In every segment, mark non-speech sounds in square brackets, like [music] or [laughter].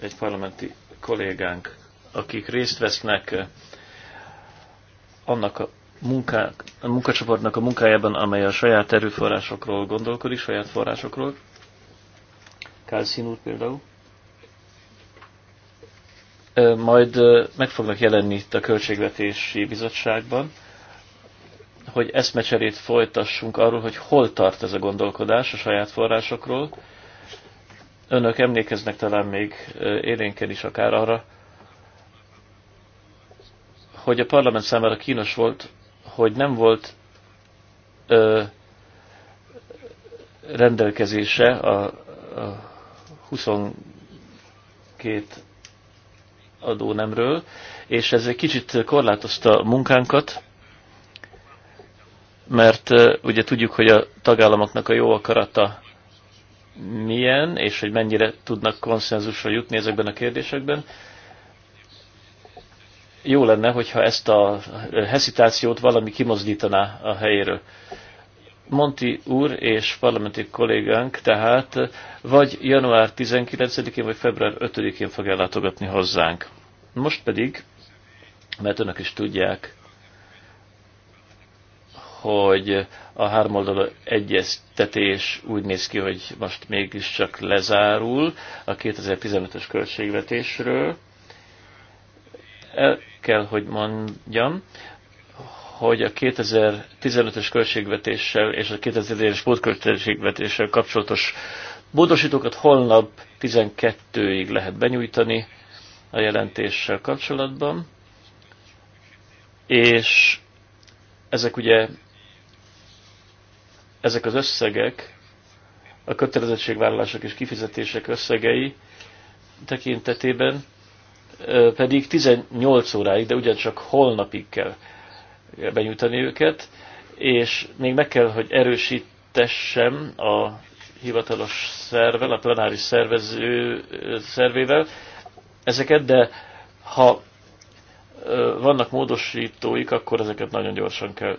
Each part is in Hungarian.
egy parlamenti kollégánk, akik részt vesznek eh, annak a, munká, a munkacsoportnak a munkájában, amely a saját erőforrásokról gondolkodik, saját forrásokról. Kálszín úr például. Eh, majd eh, meg fognak jelenni itt a Költségvetési Bizottságban, hogy eszmecserét folytassunk arról, hogy hol tart ez a gondolkodás a saját forrásokról, Önök emlékeznek talán még élénken is akár arra, hogy a parlament számára kínos volt, hogy nem volt ö, rendelkezése a, a 22 adónemről, és ez egy kicsit korlátozta a munkánkat, mert ugye tudjuk, hogy a tagállamoknak a jó akarata milyen, és hogy mennyire tudnak konszenzusra jutni ezekben a kérdésekben. Jó lenne, hogyha ezt a hesitációt valami kimozdítaná a helyéről. Monti úr és parlamenti kollégánk tehát vagy január 19-én vagy február 5-én fog ellátogatni hozzánk. Most pedig, mert önök is tudják, hogy a hármoldalú egyeztetés úgy néz ki, hogy most mégiscsak lezárul a 2015-ös költségvetésről. El kell, hogy mondjam, hogy a 2015-ös költségvetéssel és a 2010-es pótköltségvetéssel kapcsolatos módosítókat holnap 12-ig lehet benyújtani a jelentéssel kapcsolatban, és ezek ugye ezek az összegek, a kötelezettségvállalások és kifizetések összegei tekintetében pedig 18 óráig, de ugyancsak holnapig kell benyújtani őket, és még meg kell, hogy erősítessem a hivatalos szervel, a plenáris szervező szervével ezeket, de ha vannak módosítóik, akkor ezeket nagyon gyorsan kell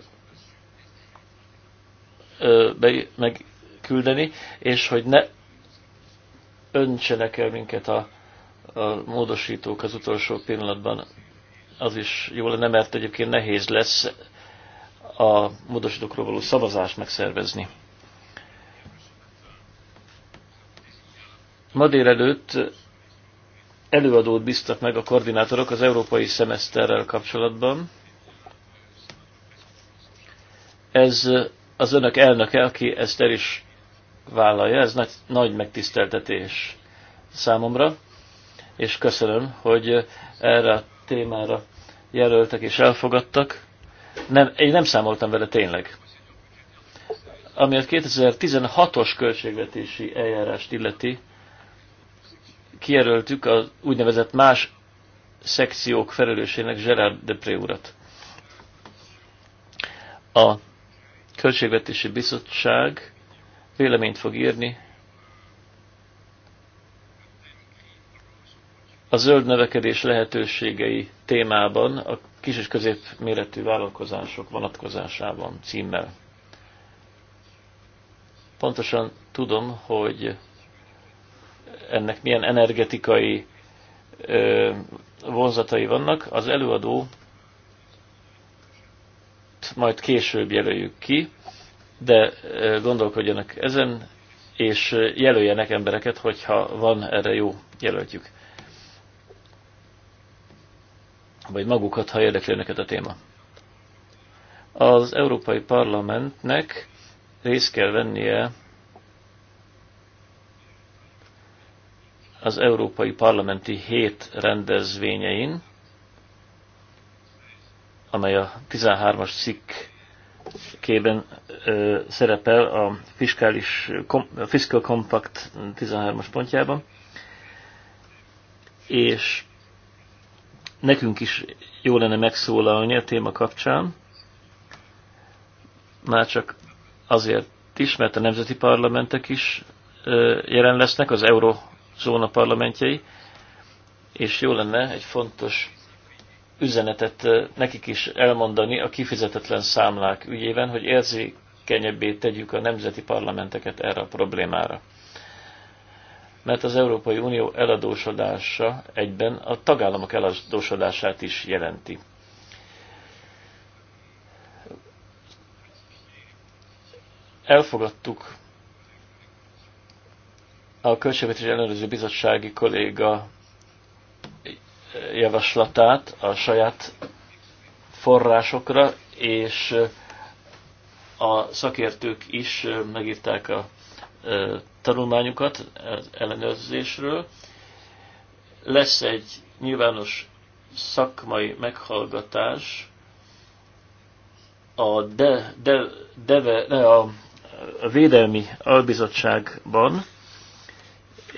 be, megküldeni, és hogy ne öntsenek el minket a, a módosítók az utolsó pillanatban. Az is jó lenne, mert egyébként nehéz lesz a módosítókról való szavazást megszervezni. Ma délelőtt előadót bíztak meg a koordinátorok az európai szemeszterrel kapcsolatban. Ez az önök elnöke, aki ezt el is vállalja, ez nagy, nagy megtiszteltetés számomra, és köszönöm, hogy erre a témára jelöltek és elfogadtak. Nem, én nem számoltam vele tényleg. Ami a 2016-os költségvetési eljárást illeti, kijelöltük az úgynevezett más szekciók felelősének Gerard Depré urat. A Költségvetési Bizottság véleményt fog írni a zöld növekedés lehetőségei témában a kis és középméretű vállalkozások vonatkozásában címmel. Pontosan tudom, hogy ennek milyen energetikai vonzatai vannak. Az előadó majd később jelöljük ki, de eh, gondolkodjanak ezen, és eh, jelöljenek embereket, hogyha van erre jó jelöltjük. Vagy magukat, ha érdekli önöket a téma. Az Európai Parlamentnek részt kell vennie az Európai Parlamenti Hét rendezvényein, amely a 13-as cikkében ö, szerepel a fiskális, kom, a Fiscal Compact 13-as pontjában, és nekünk is jó lenne megszólalni a téma kapcsán, már csak azért is, mert a nemzeti parlamentek is ö, jelen lesznek, az eurozóna parlamentjei, és jó lenne egy fontos üzenetet nekik is elmondani a kifizetetlen számlák ügyében, hogy érzékenyebbé tegyük a nemzeti parlamenteket erre a problémára. Mert az Európai Unió eladósodása egyben a tagállamok eladósodását is jelenti. Elfogadtuk a Költségvetési Ellenőrző Bizottsági kolléga javaslatát a saját forrásokra, és a szakértők is megírták a tanulmányukat az ellenőrzésről. Lesz egy nyilvános szakmai meghallgatás a, de, de, de a, a Védelmi Albizottságban,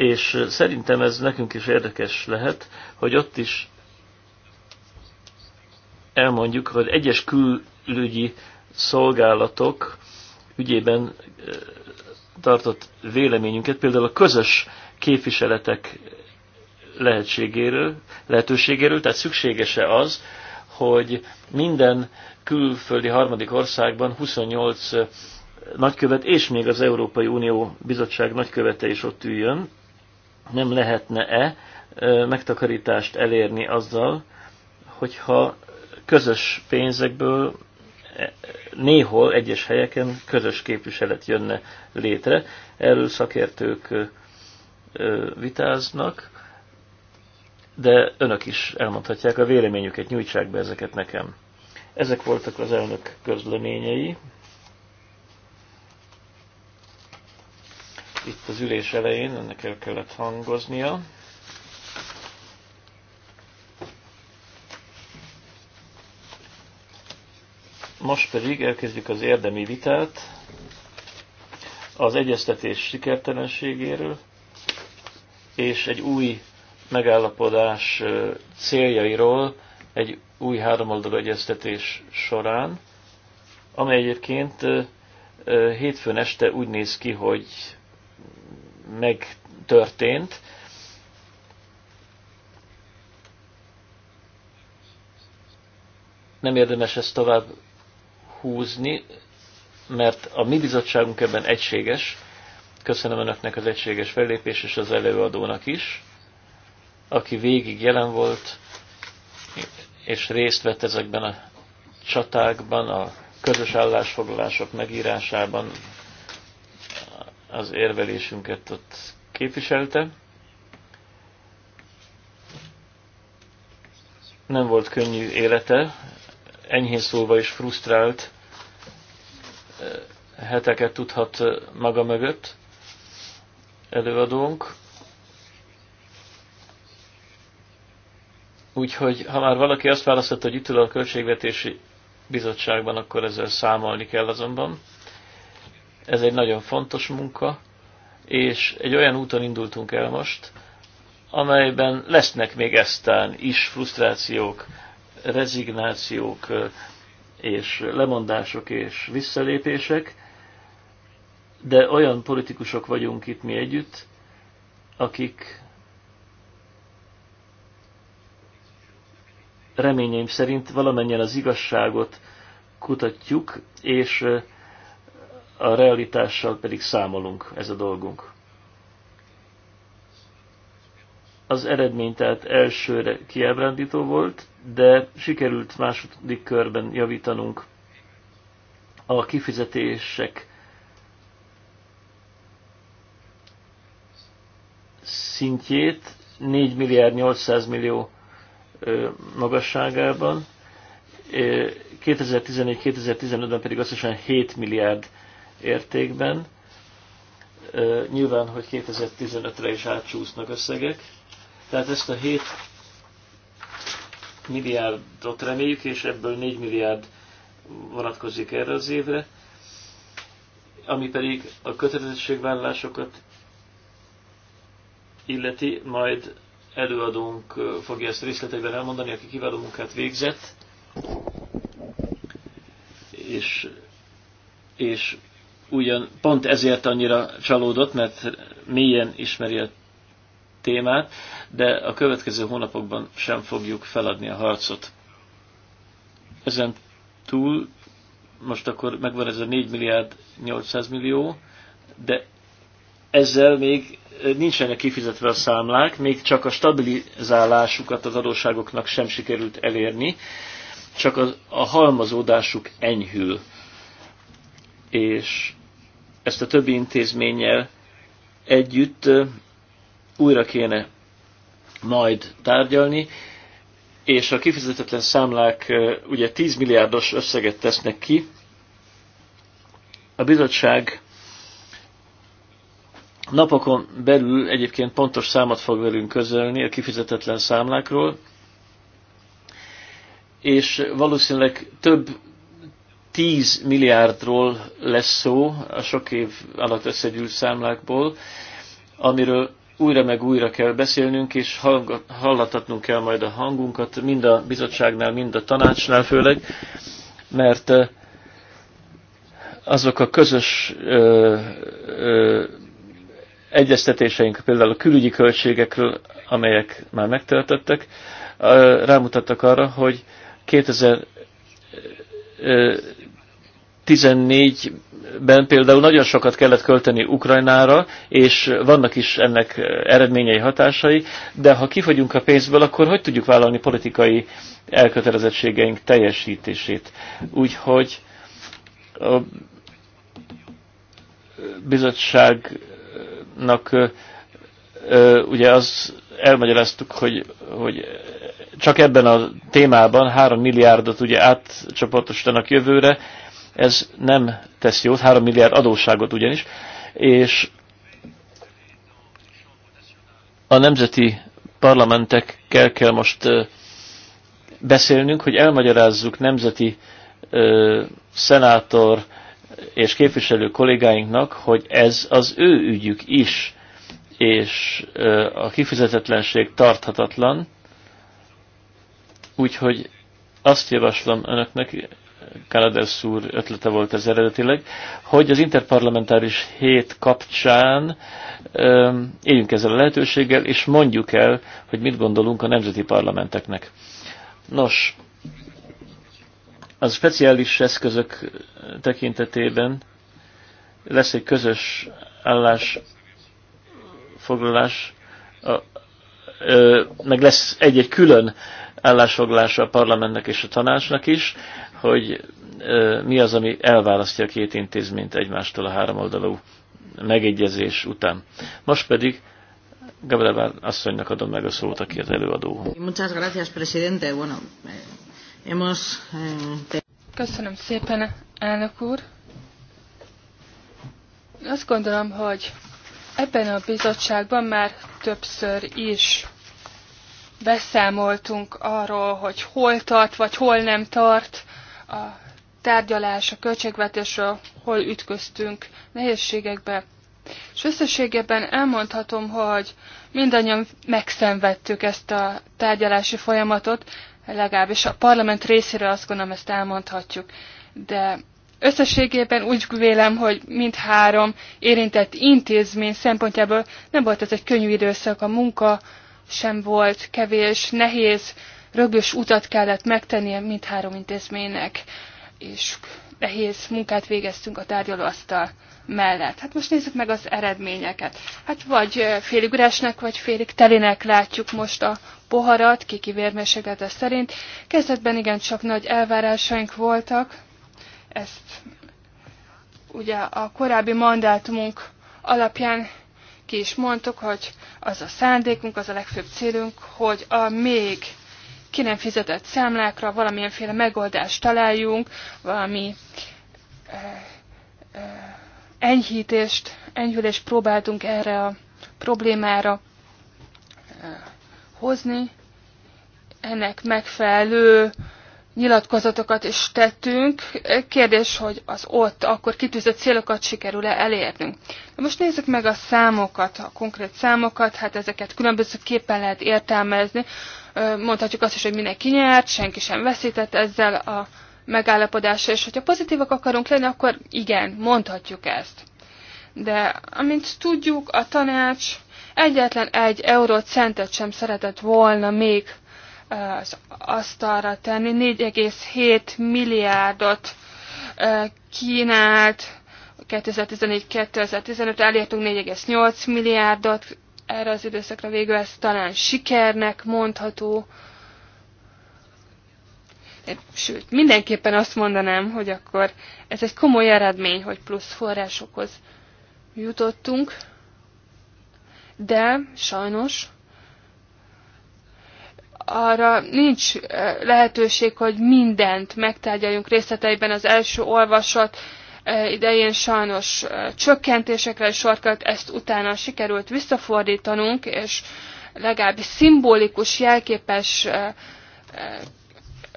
és szerintem ez nekünk is érdekes lehet, hogy ott is elmondjuk, hogy egyes külügyi szolgálatok ügyében tartott véleményünket, például a közös képviseletek lehetségéről, lehetőségéről, tehát szükséges-e az, hogy minden külföldi harmadik országban 28 nagykövet, és még az Európai Unió Bizottság nagykövete is ott üljön, nem lehetne-e megtakarítást elérni azzal, hogyha közös pénzekből e, néhol egyes helyeken közös képviselet jönne létre. Erről szakértők vitáznak, de önök is elmondhatják a véleményüket, nyújtsák be ezeket nekem. Ezek voltak az elnök közleményei. itt az ülés elején, ennek el kellett hangoznia. Most pedig elkezdjük az érdemi vitát az egyeztetés sikertelenségéről, és egy új megállapodás céljairól egy új háromoldalú egyeztetés során, amely egyébként hétfőn este úgy néz ki, hogy megtörtént. Nem érdemes ezt tovább húzni, mert a mi bizottságunk ebben egységes. Köszönöm Önöknek az egységes fellépés és az előadónak is, aki végig jelen volt és részt vett ezekben a csatákban, a közös állásfoglalások megírásában, az érvelésünket ott képviselte. Nem volt könnyű élete, enyhén szólva is frusztrált heteket tudhat maga mögött előadónk. Úgyhogy ha már valaki azt választotta, hogy itt ül a Költségvetési Bizottságban, akkor ezzel számolni kell azonban. Ez egy nagyon fontos munka, és egy olyan úton indultunk el most, amelyben lesznek még eztán is frusztrációk, rezignációk, és lemondások és visszalépések, de olyan politikusok vagyunk itt mi együtt, akik reményeim szerint valamennyien az igazságot kutatjuk, és a realitással pedig számolunk, ez a dolgunk. Az eredmény tehát elsőre kiábrándító volt, de sikerült második körben javítanunk a kifizetések szintjét 4 milliárd 800 millió magasságában, 2014-2015-ben pedig összesen 7 milliárd értékben. Nyilván, hogy 2015-re is átsúsznak összegek. Tehát ezt a 7 milliárdot reméljük, és ebből 4 milliárd vonatkozik erre az évre, ami pedig a kötelezettségvállalásokat illeti, majd előadónk fogja ezt részleteiben elmondani, aki kiváló munkát végzett, és, és ugyan pont ezért annyira csalódott, mert mélyen ismeri a témát, de a következő hónapokban sem fogjuk feladni a harcot. Ezen túl most akkor megvan ez a 4 milliárd 800 millió, de ezzel még nincsenek kifizetve a számlák, még csak a stabilizálásukat az adósságoknak sem sikerült elérni, csak a, a halmazódásuk enyhül. És ezt a többi intézménnyel együtt újra kéne majd tárgyalni, és a kifizetetlen számlák ugye 10 milliárdos összeget tesznek ki. A bizottság napokon belül egyébként pontos számot fog velünk közölni a kifizetetlen számlákról, és valószínűleg több 10 milliárdról lesz szó a sok év alatt összegyűlt számlákból, amiről újra meg újra kell beszélnünk, és hallatatnunk kell majd a hangunkat, mind a bizottságnál, mind a tanácsnál főleg, mert azok a közös ö, ö, egyeztetéseink, például a külügyi költségekről, amelyek már megtöltöttek, rámutattak arra, hogy 2000 14-ben például nagyon sokat kellett költeni Ukrajnára, és vannak is ennek eredményei, hatásai, de ha kifogyunk a pénzből, akkor hogy tudjuk vállalni politikai elkötelezettségeink teljesítését? Úgyhogy a bizottságnak ugye az elmagyaráztuk, hogy, hogy csak ebben a témában 3 milliárdot ugye átcsoportosítanak jövőre, ez nem tesz jót, 3 milliárd adósságot ugyanis, és a nemzeti parlamentekkel kell most beszélnünk, hogy elmagyarázzuk nemzeti szenátor és képviselő kollégáinknak, hogy ez az ő ügyük is, és a kifizetetlenség tarthatatlan, úgyhogy azt javaslom önöknek, Kaladesz úr ötlete volt ez eredetileg, hogy az interparlamentáris hét kapcsán éljünk ezzel a lehetőséggel, és mondjuk el, hogy mit gondolunk a nemzeti parlamenteknek. Nos, az speciális eszközök tekintetében lesz egy közös állásfoglalás, a, ö, meg lesz egy-egy külön állásfoglalása a parlamentnek és a tanácsnak is hogy mi az, ami elválasztja a két intézményt egymástól a háromoldalú megegyezés után. Most pedig Gabriela asszonynak adom meg a szót, aki az előadó. Eh, eh, Köszönöm szépen, elnök úr. Azt gondolom, hogy ebben a bizottságban már többször is beszámoltunk arról, hogy hol tart, vagy hol nem tart a tárgyalás, a költségvetésről hol ütköztünk nehézségekbe. És összességében elmondhatom, hogy mindannyian megszenvedtük ezt a tárgyalási folyamatot, legalábbis a parlament részéről azt gondolom ezt elmondhatjuk. De összességében úgy vélem, hogy mindhárom érintett intézmény szempontjából nem volt ez egy könnyű időszak, a munka sem volt kevés, nehéz rögös utat kellett megtennie mindhárom intézménynek, és nehéz munkát végeztünk a tárgyalóasztal mellett. Hát most nézzük meg az eredményeket. Hát vagy félig üresnek, vagy félig telinek látjuk most a poharat, kiki vérmérséklete szerint. Kezdetben igen csak nagy elvárásaink voltak, ezt ugye a korábbi mandátumunk alapján ki is mondtuk, hogy az a szándékunk, az a legfőbb célunk, hogy a még ki nem fizetett számlákra valamilyenféle megoldást találjunk, valami eh, eh, enyhítést, enyhülést próbáltunk erre a problémára eh, hozni. Ennek megfelelő nyilatkozatokat is tettünk. Kérdés, hogy az ott akkor kitűzött célokat sikerül-e elérnünk. Na most nézzük meg a számokat, a konkrét számokat, hát ezeket különbözőképpen lehet értelmezni mondhatjuk azt is, hogy mindenki nyert, senki sem veszített ezzel a megállapodással, és hogyha pozitívak akarunk lenni, akkor igen, mondhatjuk ezt. De amint tudjuk, a tanács egyetlen egy centet sem szeretett volna még az asztalra tenni, 4,7 milliárdot kínált, 2014-2015 elértünk 4,8 milliárdot, erre az időszakra végül ez talán sikernek mondható. Sőt, mindenképpen azt mondanám, hogy akkor ez egy komoly eredmény, hogy plusz forrásokhoz jutottunk, de sajnos arra nincs eh, lehetőség, hogy mindent megtárgyaljunk részleteiben az első olvasat idején sajnos csökkentésekre is sor került, ezt utána sikerült visszafordítanunk, és legalábbis szimbolikus, jelképes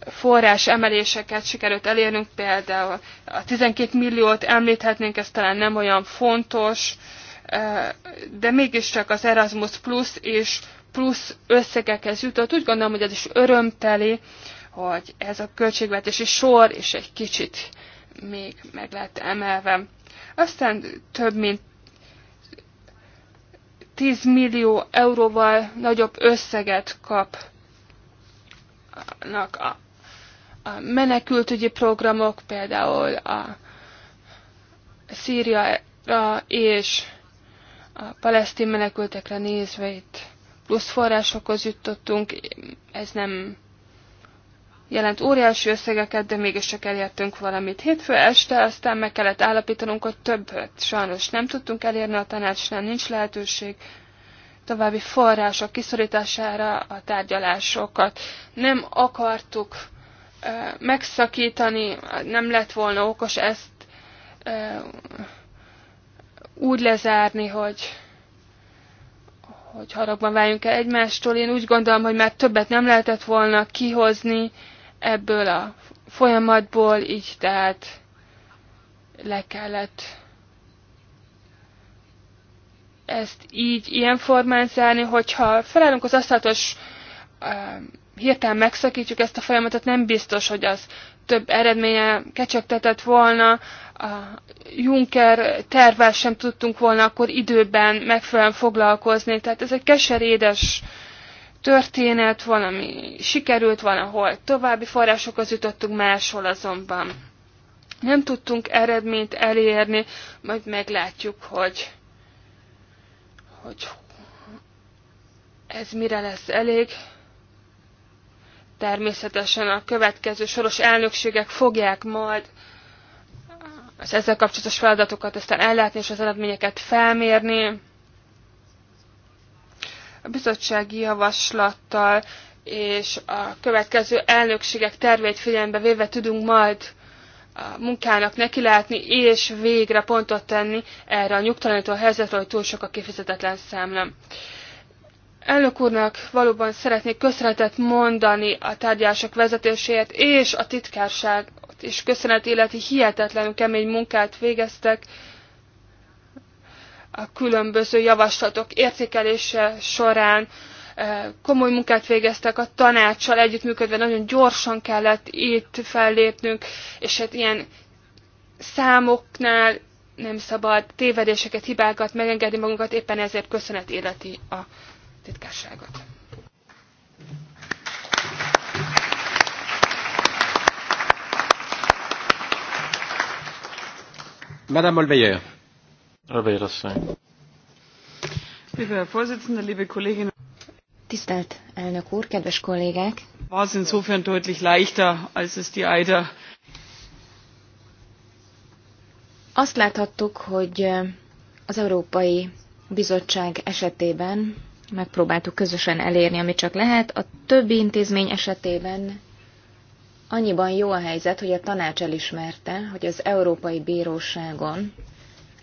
forrás emeléseket sikerült elérnünk, például a 12 milliót említhetnénk, ez talán nem olyan fontos, de mégiscsak az Erasmus Plus és plusz összegekhez jutott. Úgy gondolom, hogy ez is örömteli, hogy ez a költségvetési sor is egy kicsit még meg lehet emelve. Aztán több mint 10 millió euróval nagyobb összeget kapnak a, a menekültügyi programok, például a Szíriára és a palesztin menekültekre nézve itt plusz forrásokhoz jutottunk, ez nem jelent óriási összegeket, de mégiscsak elértünk valamit. Hétfő este aztán meg kellett állapítanunk, hogy többet sajnos nem tudtunk elérni, a tanácsnál nincs lehetőség további források kiszorítására a tárgyalásokat. Nem akartuk megszakítani, nem lett volna okos ezt e, úgy lezárni, hogy hogy haragban váljunk el egymástól. Én úgy gondolom, hogy már többet nem lehetett volna kihozni, ebből a folyamatból, így tehát le kellett ezt így, ilyen formán zárni, hogyha felállunk az asztalatos hirtelen megszakítjuk ezt a folyamatot, nem biztos, hogy az több eredménye kecsegtetett volna, a Juncker tervvel sem tudtunk volna akkor időben megfelelően foglalkozni, tehát ez egy keserédes történet, valami sikerült, van, ahol további forrásokhoz jutottunk, máshol azonban nem tudtunk eredményt elérni, majd meglátjuk, hogy, hogy ez mire lesz elég. Természetesen a következő soros elnökségek fogják majd az ezzel kapcsolatos feladatokat aztán ellátni és az eredményeket felmérni a bizottsági javaslattal és a következő elnökségek terveit figyelembe véve tudunk majd a munkának neki látni, és végre pontot tenni erre a nyugtalanító helyzetre, hogy túl sok a kifizetetlen számlám. Elnök úrnak valóban szeretnék köszönetet mondani a tárgyalások vezetéséért, és a titkárságot is köszönet életi hihetetlenül kemény munkát végeztek, a különböző javaslatok értékelése során eh, komoly munkát végeztek a tanácssal együttműködve, nagyon gyorsan kellett itt fellépnünk, és hát ilyen számoknál nem szabad tévedéseket, hibákat megengedni magunkat, éppen ezért köszönet életi a titkárságot. Madame Olveyer. Tisztelt elnök úr, kedves kollégák! War es insofern deutlich leichter, als es die azt láthattuk, hogy az Európai Bizottság esetében megpróbáltuk közösen elérni, amit csak lehet. A többi intézmény esetében annyiban jó a helyzet, hogy a tanács elismerte, hogy az Európai Bíróságon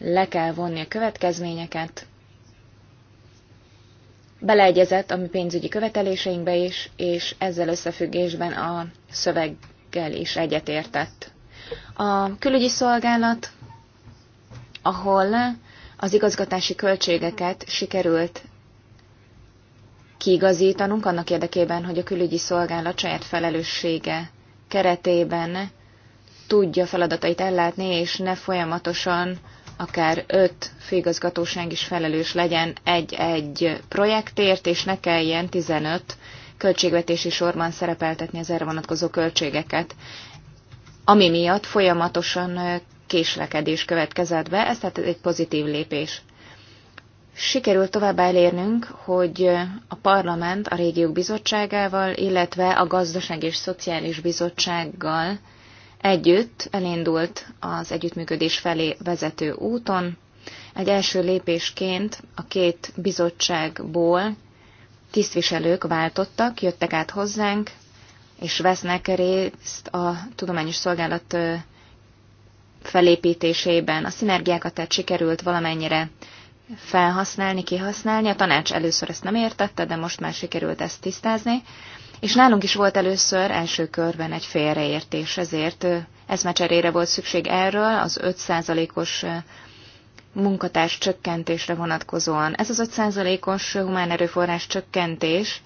le kell vonni a következményeket. Beleegyezett a mi pénzügyi követeléseinkbe is, és ezzel összefüggésben a szöveggel is egyetértett. A külügyi szolgálat, ahol az igazgatási költségeket sikerült kiigazítanunk annak érdekében, hogy a külügyi szolgálat saját felelőssége keretében tudja feladatait ellátni, és ne folyamatosan akár öt főigazgatóság is felelős legyen egy-egy projektért, és ne kelljen 15 költségvetési sorban szerepeltetni az erre vonatkozó költségeket, ami miatt folyamatosan késlekedés következett be, ez tehát egy pozitív lépés. Sikerült tovább elérnünk, hogy a parlament a régiók bizottságával, illetve a gazdaság és szociális bizottsággal együtt elindult az együttműködés felé vezető úton. Egy első lépésként a két bizottságból tisztviselők váltottak, jöttek át hozzánk, és vesznek részt a tudományos szolgálat felépítésében. A szinergiákat tehát sikerült valamennyire felhasználni, kihasználni. A tanács először ezt nem értette, de most már sikerült ezt tisztázni. És nálunk is volt először első körben egy félreértés, ezért eszmecserére volt szükség erről, az 5%-os munkatárs csökkentésre vonatkozóan. Ez az 5%-os humán erőforrás csökkentés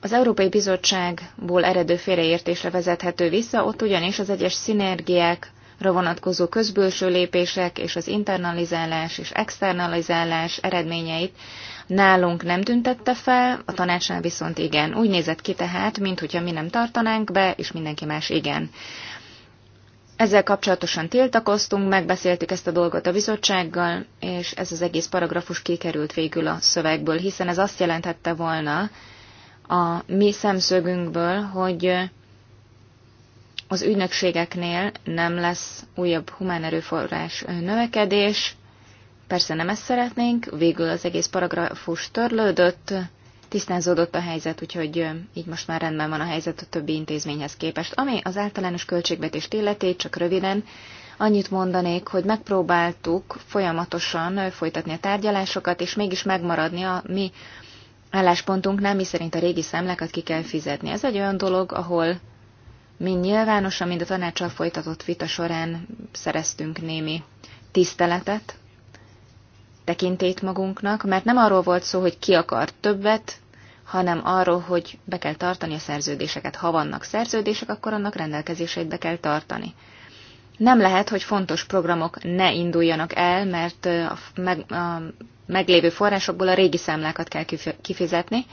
az Európai Bizottságból eredő félreértésre vezethető vissza, ott ugyanis az egyes szinergiák vonatkozó közbülső lépések és az internalizálás és externalizálás eredményeit nálunk nem tüntette fel, a tanácsnál viszont igen. Úgy nézett ki tehát, mintha mi nem tartanánk be, és mindenki más igen. Ezzel kapcsolatosan tiltakoztunk, megbeszéltük ezt a dolgot a bizottsággal, és ez az egész paragrafus kikerült végül a szövegből, hiszen ez azt jelentette volna a mi szemszögünkből, hogy az ügynökségeknél nem lesz újabb humán erőforrás növekedés, Persze nem ezt szeretnénk, végül az egész paragrafus törlődött, tisztázódott a helyzet, úgyhogy így most már rendben van a helyzet a többi intézményhez képest. Ami az általános költségvetést illeti, csak röviden, annyit mondanék, hogy megpróbáltuk folyamatosan folytatni a tárgyalásokat, és mégis megmaradni a mi álláspontunknál, mi szerint a régi számlákat ki kell fizetni. Ez egy olyan dolog, ahol mind nyilvánosan, mind a tanácsal folytatott vita során szereztünk némi tiszteletet, tekintét magunknak, mert nem arról volt szó, hogy ki akar többet, hanem arról, hogy be kell tartani a szerződéseket. Ha vannak szerződések, akkor annak rendelkezését be kell tartani. Nem lehet, hogy fontos programok ne induljanak el, mert a, meg, a meglévő forrásokból a régi számlákat kell kifizetni.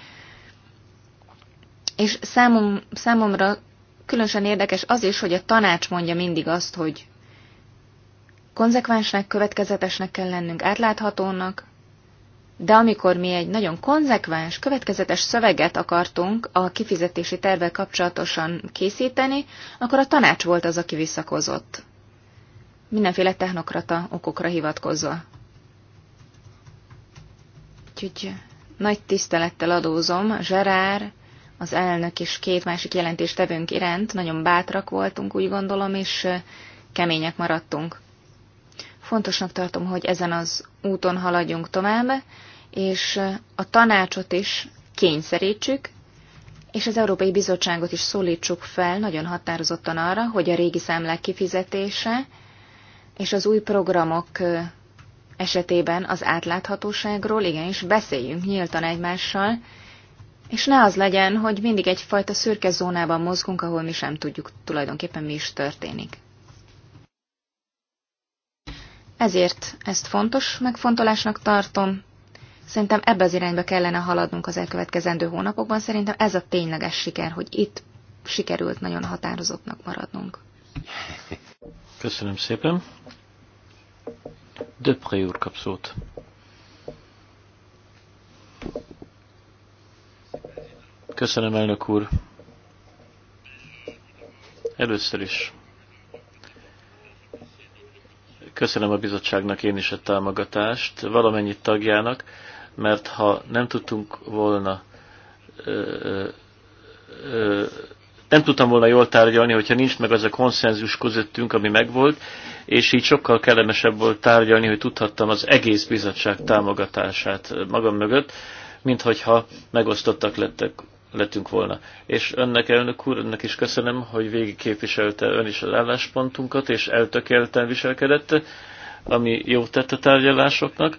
És számom, számomra különösen érdekes az is, hogy a tanács mondja mindig azt, hogy konzekvensnek, következetesnek kell lennünk, átláthatónak, de amikor mi egy nagyon konzekvens, következetes szöveget akartunk a kifizetési tervvel kapcsolatosan készíteni, akkor a tanács volt az, aki visszakozott. Mindenféle technokrata okokra hivatkozva. Úgyhogy nagy tisztelettel adózom, Zserár, az elnök és két másik jelentéstevőnk iránt, nagyon bátrak voltunk, úgy gondolom, és kemények maradtunk. Fontosnak tartom, hogy ezen az úton haladjunk tovább, és a tanácsot is kényszerítsük, és az Európai Bizottságot is szólítsuk fel nagyon határozottan arra, hogy a régi számlák kifizetése és az új programok esetében az átláthatóságról igenis beszéljünk nyíltan egymással, és ne az legyen, hogy mindig egyfajta szürke zónában mozgunk, ahol mi sem tudjuk tulajdonképpen mi is történik. Ezért ezt fontos megfontolásnak tartom. Szerintem ebbe az irányba kellene haladnunk az elkövetkezendő hónapokban. Szerintem ez a tényleges siker, hogy itt sikerült nagyon határozottnak maradnunk. Köszönöm szépen. Döpré úr kap szót. Köszönöm, elnök úr. Először is Köszönöm a bizottságnak én is a támogatást, valamennyi tagjának, mert ha nem tudtunk volna ö, ö, nem tudtam volna jól tárgyalni, hogyha nincs meg az a konszenzus közöttünk, ami megvolt, és így sokkal kellemesebb volt tárgyalni, hogy tudhattam az egész bizottság támogatását magam mögött, mint hogyha megosztottak lettek lettünk volna. És önnek, elnök úr, önnek is köszönöm, hogy végig képviselte ön is az álláspontunkat, és eltökélten viselkedett, ami jó tett a tárgyalásoknak.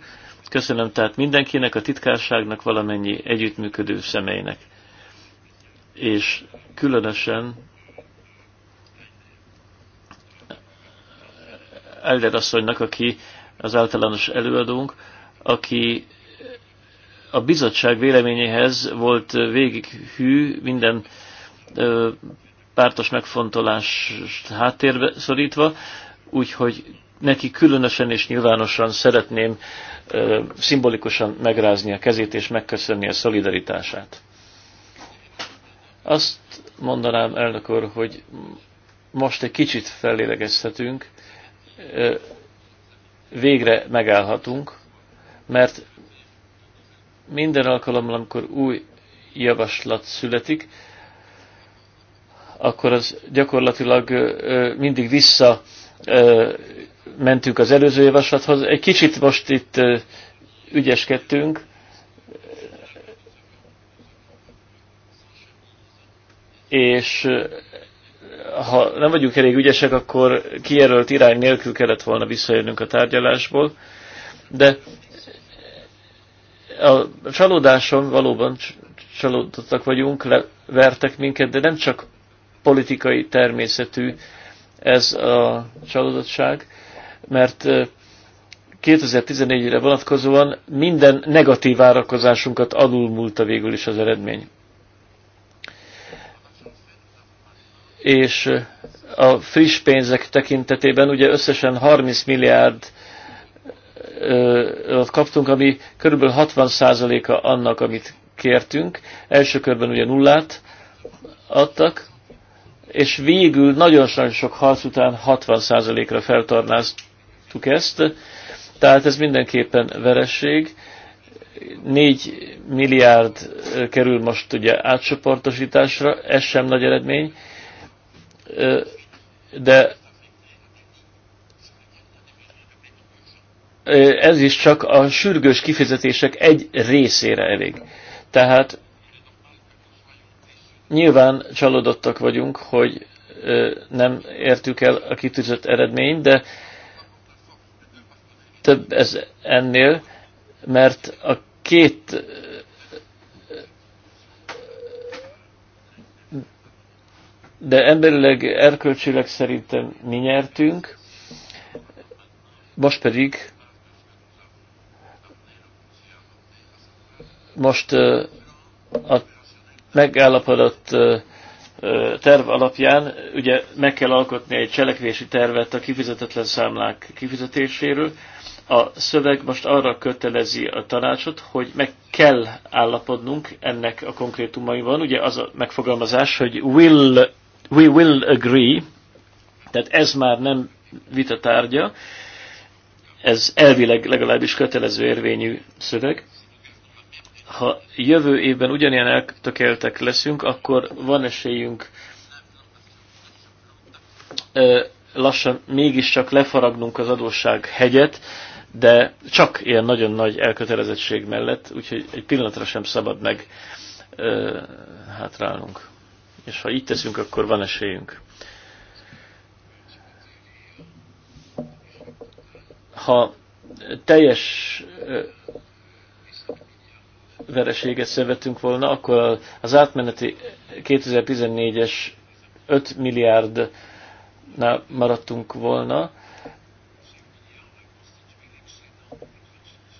Köszönöm tehát mindenkinek, a titkárságnak, valamennyi együttműködő személynek. És különösen Elder asszonynak, aki az általános előadónk, aki a bizottság véleményéhez volt végig hű, minden ö, pártos megfontolást háttérbe szorítva, úgyhogy neki különösen és nyilvánosan szeretném ö, szimbolikusan megrázni a kezét és megköszönni a szolidaritását. Azt mondanám, elnök úr, hogy most egy kicsit fellélegezhetünk, végre megállhatunk, mert minden alkalommal, amikor új javaslat születik, akkor az gyakorlatilag mindig vissza mentünk az előző javaslathoz. Egy kicsit most itt ügyeskedtünk, és ha nem vagyunk elég ügyesek, akkor kijelölt irány nélkül kellett volna visszajönnünk a tárgyalásból, de a csalódáson valóban csalódottak vagyunk, levertek minket, de nem csak politikai természetű ez a csalódottság, mert 2014-re vonatkozóan minden negatív várakozásunkat alulmúlta végül is az eredmény. És a friss pénzek tekintetében ugye összesen 30 milliárd kaptunk, ami kb. 60%-a annak, amit kértünk. Első körben ugye nullát adtak, és végül nagyon sok harc után 60%-ra feltarnáztuk ezt, tehát ez mindenképpen veresség. 4 milliárd kerül most ugye átcsoportosításra, ez sem nagy eredmény, de ez is csak a sürgős kifizetések egy részére elég. Tehát nyilván csalódottak vagyunk, hogy nem értük el a kitűzött eredményt, de több ez ennél, mert a két de emberileg, erkölcsileg szerintem mi nyertünk, most pedig Most a megállapodott terv alapján ugye meg kell alkotni egy cselekvési tervet a kifizetetlen számlák kifizetéséről. A szöveg most arra kötelezi a tanácsot, hogy meg kell állapodnunk ennek a konkrétumaiban. Ugye az a megfogalmazás, hogy will, we will agree, tehát ez már nem vita tárgya, ez elvileg legalábbis kötelező érvényű szöveg ha jövő évben ugyanilyen eltökéltek leszünk, akkor van esélyünk lassan mégiscsak lefaragnunk az adósság hegyet, de csak ilyen nagyon nagy elkötelezettség mellett, úgyhogy egy pillanatra sem szabad meg ö, hátrálnunk. És ha így teszünk, akkor van esélyünk. Ha teljes vereséget szövetünk volna, akkor az átmeneti 2014-es 5 milliárdnál maradtunk volna.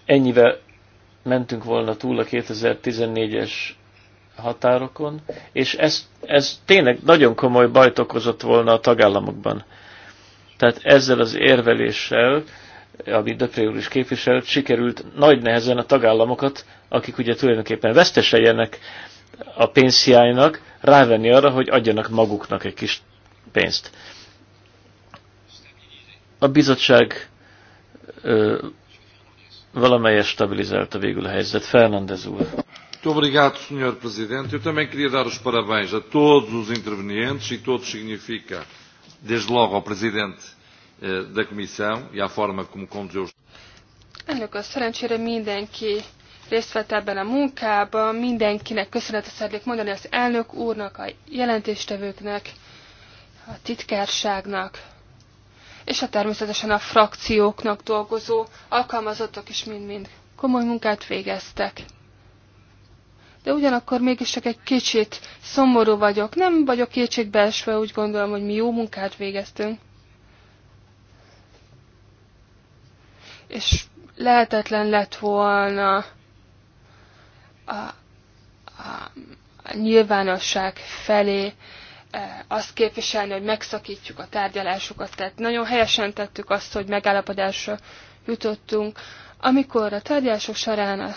Ennyivel mentünk volna túl a 2014-es határokon, és ez, ez tényleg nagyon komoly bajt okozott volna a tagállamokban. Tehát ezzel az érveléssel amit Döpré úr is képviselt, sikerült nagy nehezen a tagállamokat, akik ugye tulajdonképpen veszteseljenek a pénzhiánynak, rávenni arra, hogy adjanak maguknak egy kis pénzt. A bizottság ö, valamelyes stabilizálta végül a helyzet. Fernandez úr. Muito obrigado, Sr. Presidente. Eu também queria dar os parabéns a todos os intervenientes e todos significa, desde logo, ao Presidente Eh, da Comissão e à forma como conduziu os. Elnök a szerencsére mindenki részt vett ebben a munkában, mindenkinek köszönetet szeretnék mondani az elnök úrnak, a jelentéstevőknek, a titkárságnak, és a természetesen a frakcióknak dolgozó alkalmazottak is mind-mind komoly munkát végeztek. De ugyanakkor mégis csak egy kicsit szomorú vagyok, nem vagyok kétségbeesve, úgy gondolom, hogy mi jó munkát végeztünk. és lehetetlen lett volna a, a nyilvánosság felé e, azt képviselni, hogy megszakítjuk a tárgyalásokat. Tehát nagyon helyesen tettük azt, hogy megállapodásra jutottunk. Amikor a tárgyalások során a,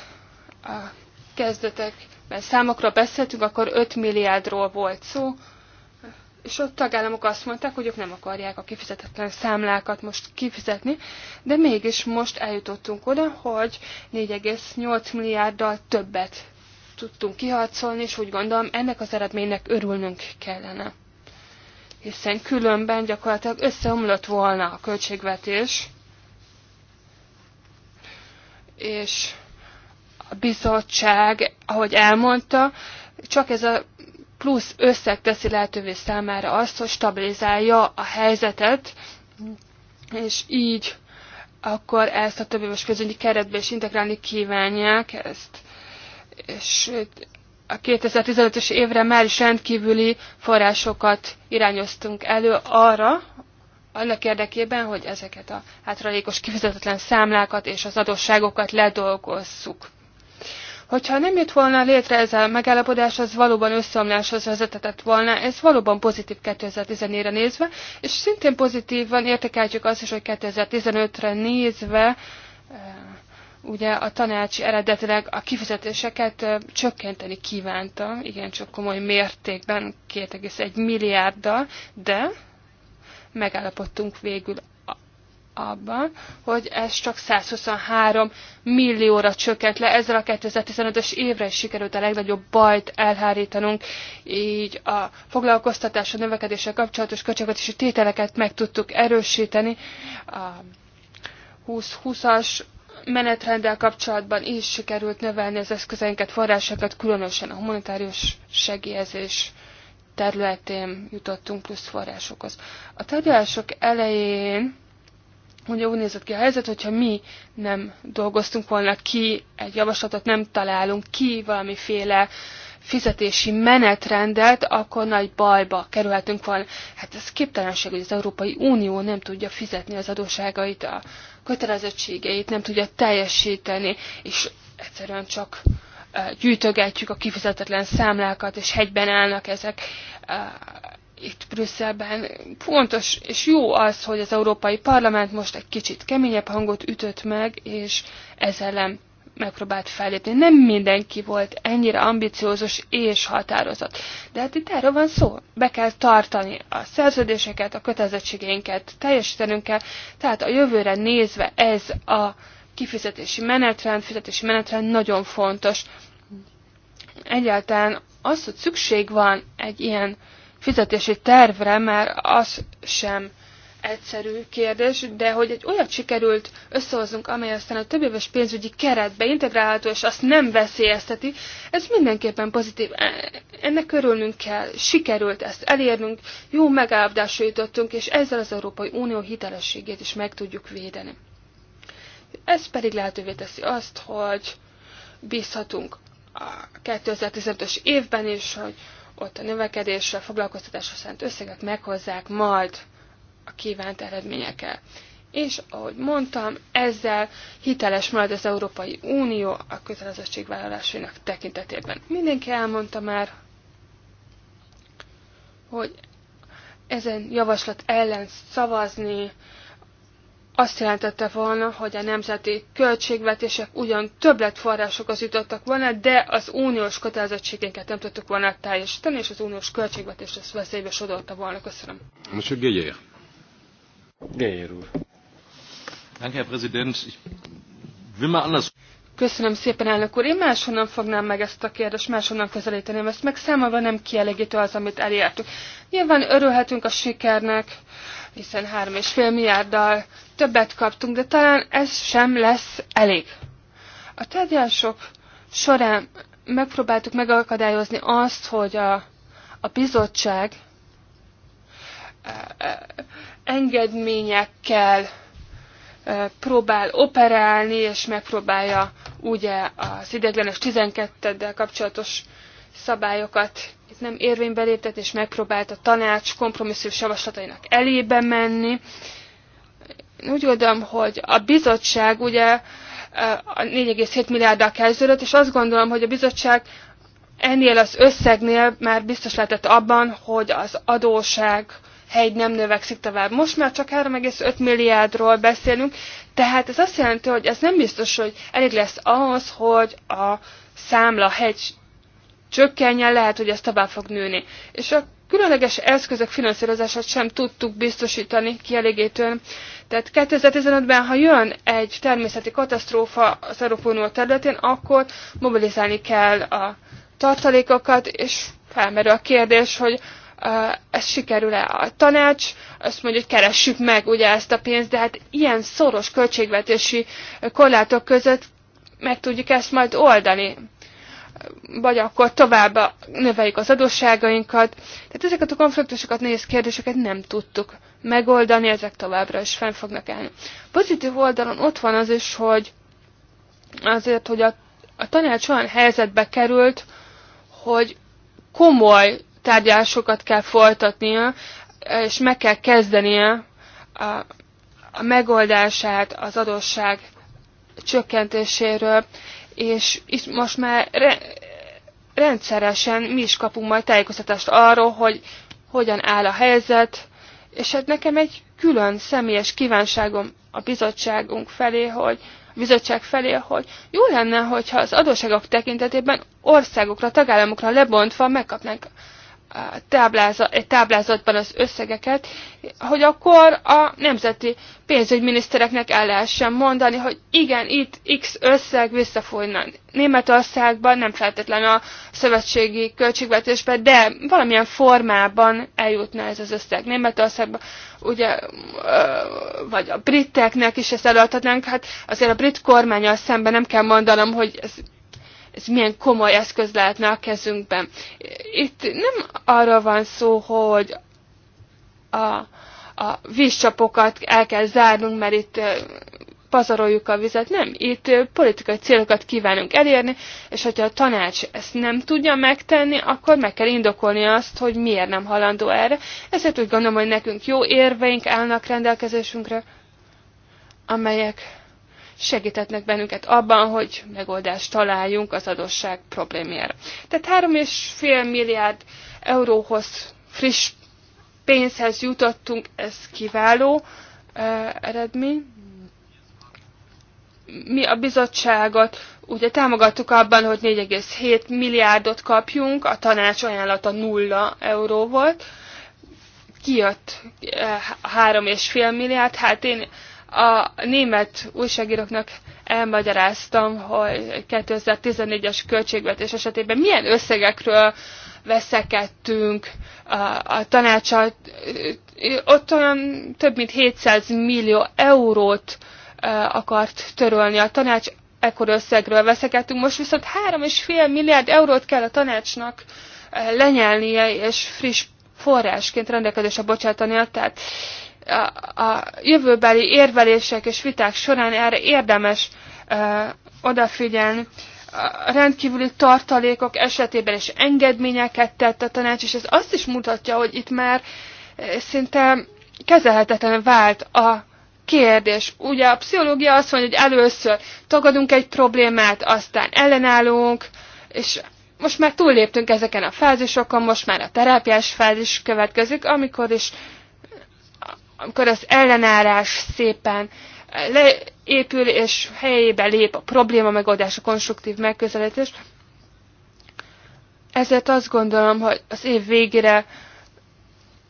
a mert számokra beszéltünk, akkor 5 milliárdról volt szó, és ott tagállamok azt mondták, hogy ők nem akarják a kifizetetlen számlákat most kifizetni, de mégis most eljutottunk oda, hogy 4,8 milliárddal többet tudtunk kiharcolni, és úgy gondolom, ennek az eredménynek örülnünk kellene. Hiszen különben gyakorlatilag összeomlott volna a költségvetés, és a bizottság, ahogy elmondta, csak ez a plusz összeg teszi lehetővé számára azt, hogy stabilizálja a helyzetet, és így akkor ezt a többéves közönyi keretbe is integrálni kívánják ezt. És a 2015-ös évre már is rendkívüli forrásokat irányoztunk elő arra, annak érdekében, hogy ezeket a hátralékos kifizetetlen számlákat és az adósságokat ledolgozzuk. Hogyha nem jött volna létre ez a megállapodás, az valóban összeomláshoz vezetett volna, ez valóban pozitív 2014-re nézve, és szintén pozitívan értékeltjük azt is, hogy 2015-re nézve eh, ugye a tanács eredetileg a kifizetéseket eh, csökkenteni kívánta, igen csak komoly mértékben, 2,1 milliárddal, de megállapodtunk végül abban, hogy ez csak 123 millióra csökkent le. Ezzel a 2015-ös évre is sikerült a legnagyobb bajt elhárítanunk, így a foglalkoztatás, a növekedéssel kapcsolatos költségvetési tételeket meg tudtuk erősíteni. A 2020-as menetrenddel kapcsolatban is sikerült növelni az eszközeinket, forrásokat, különösen a humanitárius segélyezés területén jutottunk plusz forrásokhoz. A tárgyalások elején Ugye úgy nézett ki a helyzet, hogyha mi nem dolgoztunk volna ki egy javaslatot, nem találunk ki valamiféle fizetési menetrendet, akkor nagy bajba kerülhetünk volna. Hát ez képtelenség, hogy az Európai Unió nem tudja fizetni az adóságait, a kötelezettségeit, nem tudja teljesíteni, és egyszerűen csak eh, gyűjtögetjük a kifizetetlen számlákat, és hegyben állnak ezek eh, itt Brüsszelben fontos és jó az, hogy az Európai Parlament most egy kicsit keményebb hangot ütött meg, és ezzel ellen megpróbált fellépni. Nem mindenki volt ennyire ambiciózus és határozott. De hát itt erről van szó. Be kell tartani a szerződéseket, a kötelezettségeinket teljesítenünk kell. Tehát a jövőre nézve ez a kifizetési menetrend, fizetési menetrend nagyon fontos. Egyáltalán az, hogy szükség van egy ilyen uh, fizetési tervre mert az sem egyszerű kérdés, de hogy egy olyat sikerült összehoznunk, amely aztán a többéves pénzügyi keretbe integrálható, és azt nem veszélyezteti, ez mindenképpen pozitív. E, ennek örülnünk kell, sikerült ezt elérnünk, jó megállapodásra jutottunk, és ezzel az Európai Unió hitelességét is meg tudjuk védeni. Ez pedig lehetővé teszi azt, hogy bízhatunk a 2015-ös évben is, hogy ott a növekedésre, a foglalkoztatásra szánt összegek meghozzák majd a kívánt eredményekkel. És ahogy mondtam, ezzel hiteles marad az Európai Unió a kötelezettségvállalásainak tekintetében. Mindenki elmondta már, hogy ezen javaslat ellen szavazni azt jelentette volna, hogy a nemzeti költségvetések ugyan többletforrásokhoz jutottak volna, de az uniós kötelezettségeket nem tudtuk volna teljesíteni, és az uniós költségvetés ezt veszélybe sodorta volna. Köszönöm. Monsieur Gégyér. Gégyér úr. Danke, Herr Präsident. Ich will mal anders. Köszönöm szépen, elnök úr. Én máshonnan fognám meg ezt a kérdést, máshonnan közelíteném ezt meg. Számomra nem kielégítő az, amit elértünk. Nyilván örülhetünk a sikernek, hiszen 3,5 milliárddal többet kaptunk, de talán ez sem lesz elég. A tárgyalások során megpróbáltuk megakadályozni azt, hogy a, a bizottság eh, eh, engedményekkel próbál operálni, és megpróbálja ugye az ideglenes 12-del kapcsolatos szabályokat itt nem érvénybe léptetni, és megpróbált a tanács kompromisszív javaslatainak elébe menni. Úgy gondolom, hogy a bizottság ugye eh, a 4,7 milliárddal kezdődött, és azt gondolom, hogy a bizottság ennél az összegnél már biztos lehetett abban, hogy az adóság egy nem növekszik tovább. Most már csak 3,5 milliárdról beszélünk, tehát ez azt jelenti, hogy ez nem biztos, hogy elég lesz ahhoz, hogy a számla hegy csökkenjen, lehet, hogy ez tovább fog nőni. És a különleges eszközök finanszírozását sem tudtuk biztosítani kielégítően. Tehát 2015-ben, ha jön egy természeti katasztrófa az Európai Unió területén, akkor mobilizálni kell a tartalékokat, és felmerül a kérdés, hogy ez sikerül-e a tanács, azt mondja, hogy keressük meg ugye ezt a pénzt, de hát ilyen szoros költségvetési korlátok között meg tudjuk ezt majd oldani. Vagy akkor tovább növeljük az adósságainkat. Tehát ezeket a konfliktusokat, nehéz kérdéseket nem tudtuk megoldani, ezek továbbra is fenn fognak állni. Pozitív oldalon ott van az is, hogy azért, hogy a, a tanács olyan helyzetbe került, hogy komoly Tárgyalásokat kell folytatnia, és meg kell kezdenie a, a megoldását az adósság csökkentéséről, és itt most már re, rendszeresen mi is kapunk majd tájékoztatást arról, hogy hogyan áll a helyzet, és hát nekem egy külön személyes kívánságom a bizottságunk felé, hogy a bizottság felé, hogy jó lenne, hogyha az adósságok tekintetében országokra, tagállamokra lebontva megkapnánk egy táblázatban az összegeket, hogy akkor a nemzeti pénzügyminisztereknek el lehessen mondani, hogy igen, itt X összeg visszafújna Németországban, nem feltétlenül a szövetségi költségvetésben, de valamilyen formában eljutna ez az összeg Németországban, ugye, vagy a briteknek is ezt előadhatnánk, hát azért a brit kormányal szemben nem kell mondanom, hogy ez ez milyen komoly eszköz lehetne a kezünkben. Itt nem arra van szó, hogy a, a vízcsapokat el kell zárnunk, mert itt pazaroljuk a vizet. Nem, itt politikai célokat kívánunk elérni, és hogyha a tanács ezt nem tudja megtenni, akkor meg kell indokolni azt, hogy miért nem halandó erre. Ezért úgy gondolom, hogy nekünk jó érveink állnak rendelkezésünkre, amelyek segítetnek bennünket abban, hogy megoldást találjunk az adósság problémára. Tehát 3,5 milliárd euróhoz friss pénzhez jutottunk, ez kiváló eredmény. Mi a bizottságot ugye támogattuk abban, hogy 4,7 milliárdot kapjunk, a tanács ajánlata nulla euró volt, kijött 3,5 milliárd, hát én a német újságíróknak elmagyaráztam, hogy 2014-es költségvetés esetében milyen összegekről veszekedtünk a, a tanácsal. Ott olyan több mint 700 millió eurót akart törölni a tanács, ekkor összegről veszekedtünk. Most viszont 3,5 milliárd eurót kell a tanácsnak lenyelnie, és friss forrásként rendelkezésre bocsátania, tehát a, a jövőbeli érvelések és viták során erre érdemes ö, odafigyelni. A rendkívüli tartalékok esetében is engedményeket tett a tanács, és ez azt is mutatja, hogy itt már szinte kezelhetetlen vált a kérdés. Ugye a pszichológia azt mondja, hogy először tagadunk egy problémát, aztán ellenállunk, és most már túlléptünk ezeken a fázisokon, most már a terápiás fázis következik, amikor is amikor az ellenállás szépen eh, leépül, és helyébe lép a probléma megoldás, a konstruktív megközelítés. Ezért azt gondolom, hogy az év végére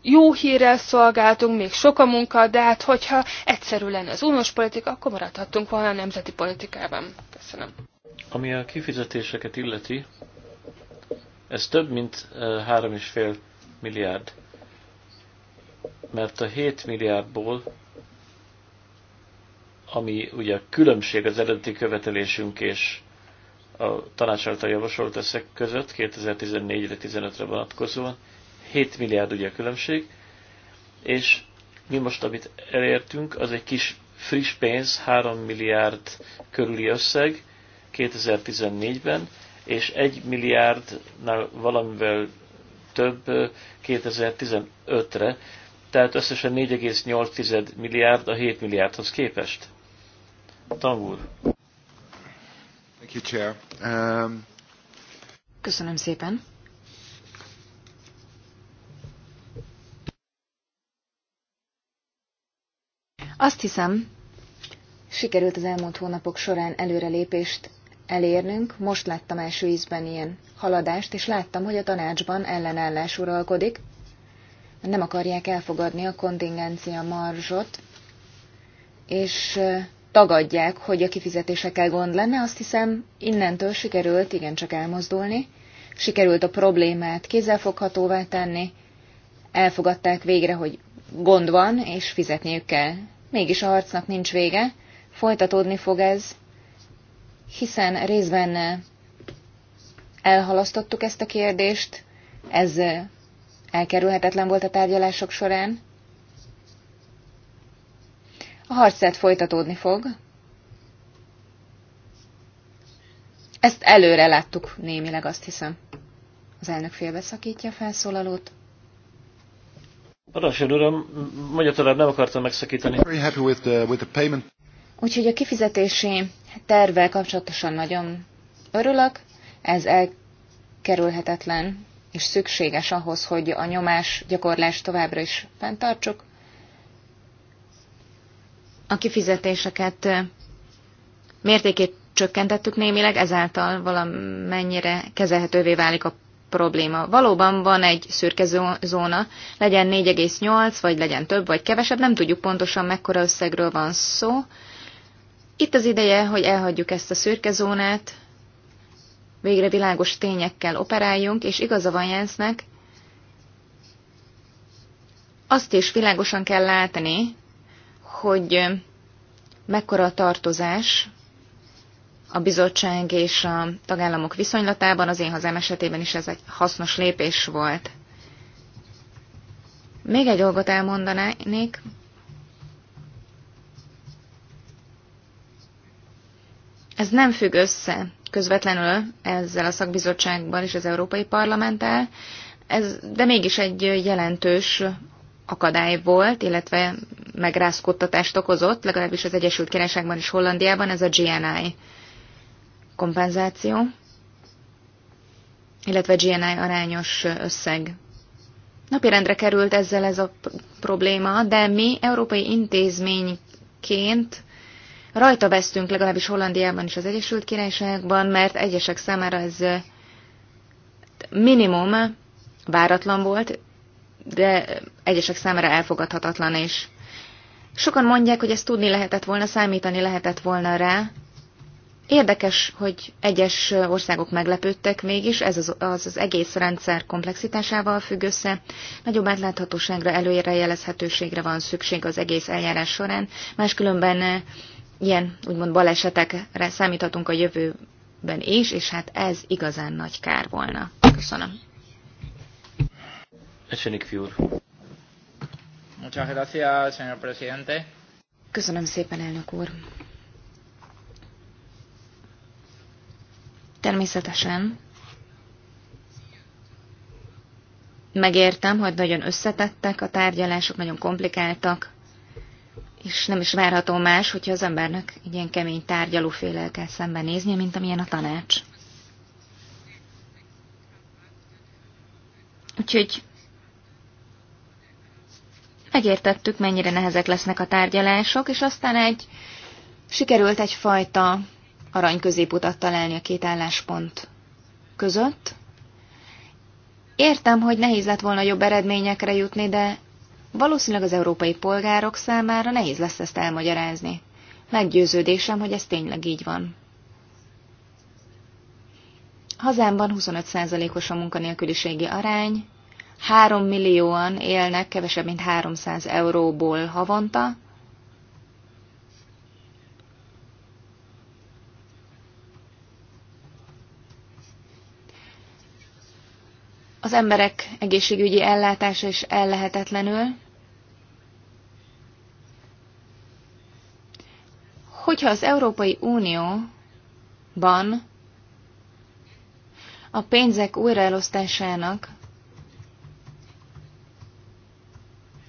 jó hírrel szolgáltunk, még sok a munka, de hát hogyha egyszerű lenne az uniós politika, akkor maradhattunk volna a nemzeti politikában. Köszönöm. Ami a kifizetéseket illeti, ez több mint 3,5 eh, milliárd mert a 7 milliárdból, ami ugye a különbség az eredeti követelésünk és a tanács által javasolt összeg között 2014-re, 15-re vonatkozóan, 7 milliárd ugye a különbség, és mi most, amit elértünk, az egy kis friss pénz, 3 milliárd körüli összeg 2014-ben, és 1 milliárdnál valamivel több 2015-re, tehát összesen 4,8 milliárd a 7 milliárdhoz képest. Tangúr. Um, Köszönöm szépen. Azt hiszem, sikerült az elmúlt hónapok során előrelépést elérnünk. Most láttam első ízben ilyen haladást, és láttam, hogy a tanácsban ellenállás uralkodik nem akarják elfogadni a kontingencia marzsot, és tagadják, hogy a kifizetésekkel gond lenne, azt hiszem innentől sikerült igencsak elmozdulni, sikerült a problémát kézzelfoghatóvá tenni, elfogadták végre, hogy gond van, és fizetniük kell. Mégis a harcnak nincs vége, folytatódni fog ez, hiszen részben elhalasztottuk ezt a kérdést, ez elkerülhetetlen volt a tárgyalások során. A harcát folytatódni fog. Ezt előre láttuk némileg, azt hiszem. Az elnök szakítja a felszólalót. Parancsoljon uram, mondja tovább, nem akartam megszakítani. Úgyhogy a kifizetési tervvel kapcsolatosan nagyon örülök, ez elkerülhetetlen és szükséges ahhoz, hogy a nyomás gyakorlást továbbra is fenntartsuk. A kifizetéseket mértékét csökkentettük némileg, ezáltal valamennyire kezelhetővé válik a probléma. Valóban van egy szürke zóna, legyen 4,8, vagy legyen több, vagy kevesebb, nem tudjuk pontosan mekkora összegről van szó. Itt az ideje, hogy elhagyjuk ezt a szürke zónát, végre világos tényekkel operáljunk, és igaza van Jensznek, azt is világosan kell látni, hogy mekkora a tartozás a bizottság és a tagállamok viszonylatában, az én hazám esetében is ez egy hasznos lépés volt. Még egy dolgot elmondanék. Ez nem függ össze közvetlenül ezzel a szakbizottságban és az Európai Parlamenttel, ez, de mégis egy jelentős akadály volt, illetve megrázkodtatást okozott, legalábbis az Egyesült Királyságban és Hollandiában, ez a GNI kompenzáció, illetve GNI arányos összeg. Napirendre került ezzel ez a probléma, de mi európai intézményként Rajta vesztünk legalábbis Hollandiában és az Egyesült Királyságban, mert egyesek számára ez eh, minimum váratlan volt, de egyesek számára elfogadhatatlan is. Sokan mondják, hogy ezt tudni lehetett volna, számítani lehetett volna rá. Érdekes, hogy egyes országok meglepődtek mégis, ez az, az, az egész rendszer komplexitásával függ össze. Nagyobb átláthatóságra, előjelezhetőségre van szükség az egész eljárás során, máskülönben eh, ilyen úgymond balesetekre számíthatunk a jövőben is, és hát ez igazán nagy kár volna. Köszönöm. Esenik fiúr. Muchas gracias, señor presidente. Köszönöm szépen, elnök úr. Természetesen megértem, hogy nagyon összetettek a tárgyalások, nagyon komplikáltak, és nem is várható más, hogyha az embernek egy ilyen kemény tárgyaló félel kell szembenéznie, mint amilyen a tanács. Úgyhogy megértettük, mennyire nehezek lesznek a tárgyalások, és aztán egy sikerült egyfajta arany középutat találni a két álláspont között. Értem, hogy nehéz lett volna jobb eredményekre jutni, de Valószínűleg az európai polgárok számára nehéz lesz ezt elmagyarázni. Meggyőződésem, hogy ez tényleg így van. Hazámban 25%-os a munkanélküliségi arány, 3 millióan élnek kevesebb, mint 300 euróból havonta, Az emberek egészségügyi ellátása is ellehetetlenül. Hogyha az Európai Unióban a pénzek újraelosztásának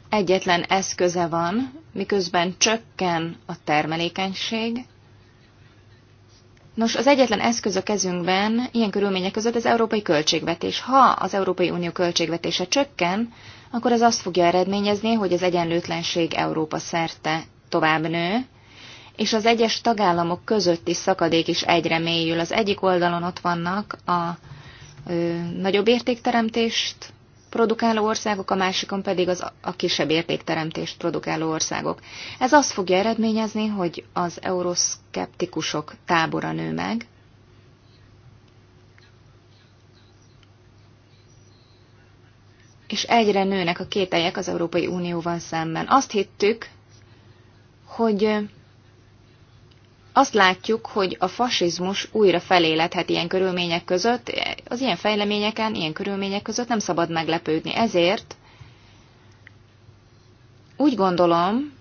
egyetlen eszköze van, miközben csökken a termelékenység. Nos, az egyetlen eszköz a kezünkben ilyen körülmények között az európai költségvetés. Ha az Európai Unió költségvetése csökken, akkor ez azt fogja eredményezni, hogy az egyenlőtlenség Európa szerte tovább nő, és az egyes tagállamok közötti szakadék is egyre mélyül. Az egyik oldalon ott vannak a ö, nagyobb értékteremtést produkáló országok, a másikon pedig az, a kisebb értékteremtést produkáló országok. Ez azt fogja eredményezni, hogy az euroszkeptikusok tábora nő meg, és egyre nőnek a kételyek az Európai Unióval szemben. Azt hittük, hogy azt látjuk, hogy a fasizmus újra feléledhet ilyen körülmények között, az ilyen fejleményeken, ilyen körülmények között nem szabad meglepődni. Ezért úgy gondolom,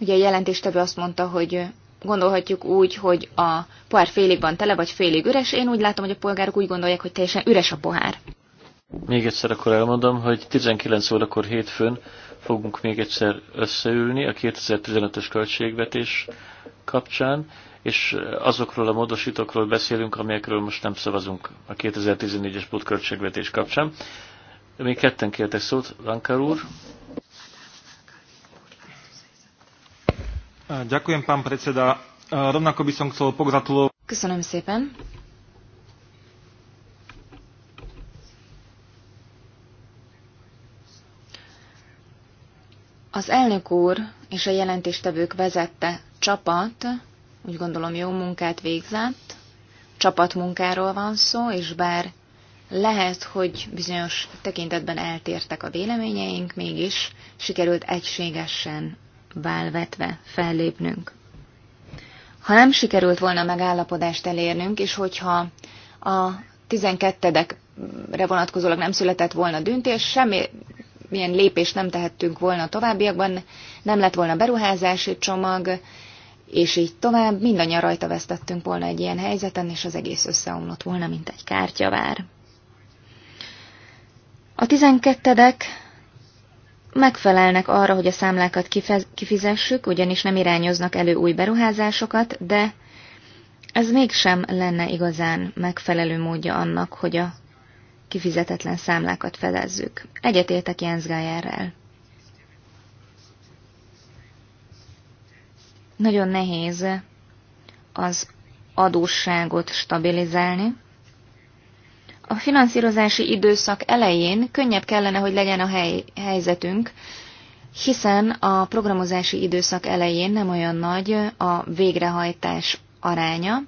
ugye a jelentéstevő azt mondta, hogy gondolhatjuk úgy, hogy a pohár félig van tele, vagy félig üres. Én úgy látom, hogy a polgárok úgy gondolják, hogy teljesen üres a pohár. Még egyszer akkor elmondom, hogy 19 órakor hétfőn fogunk még egyszer összeülni a 2015-ös költségvetés kapcsán, és azokról a módosítókról beszélünk, amelyekről most nem szavazunk a 2014-es pótköltségvetés kapcsán. Még ketten kértek szót, Lankar úr. Köszönöm szépen. Az elnök úr és a jelentéstevők vezette csapat úgy gondolom jó munkát végzett, csapatmunkáról van szó, és bár lehet, hogy bizonyos tekintetben eltértek a véleményeink, mégis sikerült egységesen válvetve fellépnünk. Ha nem sikerült volna megállapodást elérnünk, és hogyha a 12-re vonatkozólag nem született volna döntés, semmi milyen lépést nem tehettünk volna továbbiakban, nem lett volna beruházási csomag, és így tovább. Mindannyian rajta vesztettünk volna egy ilyen helyzeten, és az egész összeomlott volna, mint egy kártyavár. A tizenkettedek megfelelnek arra, hogy a számlákat kifizessük, ugyanis nem irányoznak elő új beruházásokat, de ez mégsem lenne igazán megfelelő módja annak, hogy a kifizetetlen számlákat fedezzük. Egyetértek Jens Gájerrel. Nagyon nehéz az adósságot stabilizálni. A finanszírozási időszak elején könnyebb kellene, hogy legyen a hely, helyzetünk, hiszen a programozási időszak elején nem olyan nagy a végrehajtás aránya.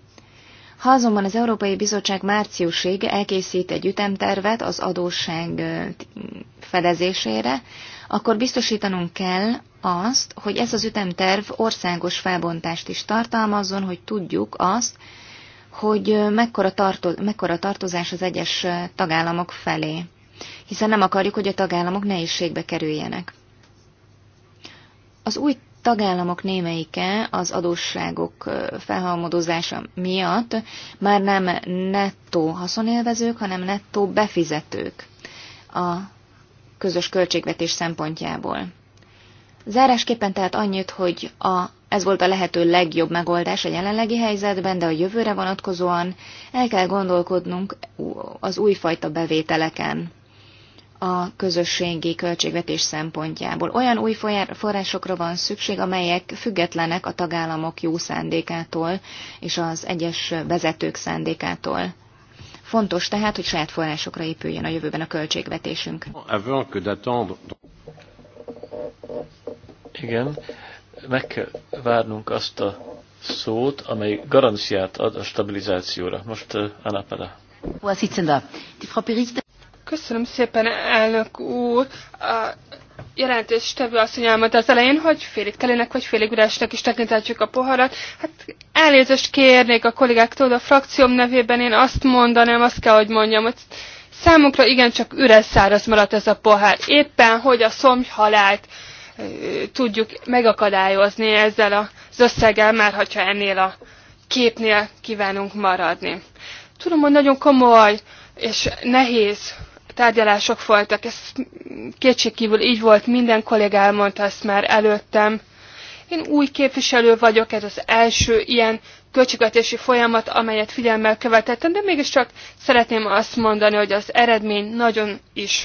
Ha azonban az Európai Bizottság márciusig elkészít egy ütemtervet az adósság fedezésére, akkor biztosítanunk kell azt, hogy ez az ütemterv országos felbontást is tartalmazzon, hogy tudjuk azt, hogy mekkora, tartoz, mekkora tartozás az egyes tagállamok felé, hiszen nem akarjuk, hogy a tagállamok nehézségbe kerüljenek. Az új tagállamok némelyike az adósságok felhalmodozása miatt már nem nettó haszonélvezők, hanem nettó befizetők a közös költségvetés szempontjából. Zárásképpen tehát annyit, hogy a, ez volt a lehető legjobb megoldás a jelenlegi helyzetben, de a jövőre vonatkozóan el kell gondolkodnunk az újfajta bevételeken a közösségi költségvetés szempontjából. Olyan új forrásokra van szükség, amelyek függetlenek a tagállamok jó szándékától és az egyes vezetők szándékától. Fontos tehát, hogy saját forrásokra épüljön a jövőben a költségvetésünk. Igen, meg kell várnunk azt a szót, amely garanciát ad a stabilizációra. Most eh, Anapada. Köszönöm szépen, elnök úr. A jelentéstevő asszony elmondta az elején, hogy félig telének vagy félig üresnek is tekintetjük a poharat. Hát elnézést kérnék a kollégáktól, a frakcióm nevében én azt mondanám, azt kell, hogy mondjam, hogy Számunkra igencsak üres száraz maradt ez a pohár. Éppen, hogy a szomjhalált tudjuk megakadályozni ezzel az összeggel, már ha ennél a képnél kívánunk maradni. Tudom, hogy nagyon komoly és nehéz tárgyalások voltak. ez kétségkívül így volt, minden kollégám elmondta ezt már előttem. Én új képviselő vagyok, ez az első ilyen költségvetési folyamat, amelyet figyelmel követettem, de mégiscsak szeretném azt mondani, hogy az eredmény nagyon is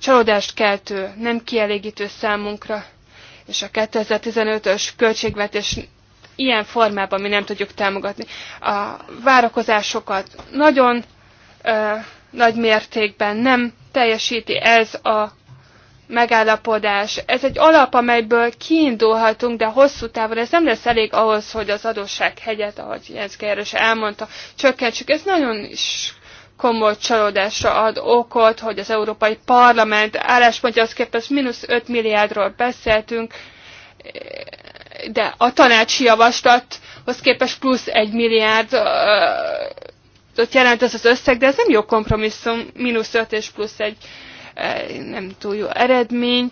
csalódást keltő, nem kielégítő számunkra, és a 2015-ös költségvetés ilyen formában mi nem tudjuk támogatni. A várakozásokat nagyon ö, nagy mértékben nem teljesíti ez a megállapodás. Ez egy alap, amelyből kiindulhatunk, de hosszú távon ez nem lesz elég ahhoz, hogy az adósság hegyet, ahogy Jens Gerős elmondta, csökkentsük. Ez nagyon is komoly csalódásra ad okot, hogy az Európai Parlament álláspontja az képest mínusz 5 milliárdról beszéltünk, de a tanácsi javaslathoz képest plusz 1 milliárd ott jelent ez az összeg, de ez nem jó kompromisszum, mínusz 5 és plusz 1 nem túl jó eredmény.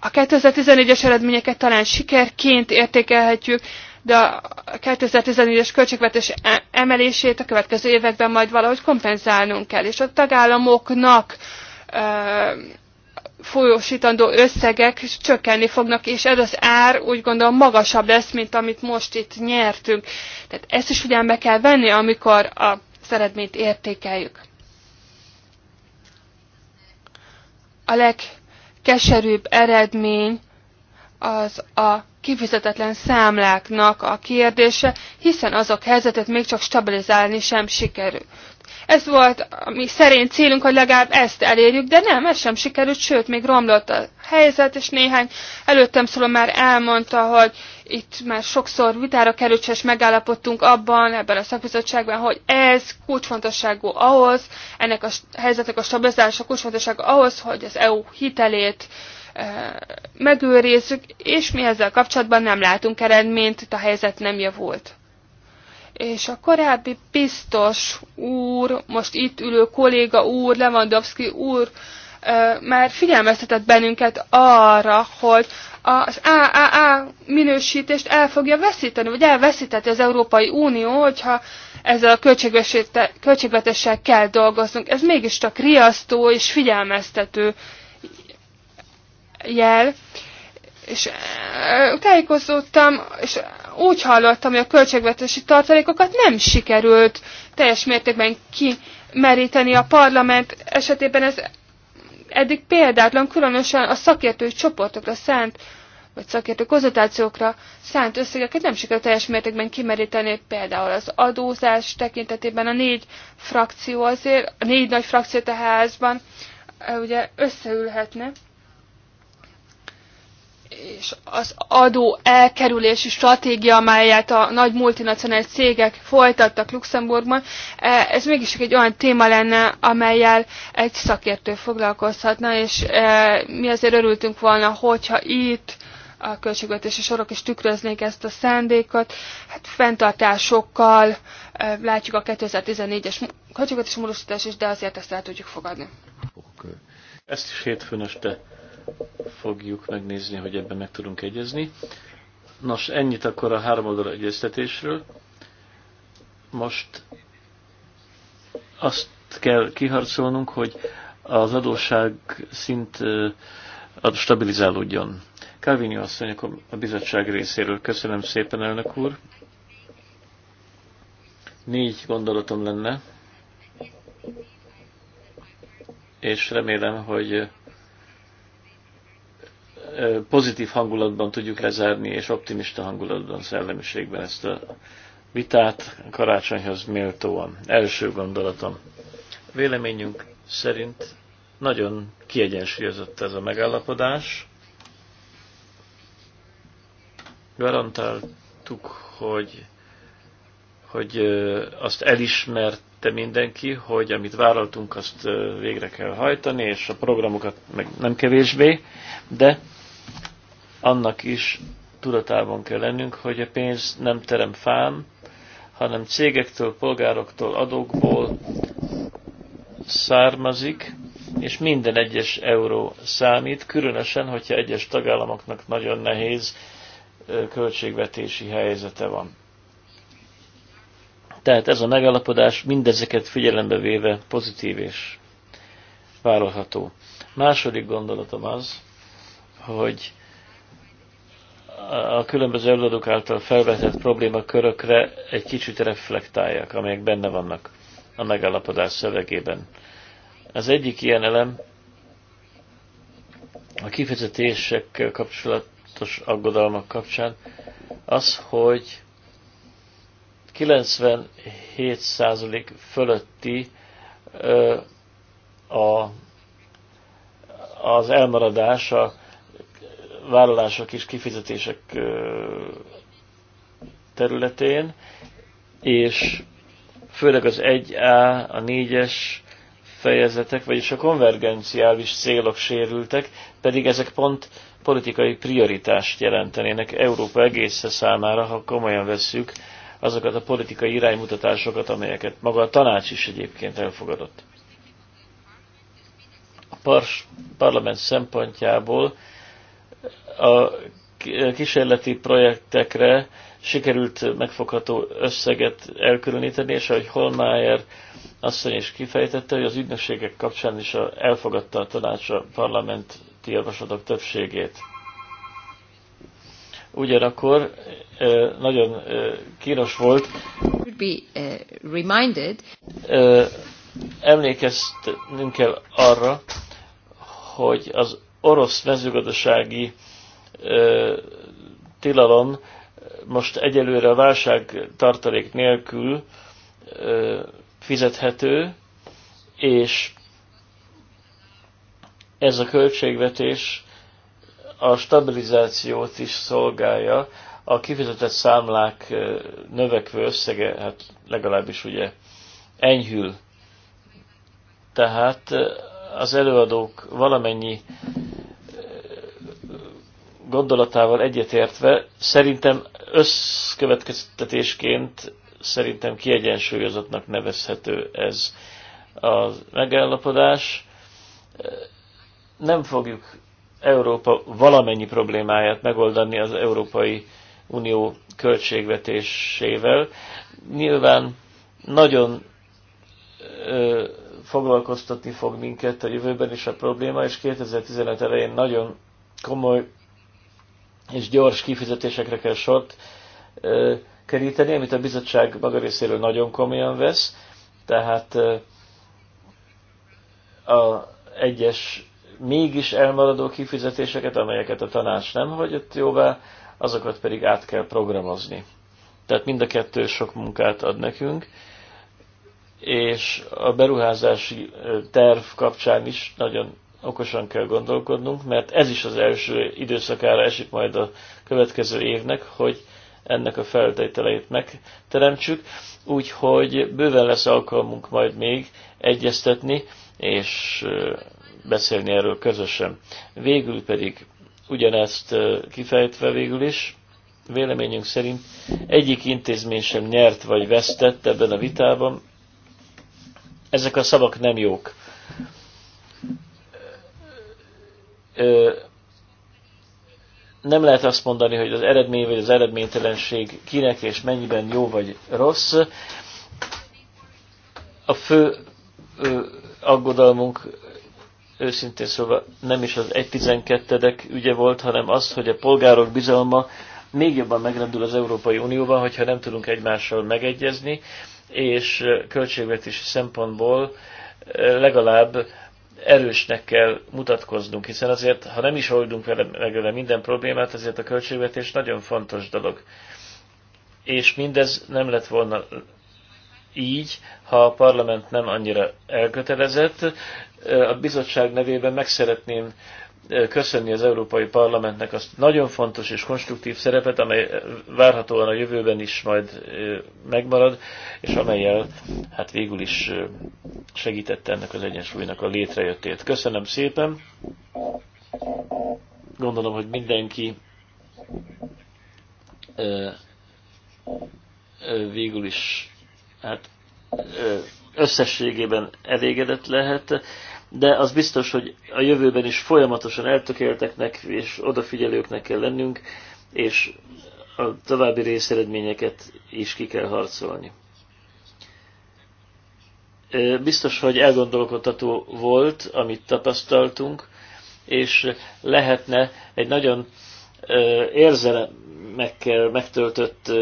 A 2014-es eredményeket talán sikerként értékelhetjük, de a 2014-es költségvetés e- emelését a következő években majd valahogy kompenzálnunk kell, és a tagállamoknak folyósítandó összegek csökkenni fognak, és ez az ár úgy gondolom magasabb lesz, mint amit most itt nyertünk. Tehát ezt is ugyan be kell venni, amikor a eredményt értékeljük. a legkeserűbb eredmény az a kifizetetlen számláknak a kérdése, hiszen azok helyzetet még csak stabilizálni sem sikerült. Ez volt a mi szerint célunk, hogy legalább ezt elérjük, de nem, ez sem sikerült, sőt, még romlott a helyzet, és néhány előttem szóló már elmondta, hogy itt már sokszor vitára került, és megállapodtunk abban, ebben a szakbizottságban, hogy ez kulcsfontosságú ahhoz, ennek a helyzetnek a stabilizálása kulcsfontosságú ahhoz, hogy az EU hitelét eh, megőrizzük, és mi ezzel kapcsolatban nem látunk eredményt, itt a helyzet nem javult. És a korábbi biztos úr, most itt ülő kolléga úr, Lewandowski úr, eh, már figyelmeztetett bennünket arra, hogy az AAA minősítést el fogja veszíteni, vagy elveszíteti az Európai Unió, hogyha ezzel a költségvetéssel kell dolgoznunk. Ez mégis csak riasztó és figyelmeztető jel. És e, tájékozódtam, és úgy hallottam, hogy a költségvetési tartalékokat nem sikerült teljes mértékben kimeríteni a parlament esetében. Ez eddig példátlan, különösen a szakértői csoportokra szánt, vagy szakértő konzultációkra szánt összegeket nem sikerült teljes mértékben kimeríteni, például az adózás tekintetében a négy frakció azért, a négy nagy frakció a házban ugye összeülhetne, és az adó elkerülési stratégia, amelyet a nagy multinacionális cégek folytattak Luxemburgban, e, ez mégis egy olyan téma lenne, amelyel egy szakértő foglalkozhatna, és e, mi azért örültünk volna, hogyha itt a költségvetési sorok is tükröznék ezt a szándékot. Hát fenntartásokkal e, látjuk a 2014-es költségvetési módosítás is, de azért ezt el tudjuk fogadni. Ezt is hétfőn este fogjuk megnézni, hogy ebben meg tudunk egyezni. Nos, ennyit akkor a háromoldalú egyeztetésről. Most azt kell kiharcolnunk, hogy az adósság szint stabilizálódjon. Kávinyó asszony, a bizottság részéről köszönöm szépen, elnök úr. Négy gondolatom lenne, és remélem, hogy pozitív hangulatban tudjuk lezárni, és optimista hangulatban, szellemiségben ezt a vitát karácsonyhoz méltóan. Első gondolatom. Véleményünk szerint nagyon kiegyensúlyozott ez a megállapodás. Garantáltuk, hogy, hogy azt elismerte mindenki, hogy amit vállaltunk, azt végre kell hajtani, és a programokat meg nem kevésbé, de annak is tudatában kell lennünk, hogy a pénz nem terem fám, hanem cégektől, polgároktól, adókból származik, és minden egyes euró számít, különösen, hogyha egyes tagállamoknak nagyon nehéz költségvetési helyzete van. Tehát ez a megállapodás mindezeket figyelembe véve pozitív és vállalható. Második gondolatom az, hogy a különböző előadók által felvetett problémakörökre egy kicsit reflektáljak, amelyek benne vannak a megállapodás szövegében. Az egyik ilyen elem a kifizetések kapcsolatos aggodalmak kapcsán az, hogy 97% fölötti ö, a, az elmaradás a vállalások és kifizetések területén, és főleg az 1A, a 4-es fejezetek, vagyis a konvergenciális célok sérültek, pedig ezek pont politikai prioritást jelentenének Európa egésze számára, ha komolyan vesszük azokat a politikai iránymutatásokat, amelyeket maga a tanács is egyébként elfogadott. A par parlament szempontjából a kísérleti projektekre sikerült megfogható összeget elkülöníteni, és ahogy Holmeier asszony is kifejtette, hogy az ügynökségek kapcsán is elfogadta a tanács a parlamenti javaslatok többségét. Ugyanakkor nagyon kínos volt, emlékeztünk kell arra, hogy az orosz mezőgazdasági ö, tilalom most egyelőre a válság tartalék nélkül ö, fizethető, és ez a költségvetés a stabilizációt is szolgálja, a kifizetett számlák növekvő összege, hát legalábbis ugye enyhül. Tehát az előadók valamennyi eh, gondolatával egyetértve, szerintem összkövetkeztetésként szerintem kiegyensúlyozottnak nevezhető ez a megállapodás. Nem fogjuk Európa valamennyi problémáját megoldani az Európai Unió költségvetésével. Nyilván nagyon foglalkoztatni fog minket a jövőben is a probléma, és 2015 elején nagyon komoly és gyors kifizetésekre kell sort ö, keríteni, amit a bizottság maga részéről nagyon komolyan vesz, tehát ö, a egyes mégis elmaradó kifizetéseket, amelyeket a tanács nem hagyott jóvá, azokat pedig át kell programozni. Tehát mind a kettő sok munkát ad nekünk és a beruházási terv kapcsán is nagyon okosan kell gondolkodnunk, mert ez is az első időszakára esik majd a következő évnek, hogy ennek a feltételeit megteremtsük, úgyhogy bőven lesz alkalmunk majd még egyeztetni, és beszélni erről közösen. Végül pedig ugyanezt kifejtve végül is, véleményünk szerint egyik intézmény sem nyert vagy vesztett ebben a vitában, ezek a szavak nem jók. Nem lehet azt mondani, hogy az eredmény vagy az eredménytelenség kinek és mennyiben jó vagy rossz. A fő aggodalmunk őszintén szóval nem is az 1.12-edek ügye volt, hanem az, hogy a polgárok bizalma még jobban megrendül az Európai Unióban, hogyha nem tudunk egymással megegyezni, és költségvetési szempontból legalább erősnek kell mutatkoznunk, hiszen azért, ha nem is oldunk vele, meg vele minden problémát, azért a költségvetés nagyon fontos dolog. És mindez nem lett volna így, ha a parlament nem annyira elkötelezett. A bizottság nevében meg szeretném köszönni az Európai Parlamentnek azt nagyon fontos és konstruktív szerepet, amely várhatóan a jövőben is majd megmarad, és amelyel hát végül is segítette ennek az egyensúlynak a létrejöttét. Köszönöm szépen! Gondolom, hogy mindenki végül is hát összességében elégedett lehet de az biztos, hogy a jövőben is folyamatosan eltökélteknek és odafigyelőknek kell lennünk, és a további részeredményeket is ki kell harcolni. Biztos, hogy elgondolkodható volt, amit tapasztaltunk, és lehetne egy nagyon érzelemekkel megtöltött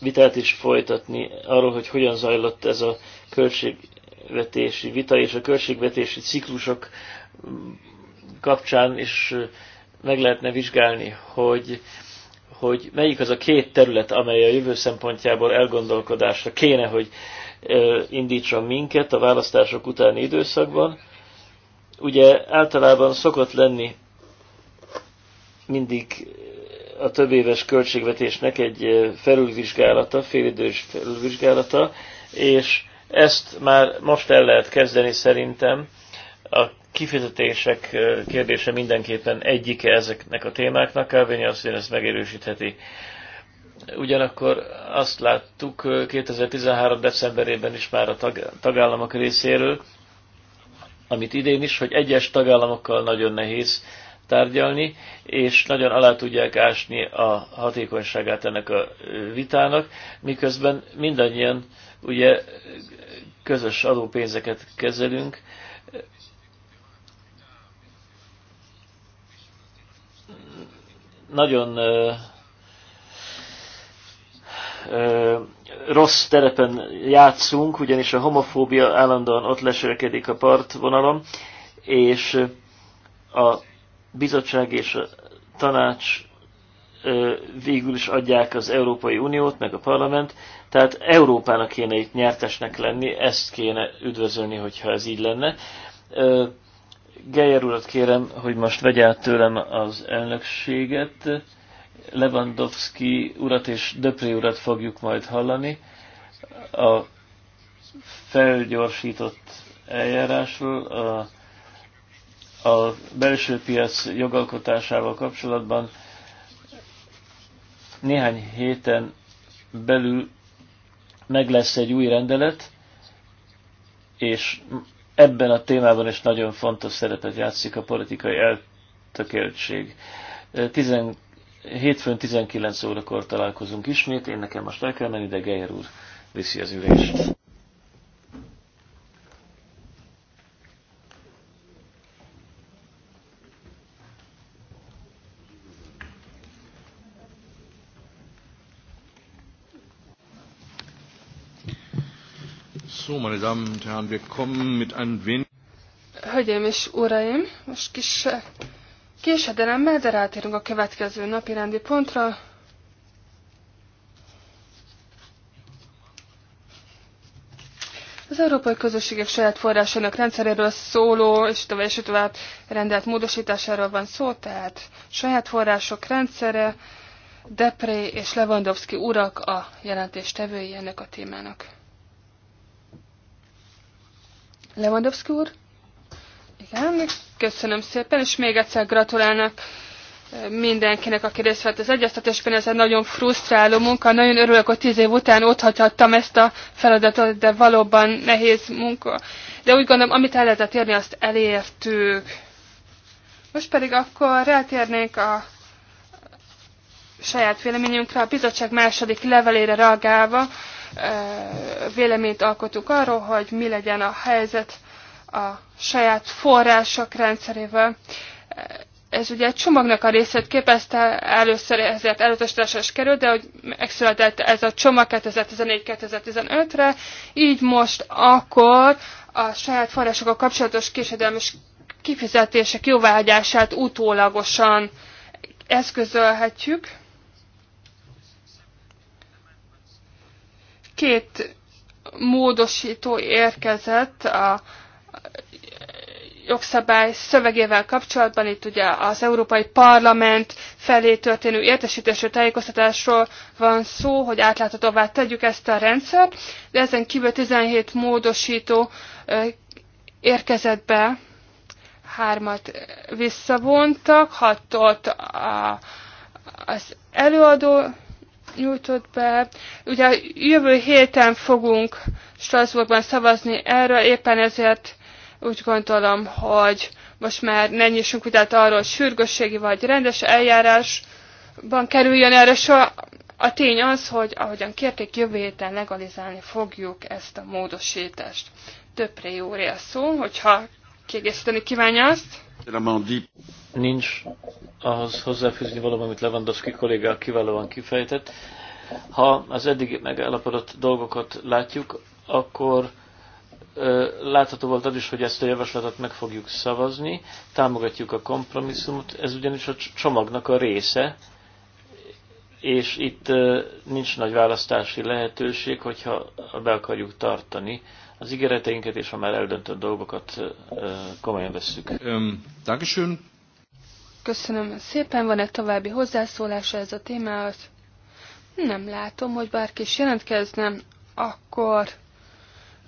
vitát is folytatni arról, hogy hogyan zajlott ez a költség költségvetési vita és a költségvetési ciklusok kapcsán is meg lehetne vizsgálni, hogy, hogy melyik az a két terület, amely a jövő szempontjából elgondolkodásra kéne, hogy indítson minket a választások utáni időszakban. Ugye általában szokott lenni mindig a több éves költségvetésnek egy felülvizsgálata, félidős felülvizsgálata, és ezt már most el lehet kezdeni szerintem. A kifizetések kérdése mindenképpen egyike ezeknek a témáknak. Kávényi azt ezt megerősítheti. Ugyanakkor azt láttuk 2013. decemberében is már a tagállamok részéről, amit idén is, hogy egyes tagállamokkal nagyon nehéz tárgyalni, és nagyon alá tudják ásni a hatékonyságát ennek a vitának, miközben mindannyian ugye közös adópénzeket kezelünk. Nagyon ö, ö, rossz terepen játszunk, ugyanis a homofóbia állandóan ott leselkedik a partvonalon, és a bizottság és a tanács végül is adják az Európai Uniót, meg a parlament, tehát Európának kéne itt nyertesnek lenni, ezt kéne üdvözölni, hogyha ez így lenne. Geyer urat kérem, hogy most vegye át tőlem az elnökséget. Lewandowski urat és Döpré urat fogjuk majd hallani. A felgyorsított eljárásról, a, a belső piac jogalkotásával kapcsolatban néhány héten belül meg lesz egy új rendelet, és ebben a témában is nagyon fontos szerepet játszik a politikai eltökéltség. Tizen, hétfőn 19 órakor találkozunk ismét, én nekem most el kell menni, de Geyer úr viszi az ülést. Hölgyeim és uraim, most kis késedelemmel, de rátérünk a következő napi rendi pontra. Az Európai Közösségek saját forrásának rendszeréről szóló és tovább és tovább rendelt módosításáról van szó, tehát saját források rendszere, Depré és Lewandowski urak a jelentéstevői ennek a témának. Lewandowski úr? Igen, köszönöm szépen, és még egyszer gratulálnak mindenkinek, aki részt vett az egyeztetésben. Ez egy nagyon frusztráló munka. Nagyon örülök, hogy tíz év után otthagyhattam ezt a feladatot, de valóban nehéz munka. De úgy gondolom, amit el lehetett érni, azt elértük. Most pedig akkor rátérnénk a saját véleményünkre, a bizottság második levelére reagálva, véleményt alkotunk arról, hogy mi legyen a helyzet a saját források rendszerével. Ez ugye egy csomagnak a részét képezte, először ezért elutasításra is került, de hogy megszületett ez a csomag 2014-2015-re, így most akkor a saját forrásokkal kapcsolatos késedelmes kifizetések jóváhagyását utólagosan eszközölhetjük Két módosító érkezett a jogszabály szövegével kapcsolatban, itt ugye az Európai Parlament felé történő értesítésről, tájékoztatásról van szó, hogy átláthatóvá tegyük ezt a rendszert, de ezen kívül 17 módosító érkezett be, hármat visszavontak, hatot a, az előadó nyújtott be. Ugye jövő héten fogunk Strasbourgban szavazni erre. éppen ezért úgy gondolom, hogy most már ne nyissunk vitát arról, hogy sürgősségi vagy rendes eljárásban kerüljön erre so A tény az, hogy ahogyan kérték, jövő héten legalizálni fogjuk ezt a módosítást. Töpré jó a szó, hogyha kiegészíteni kívánja azt. Nincs ahhoz hozzáfűzni valamit, amit Lewandowski kollégák kiválóan kifejtett. Ha az eddig megállapodott dolgokat látjuk, akkor látható volt az is, hogy ezt a javaslatot meg fogjuk szavazni, támogatjuk a kompromisszumot, ez ugyanis a csomagnak a része, és itt nincs nagy választási lehetőség, hogyha be akarjuk tartani az ígéreteinket és a már eldöntött dolgokat komolyan vesszük. Dankeschön. Köszönöm szépen. Van-e további hozzászólása ez a témához? Nem látom, hogy bárki is jelentkezne. Akkor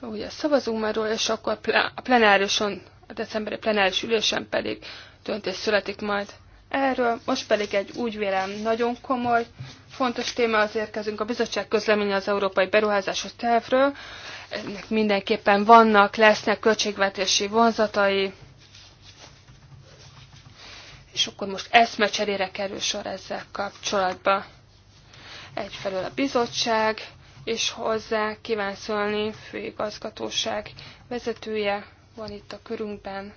ugye szavazunk már róla, és akkor a plenárison, a decemberi plenáris ülésen pedig döntés születik majd erről. Most pedig egy úgy vélem nagyon komoly, fontos az érkezünk a bizottság közleménye az Európai Beruházásos tervről, ennek mindenképpen vannak, lesznek költségvetési vonzatai, és akkor most eszmecserére kerül sor ezzel kapcsolatban. Egyfelől a bizottság, és hozzá kíván szólni főigazgatóság vezetője van itt a körünkben.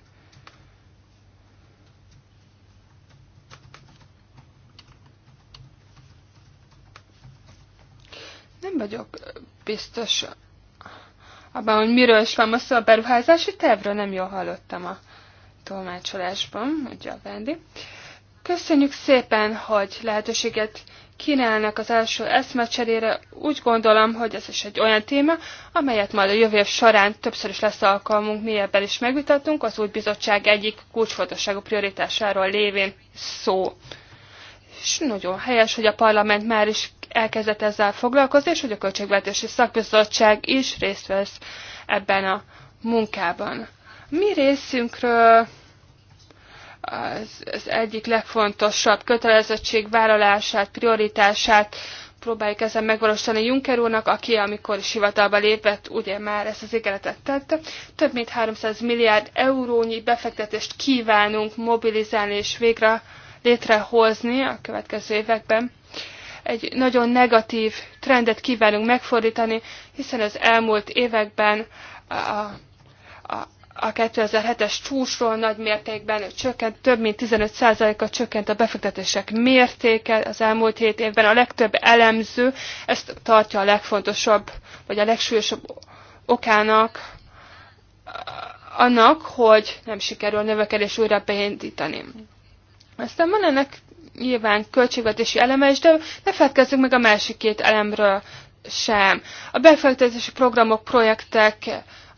Nem vagyok biztos abban, hogy miről is van most a beruházási tervről, nem jól hallottam a tolmácsolásban, mondja a Vendi. Köszönjük szépen, hogy lehetőséget kínálnak az első eszmecserére. Úgy gondolom, hogy ez is egy olyan téma, amelyet majd a jövő év során többször is lesz alkalmunk, mi ebben is megvitatunk, az új bizottság egyik kulcsfontosságú prioritásáról lévén szó. És nagyon helyes, hogy a parlament már is elkezdett ezzel foglalkozni, és hogy a Költségvetési Szakbizottság is részt vesz ebben a munkában. Mi részünkről az, az egyik legfontosabb kötelezettség vállalását, prioritását próbáljuk ezzel megvalósítani Juncker úrnak, aki amikor is hivatalba lépett, ugye már ezt az ígéretet tette. Több mint 300 milliárd eurónyi befektetést kívánunk mobilizálni és végre létrehozni a következő években egy nagyon negatív trendet kívánunk megfordítani, hiszen az elmúlt években a, a, a 2007-es csúcsról nagy mértékben csökkent, több mint 15%-a csökkent a befektetések mértéke az elmúlt 7 évben. A legtöbb elemző ezt tartja a legfontosabb, vagy a legsúlyosabb okának annak, hogy nem sikerül a növekedés újra beindítani. Aztán van ennek nyilván költségvetési eleme is, de ne feledkezzünk meg a másik két elemről sem. A befektetési programok, projektek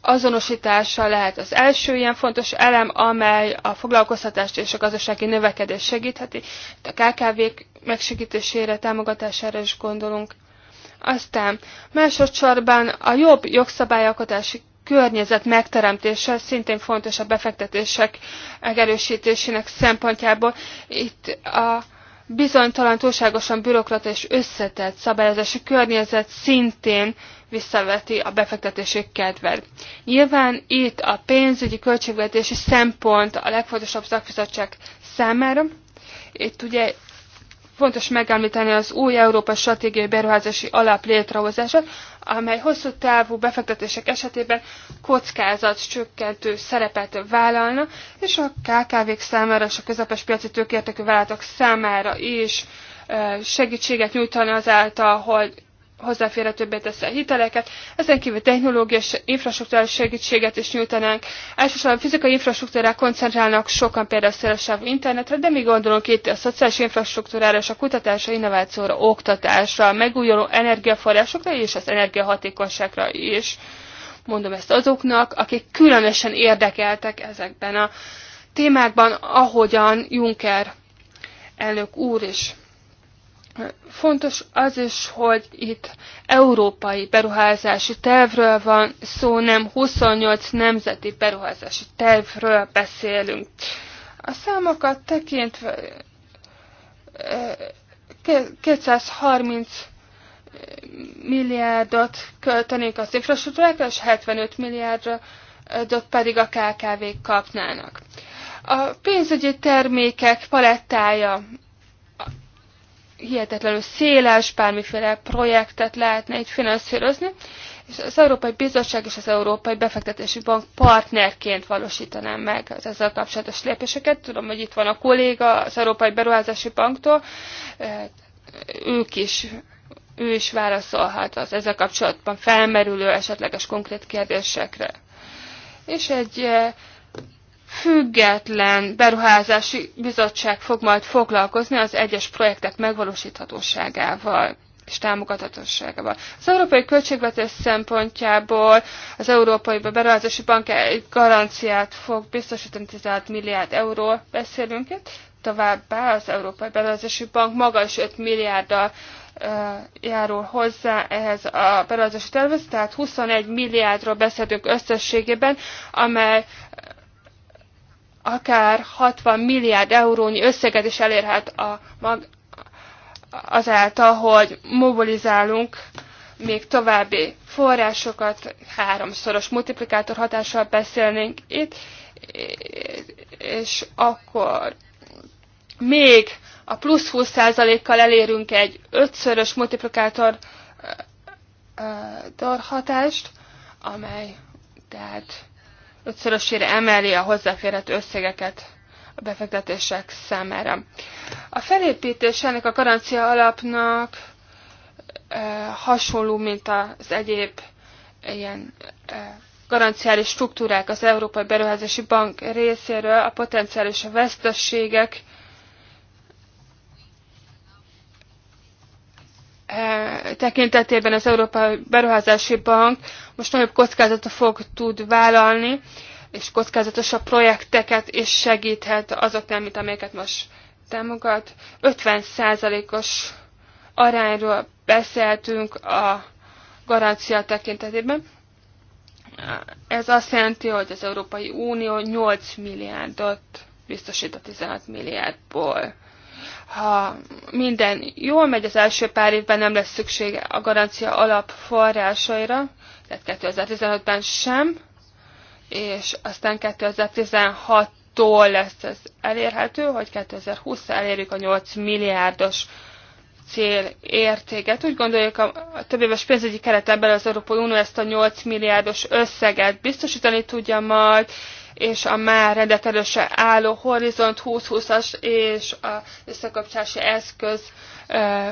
azonosítása lehet az első ilyen fontos elem, amely a foglalkoztatást és a gazdasági növekedést segítheti. A KKV-k megsegítésére, támogatására is gondolunk. Aztán másodszorban a jobb jogszabályalkotási környezet megteremtése szintén fontos a befektetések megerősítésének szempontjából. Itt a bizonytalan, túlságosan bürokrata és összetett szabályozási környezet szintén visszaveti a befektetési kedvet. Nyilván itt a pénzügyi költségvetési szempont a legfontosabb szakbizottság számára. Itt ugye fontos megemlíteni az új Európa Stratégiai Beruházási Alap létrehozását, amely hosszú távú befektetések esetében kockázat csökkentő szerepet vállalna, és a KKV-k számára és a közepes piaci tőkértekű vállalatok számára is eh, segítséget nyújtani azáltal, hogy hozzáférhetőbbé teszi a hiteleket, ezen kívül technológiai és infrastruktúrális segítséget is nyújtanánk. Elsősorban fizikai infrastruktúrák koncentrálnak sokan például szélesávú internetre, de mi gondolunk itt a szociális infrastruktúrára és a kutatásra, innovációra, oktatásra, megújuló energiaforrásokra és az energiahatékonyságra is. Mondom ezt azoknak, akik különösen érdekeltek ezekben a témákban, ahogyan Juncker elnök úr is Fontos az is, hogy itt európai beruházási tervről van szó, nem 28 nemzeti beruházási tervről beszélünk. A számokat tekintve 230 eh, milliárdot költenék az infrastruktúrákra, és 75 milliárdot pedig a KKV-k kapnának. A pénzügyi termékek palettája hihetetlenül széles, bármiféle projektet lehetne itt finanszírozni, és az Európai Bizottság és az Európai Befektetési Bank partnerként valósítanám meg az ezzel kapcsolatos lépéseket. Tudom, hogy itt van a kolléga az Európai Beruházási Banktól, eh, ők is ő is válaszolhat az ezzel kapcsolatban felmerülő esetleges konkrét kérdésekre. És egy eh, független beruházási bizottság fog majd foglalkozni az egyes projektek megvalósíthatóságával és támogathatóságával. Az európai költségvetés szempontjából az Európai Beruházási Bank egy garanciát fog biztosítani, 16 milliárd euró beszélünk itt, továbbá az Európai Beruházási Bank maga is 5 milliárddal járul hozzá ehhez a beruházási tervezet, tehát 21 milliárdról beszélünk összességében, amely akár 60 milliárd eurónyi összeget is elérhet a mag, azáltal, hogy mobilizálunk még további forrásokat, háromszoros multiplikátor hatással beszélnénk itt, és akkor még a plusz 20%-kal elérünk egy ötszörös multiplikátor hatást, amely tehát ötszörösére emeli a hozzáférhető összegeket a befektetések számára. A felépítés ennek a garancia alapnak eh, hasonló, mint az egyéb eh, ilyen eh, garanciális struktúrák az Európai Beruházási Bank részéről a potenciális vesztességek tekintetében az Európai Beruházási Bank most nagyobb kockázatot fog tud vállalni, és kockázatosabb projekteket is segíthet azoknál, mint amelyeket most támogat. 50%-os arányról beszéltünk a garancia tekintetében. Ez azt jelenti, hogy az Európai Unió 8 milliárdot biztosít a 16 milliárdból ha minden jól megy, az első pár évben nem lesz szükség a garancia alap forrásaira, tehát 2015-ben sem, és aztán 2016-tól lesz ez elérhető, hogy 2020-ra elérjük a 8 milliárdos cél értéket. Úgy gondoljuk, a, a több éves pénzügyi kereten az Európai Unió ezt a 8 milliárdos összeget biztosítani tudja majd, és a már rendelkezésre álló Horizont 2020-as és a összekapcsolási eszköz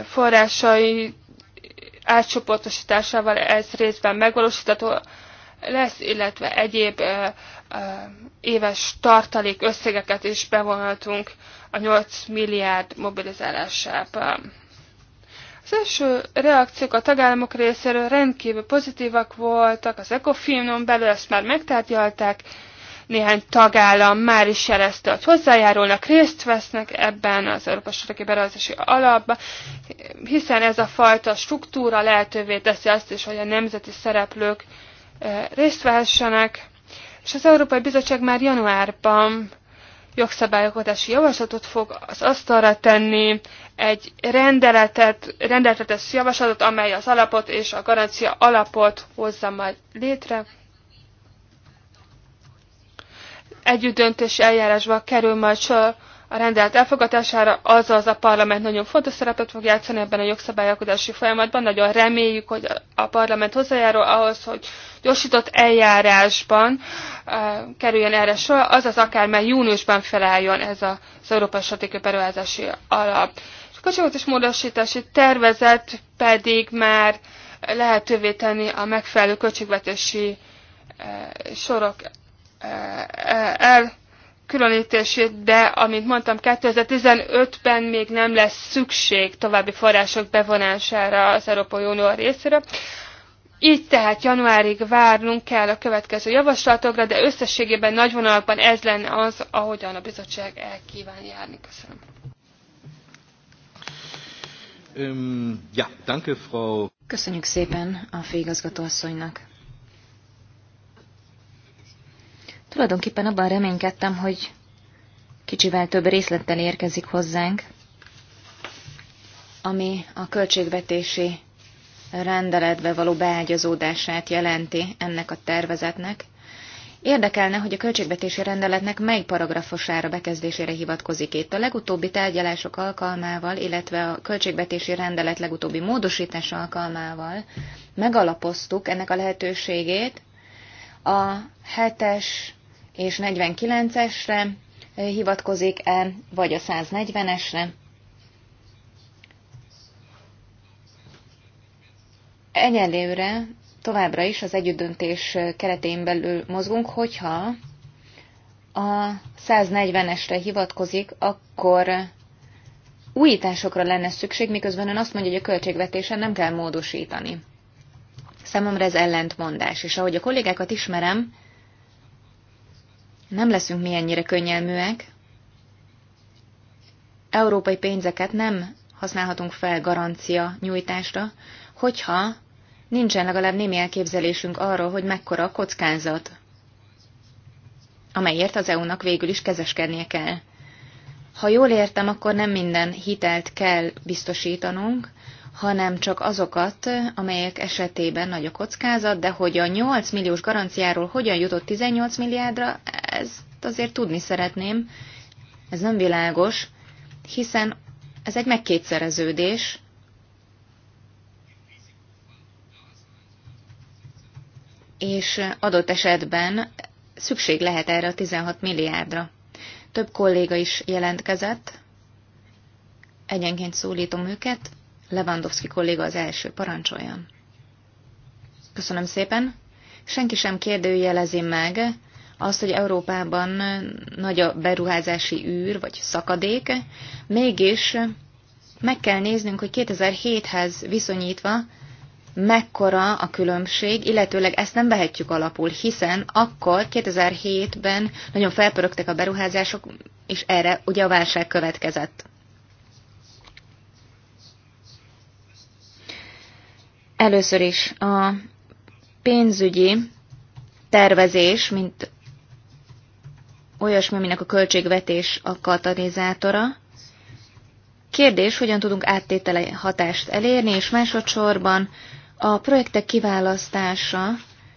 forrásai átcsoportosításával ez részben megvalósítható lesz, illetve egyéb éves tartalék összegeket is bevonhatunk a 8 milliárd mobilizálásába. Az első reakciók a tagállamok részéről rendkívül pozitívak voltak, az ECOFIN-on belül ezt már megtárgyalták, néhány tagállam már is jelezte, hogy hozzájárulnak, részt vesznek ebben az Európai Stratégiai Beruházási Alapba, hiszen ez a fajta struktúra lehetővé teszi azt is, hogy a nemzeti szereplők eh, részt vehessenek, és az Európai Bizottság már januárban jogszabályokatási javaslatot fog az asztalra tenni, egy rendeletet, rendeletet javaslatot, amely az alapot és a garancia alapot hozza majd létre együttdöntési eljárásban kerül majd sor a rendelet elfogadására, azaz a parlament nagyon fontos szerepet fog játszani ebben a jogszabályalkotási folyamatban. Nagyon reméljük, hogy a parlament hozzájárul ahhoz, hogy gyorsított eljárásban uh, kerüljön erre sor, azaz akár már júniusban felálljon ez az Európai Stratégiai Beruházási Alap. És a kocsigatos módosítási tervezet pedig már lehetővé tenni a megfelelő költségvetési eh, sorok Eh, elkülönítését, de amint mondtam, 2015-ben még nem lesz szükség további források bevonására az Európai Unió részéről. Így tehát januárig várnunk kell a következő javaslatokra, de összességében nagy vonalakban ez lenne az, ahogyan a bizottság el kíván járni. Köszönöm. ja, danke, Frau. Köszönjük szépen a főigazgató asszonynak. Tulajdonképpen abban reménykedtem, hogy kicsivel több részlettel érkezik hozzánk, ami a költségvetési rendeletbe való beágyazódását jelenti ennek a tervezetnek. Érdekelne, hogy a költségvetési rendeletnek mely paragrafosára bekezdésére hivatkozik itt. A legutóbbi tárgyalások alkalmával, illetve a költségvetési rendelet legutóbbi módosítása alkalmával megalapoztuk ennek a lehetőségét. A hetes és 49-esre hivatkozik el, vagy a 140-esre. Egyelőre továbbra is az együttdöntés keretén belül mozgunk, hogyha a 140-esre hivatkozik, akkor újításokra lenne szükség, miközben ön azt mondja, hogy a költségvetésen nem kell módosítani. Számomra ez ellentmondás, és ahogy a kollégákat ismerem, nem leszünk mi ennyire könnyelműek. Európai pénzeket nem használhatunk fel garancia nyújtásra, hogyha nincsen legalább némi elképzelésünk arról, hogy mekkora a kockázat, amelyért az EU-nak végül is kezeskednie kell. Ha jól értem, akkor nem minden hitelt kell biztosítanunk, hanem csak azokat, amelyek esetében nagy a kockázat, de hogy a 8 milliós garanciáról hogyan jutott 18 milliárdra, ezt azért tudni szeretném. Ez nem világos, hiszen ez egy megkétszereződés. És adott esetben szükség lehet erre a 16 milliárdra. Több kolléga is jelentkezett, egyenként szólítom őket, Lewandowski kolléga az első, parancsoljon. Köszönöm szépen. Senki sem kérdőjelezi meg azt, hogy Európában nagy a beruházási űr vagy szakadék, mégis meg kell néznünk, hogy 2007-hez viszonyítva mekkora a különbség, illetőleg ezt nem vehetjük alapul, hiszen akkor 2007-ben nagyon felpörögtek a beruházások, és erre ugye a válság következett. Először is a pénzügyi tervezés, mint olyasmi, aminek a költségvetés a katalizátora. Kérdés, hogyan tudunk áttétele hatást elérni, és másodszorban a projektek kiválasztása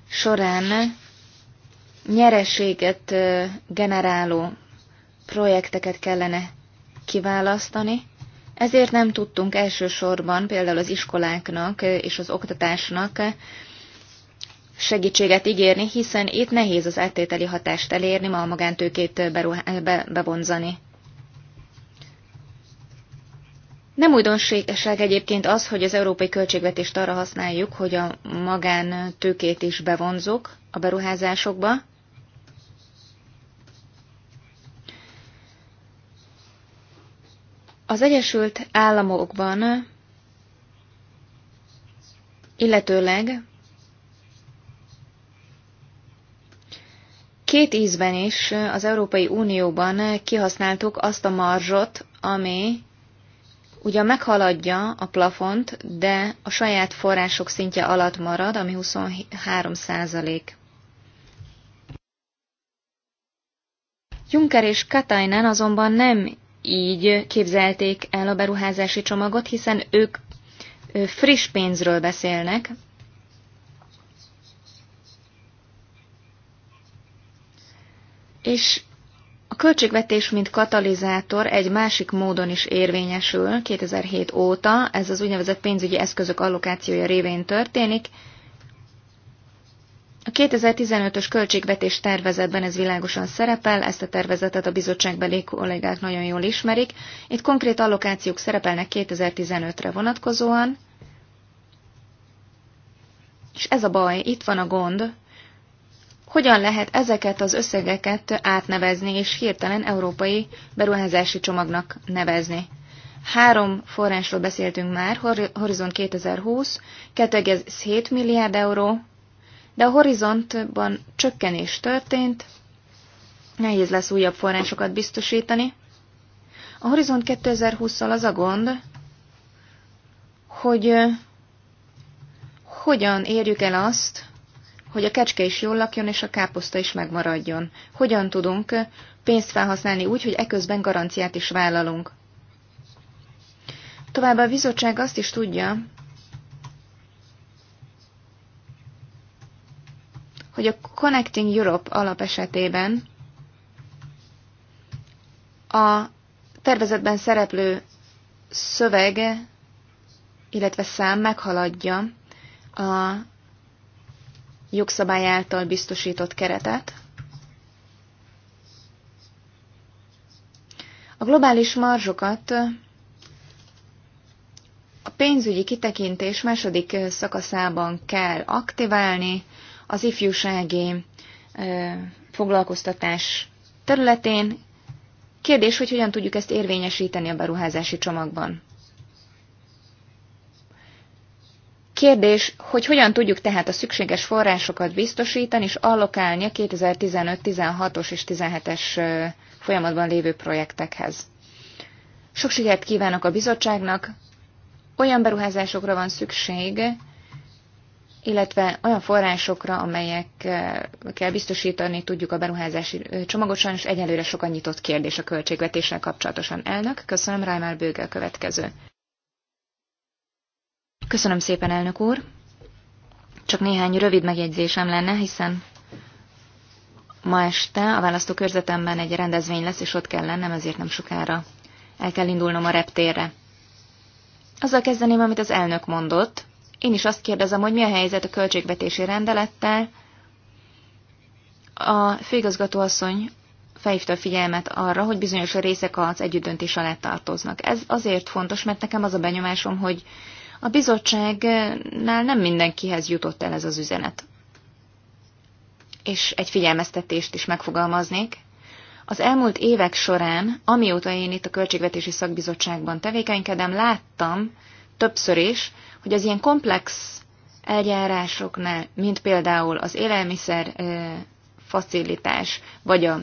során nyereséget generáló projekteket kellene kiválasztani, ezért nem tudtunk elsősorban például az iskoláknak és az oktatásnak segítséget ígérni, hiszen itt nehéz az áttételi hatást elérni, ma a magántőkét bevonzani. Nem újdonság egyébként az, hogy az európai költségvetést arra használjuk, hogy a magántőkét is bevonzuk a beruházásokba, Az Egyesült Államokban, illetőleg két ízben is az Európai Unióban kihasználtuk azt a marzsot, ami ugyan meghaladja a plafont, de a saját források szintje alatt marad, ami 23 százalék. Juncker és Katainen azonban nem így képzelték el a beruházási csomagot, hiszen ők friss pénzről beszélnek. És a költségvetés, mint katalizátor egy másik módon is érvényesül 2007 óta, ez az úgynevezett pénzügyi eszközök allokációja révén történik, a 2015-ös költségvetés tervezetben ez világosan szerepel, ezt a tervezetet a bizottságbeli kollégák nagyon jól ismerik. Itt konkrét allokációk szerepelnek 2015-re vonatkozóan, és ez a baj, itt van a gond, hogyan lehet ezeket az összegeket átnevezni és hirtelen európai beruházási csomagnak nevezni. Három forrásról beszéltünk már, Horizon 2020, 2,7 milliárd euró, de a horizontban csökkenés történt, nehéz lesz újabb forrásokat biztosítani. A Horizont 2020-szal az a gond, hogy hogyan érjük el azt, hogy a kecske is jól lakjon, és a káposzta is megmaradjon. Hogyan tudunk pénzt felhasználni úgy, hogy eközben garanciát is vállalunk. Továbbá a bizottság azt is tudja, hogy a Connecting Europe alap esetében a tervezetben szereplő szöveg, illetve szám meghaladja a jogszabály által biztosított keretet. A globális marzsokat a pénzügyi kitekintés második szakaszában kell aktiválni, az ifjúsági foglalkoztatás területén. Kérdés, hogy hogyan tudjuk ezt érvényesíteni a beruházási csomagban. Kérdés, hogy hogyan tudjuk tehát a szükséges forrásokat biztosítani és allokálni a 2015-16-os és 17-es folyamatban lévő projektekhez. Sok sikert kívánok a bizottságnak, olyan beruházásokra van szükség, illetve olyan forrásokra, amelyekkel biztosítani tudjuk a beruházási csomagot, sajnos egyelőre sokan nyitott kérdés a költségvetéssel kapcsolatosan. Elnök, köszönöm, Rájmár Bőgel következő. Köszönöm szépen, elnök úr. Csak néhány rövid megjegyzésem lenne, hiszen ma este a választókörzetemben egy rendezvény lesz, és ott kell lennem, ezért nem sokára el kell indulnom a reptérre. Azzal kezdeném, amit az elnök mondott, én is azt kérdezem, hogy mi a helyzet a költségvetési rendelettel. A főigazgató asszony felhívta a figyelmet arra, hogy bizonyos részek az együttdöntés alá tartoznak. Ez azért fontos, mert nekem az a benyomásom, hogy a bizottságnál nem mindenkihez jutott el ez az üzenet. És egy figyelmeztetést is megfogalmaznék. Az elmúlt évek során, amióta én itt a Költségvetési Szakbizottságban tevékenykedem, láttam, többször is, hogy az ilyen komplex eljárásoknál, mint például az élelmiszer facilitás, vagy a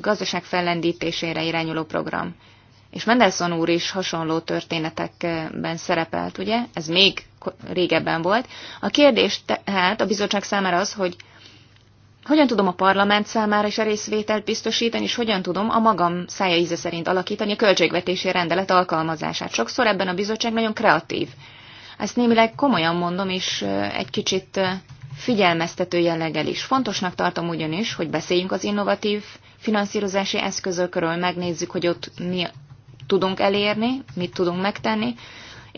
gazdaság fellendítésére irányuló program. És Mendelssohn úr is hasonló történetekben szerepelt, ugye? Ez még régebben volt. A kérdés tehát a bizottság számára az, hogy hogyan tudom a parlament számára is a részvételt biztosítani, és hogyan tudom a magam szája íze szerint alakítani a költségvetési rendelet alkalmazását. Sokszor ebben a bizottság nagyon kreatív. Ezt némileg komolyan mondom, és egy kicsit figyelmeztető jelleggel is. Fontosnak tartom ugyanis, hogy beszéljünk az innovatív finanszírozási eszközökről, megnézzük, hogy ott mi tudunk elérni, mit tudunk megtenni,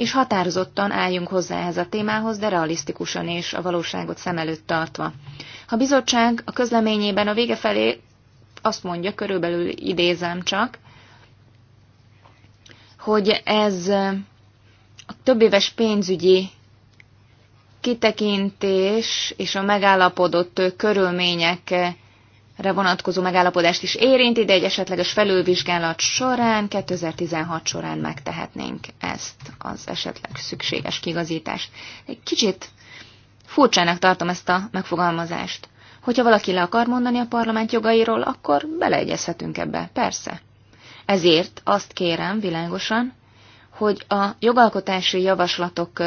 és határozottan álljunk hozzá ehhez a témához, de realisztikusan és a valóságot szem előtt tartva. A bizottság a közleményében a vége felé azt mondja, körülbelül idézem csak, hogy ez a többéves pénzügyi kitekintés és a megállapodott körülmények vonatkozó megállapodást is érinti, de egy esetleges felülvizsgálat során, 2016 során megtehetnénk ezt az esetleg szükséges kigazítást. Egy kicsit furcsának tartom ezt a megfogalmazást. Hogyha valaki le akar mondani a parlament jogairól, akkor beleegyezhetünk ebbe, persze. Ezért azt kérem világosan, hogy a jogalkotási javaslatok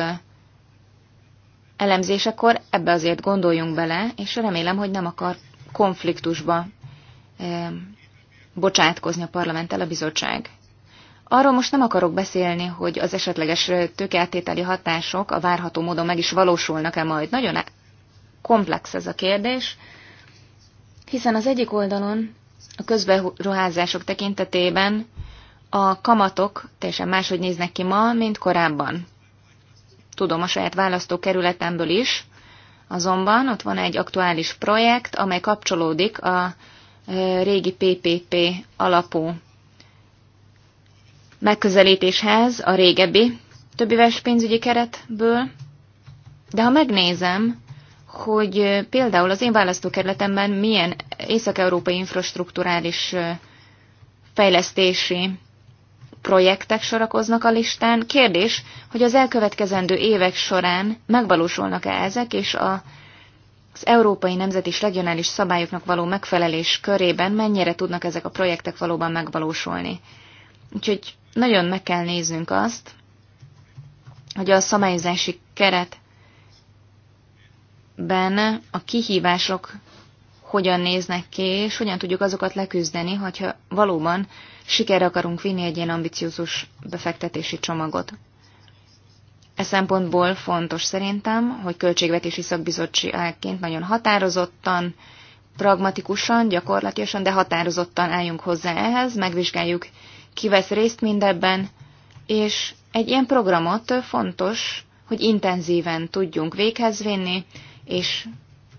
elemzésekor ebbe azért gondoljunk bele, és remélem, hogy nem akar konfliktusba eh, bocsátkozni a parlamenttel a bizottság. Arról most nem akarok beszélni, hogy az esetleges eh, tökéletételi hatások a várható módon meg is valósulnak-e majd. Nagyon komplex ez a kérdés, hiszen az egyik oldalon a közberuházások tekintetében a kamatok teljesen máshogy néznek ki ma, mint korábban. Tudom a saját választókerületemből is, Azonban ott van egy aktuális projekt, amely kapcsolódik a régi PPP alapú megközelítéshez a régebbi többéves pénzügyi keretből. De ha megnézem, hogy például az én választókerületemben milyen észak-európai infrastruktúrális fejlesztési projektek sorakoznak a listán. Kérdés, hogy az elkövetkezendő évek során megvalósulnak-e ezek, és a, az európai nemzeti és regionális szabályoknak való megfelelés körében mennyire tudnak ezek a projektek valóban megvalósulni. Úgyhogy nagyon meg kell néznünk azt, hogy a szabályozási keretben a kihívások hogyan néznek ki, és hogyan tudjuk azokat leküzdeni, hogyha valóban sikerre akarunk vinni egy ilyen ambiciózus befektetési csomagot. E szempontból fontos szerintem, hogy költségvetési szakbizottságként nagyon határozottan, pragmatikusan, gyakorlatilag, de határozottan álljunk hozzá ehhez, megvizsgáljuk, ki vesz részt mindebben, és egy ilyen programot fontos, hogy intenzíven tudjunk véghez vinni, és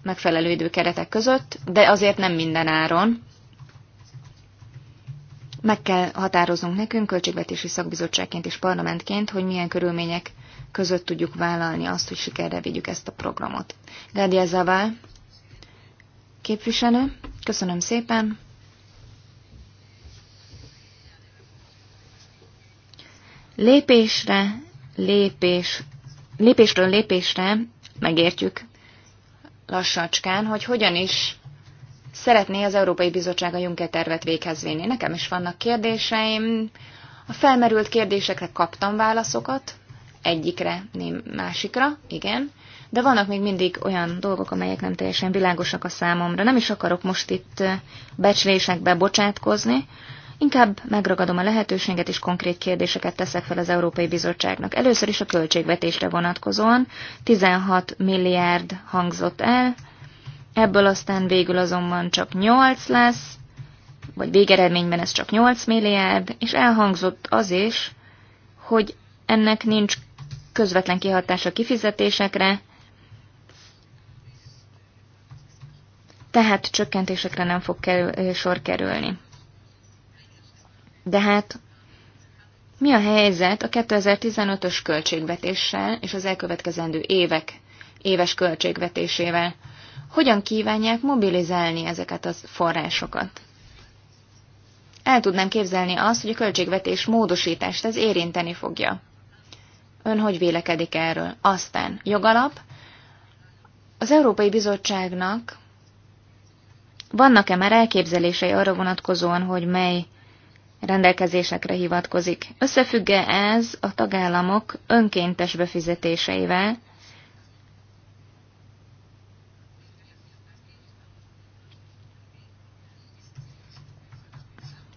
megfelelő időkeretek között, de azért nem minden áron. Meg kell határoznunk nekünk költségvetési szakbizottságként és parlamentként, hogy milyen körülmények között tudjuk vállalni azt, hogy sikerre vigyük ezt a programot. Gádia Zavál, képviselő, köszönöm szépen. Lépésre, lépés, lépésről lépésre megértjük lassacskán, hogy hogyan is szeretné az Európai Bizottság a Juncker tervet véghez vinni. Nekem is vannak kérdéseim. A felmerült kérdésekre kaptam válaszokat, egyikre, nem másikra, igen, de vannak még mindig olyan dolgok, amelyek nem teljesen világosak a számomra. Nem is akarok most itt eh, becslésekbe bocsátkozni, Inkább megragadom a lehetőséget, és konkrét kérdéseket teszek fel az Európai Bizottságnak. Először is a költségvetésre vonatkozóan 16 milliárd hangzott el, ebből aztán végül azonban csak 8 lesz, vagy végeredményben ez csak 8 milliárd, és elhangzott az is, hogy ennek nincs közvetlen kihatása kifizetésekre, tehát csökkentésekre nem fog kerül, sor kerülni. De hát mi a helyzet a 2015-ös költségvetéssel és az elkövetkezendő évek éves költségvetésével? Hogyan kívánják mobilizálni ezeket a forrásokat? El tudnám képzelni azt, hogy a költségvetés módosítást ez érinteni fogja. Ön hogy vélekedik erről? Aztán jogalap. Az Európai Bizottságnak vannak-e már elképzelései arra vonatkozóan, hogy mely rendelkezésekre hivatkozik. Összefügge ez a tagállamok önkéntes befizetéseivel,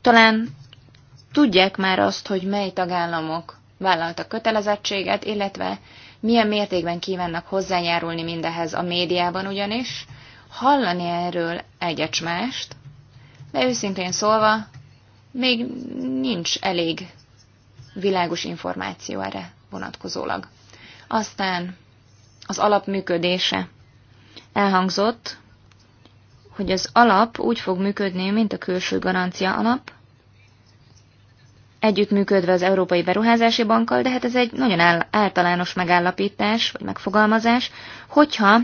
Talán tudják már azt, hogy mely tagállamok vállaltak kötelezettséget, illetve milyen mértékben kívánnak hozzájárulni mindehez a médiában ugyanis. Hallani erről egyet mást, de őszintén szólva még nincs elég világos információ erre vonatkozólag. Aztán az alap működése. Elhangzott, hogy az alap úgy fog működni, mint a külső garancia alap, együttműködve az Európai Beruházási Bankkal, de hát ez egy nagyon általános megállapítás, vagy megfogalmazás, hogyha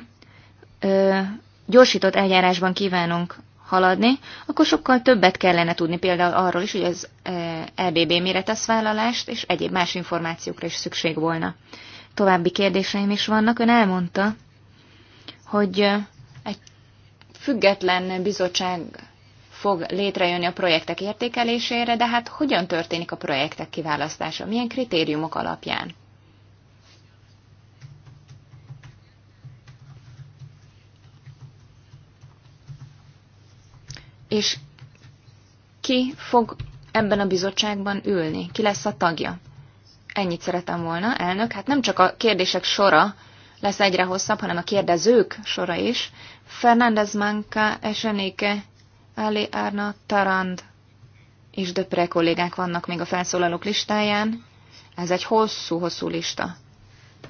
ö, gyorsított eljárásban kívánunk haladni, akkor sokkal többet kellene tudni például arról is, hogy az LBB e, e mire tesz vállalást, és egyéb más információkra is szükség volna. További kérdéseim is vannak. Ön elmondta, hogy e, egy független bizottság fog létrejönni a projektek értékelésére, de hát hogyan történik a projektek kiválasztása? Milyen kritériumok alapján? és ki fog ebben a bizottságban ülni, ki lesz a tagja. Ennyit szeretem volna, elnök. Hát nem csak a kérdések sora lesz egyre hosszabb, hanem a kérdezők sora is. Fernández Manka, Esenike, Ali Arna, Tarand és Döpre kollégák vannak még a felszólalók listáján. Ez egy hosszú-hosszú lista.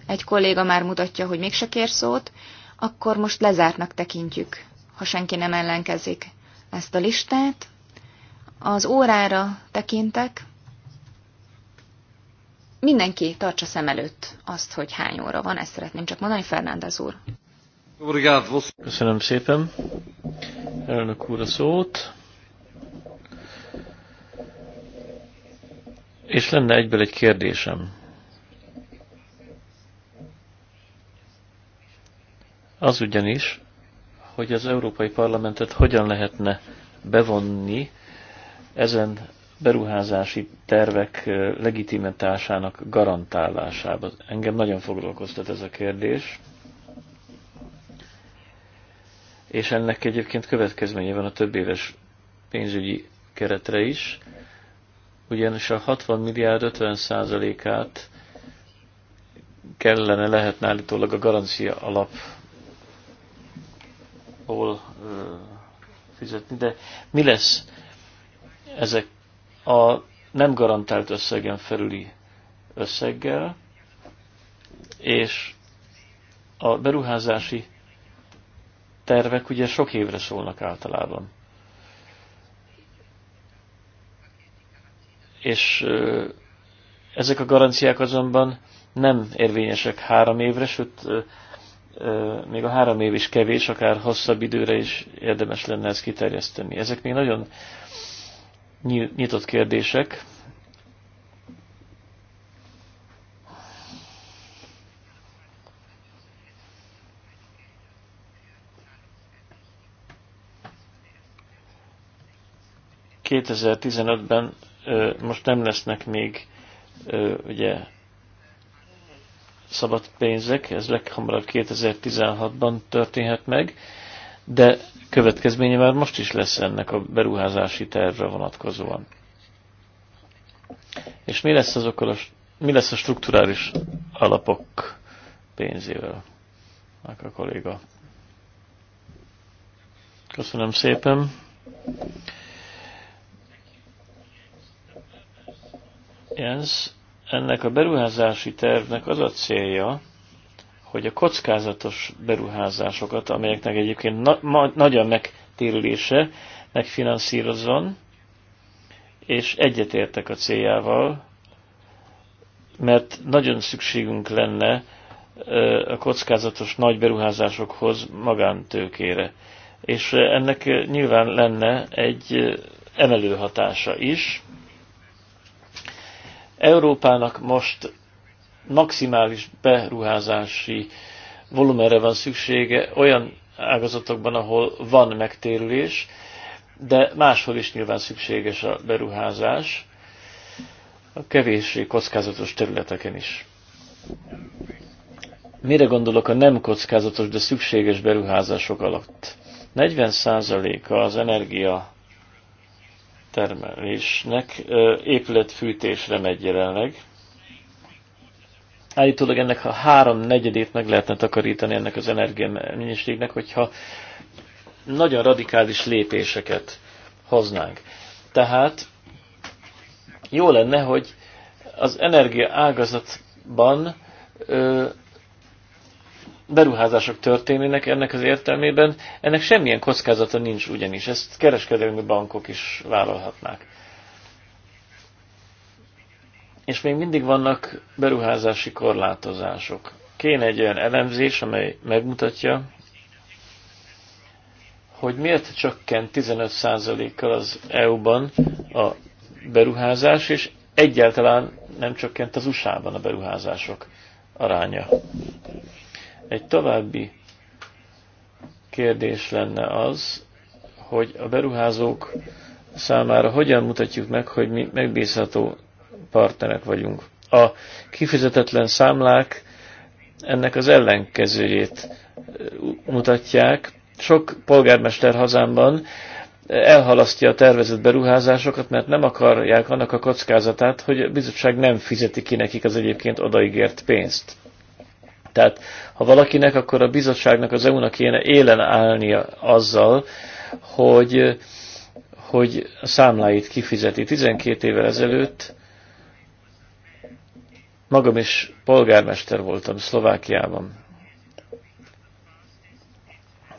Egy kolléga már mutatja, hogy mégse kér szót, akkor most lezártnak tekintjük, ha senki nem ellenkezik ezt a listát. Az órára tekintek. Mindenki tartsa szem előtt azt, hogy hány óra van, ezt szeretném csak mondani, Fernández úr. Köszönöm szépen. Elnök úr a szót. És lenne egyből egy kérdésem. Az ugyanis, hogy az Európai Parlamentet hogyan lehetne bevonni ezen beruházási tervek legitimitásának garantálásába. Engem nagyon foglalkoztat ez a kérdés. És ennek egyébként következménye van a több éves pénzügyi keretre is, ugyanis a 60 milliárd 50 százalékát kellene, lehetne állítólag a garancia alap alapból fizetni, de mi lesz ezek a nem garantált összegen felüli összeggel, és a beruházási tervek ugye sok évre szólnak általában. És ezek a garanciák azonban nem érvényesek három évre, sőt még a három év is kevés, akár hosszabb időre is érdemes lenne ezt kiterjeszteni. Ezek még nagyon nyitott kérdések. ...2015-ben most nem lesznek még ugye szabad pénzek, ez leghamarabb 2016-ban történhet meg, de következménye már most is lesz ennek a beruházási tervre vonatkozóan. És mi lesz, azokkal a, mi lesz a strukturális alapok pénzével? Már a kolléga. Köszönöm szépen. Jens, ennek a beruházási tervnek az a célja, hogy a kockázatos beruházásokat, amelyeknek egyébként na- ma- nagy a megtérülése, megfinanszírozzon, és egyetértek a céljával, mert nagyon szükségünk lenne a kockázatos nagy beruházásokhoz magántőkére. És ennek nyilván lenne egy emelő hatása is, Európának most maximális beruházási volumenre van szüksége olyan ágazatokban, ahol van megtérülés, de máshol is nyilván szükséges a beruházás, a kevéssé kockázatos területeken is. Mire gondolok a nem kockázatos, de szükséges beruházások alatt? 40%-a az energia termelésnek épületfűtésre megy jelenleg. Állítólag ennek a három negyedét meg lehetne takarítani ennek az energiamennyiségnek, hogyha nagyon radikális lépéseket hoznánk. Tehát jó lenne, hogy az energia ágazatban ö, beruházások történnének ennek az értelmében, ennek semmilyen kockázata nincs ugyanis, ezt kereskedelmi bankok is vállalhatnák. És még mindig vannak beruházási korlátozások. Kéne egy olyan elemzés, amely megmutatja, hogy miért csökkent 15%-kal az EU-ban a beruházás, és egyáltalán nem csökkent az USA-ban a beruházások aránya. Egy további kérdés lenne az, hogy a beruházók számára hogyan mutatjuk meg, hogy mi megbízható partnerek vagyunk. A kifizetetlen számlák ennek az ellenkezőjét mutatják. Sok polgármester hazámban elhalasztja a tervezett beruházásokat, mert nem akarják annak a kockázatát, hogy a bizottság nem fizeti ki nekik az egyébként odaígért pénzt. Tehát ha valakinek, akkor a bizottságnak, az EU-nak kéne élen állnia azzal, hogy, hogy a számláit kifizeti. 12 évvel ezelőtt magam is polgármester voltam Szlovákiában.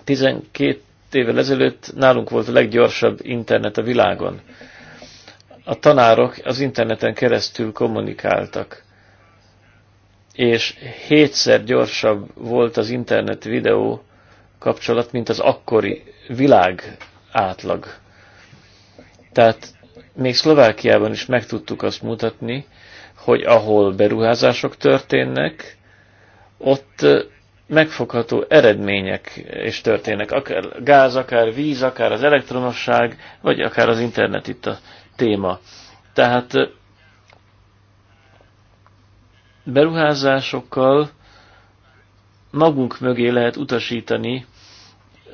12 évvel ezelőtt nálunk volt a leggyorsabb internet a világon. A tanárok az interneten keresztül kommunikáltak és hétszer gyorsabb volt az internet videó kapcsolat, mint az akkori világ átlag. Tehát még Szlovákiában is meg tudtuk azt mutatni, hogy ahol beruházások történnek, ott megfogható eredmények is történnek, akár gáz, akár víz, akár az elektronosság, vagy akár az internet itt a téma. Tehát beruházásokkal magunk mögé lehet utasítani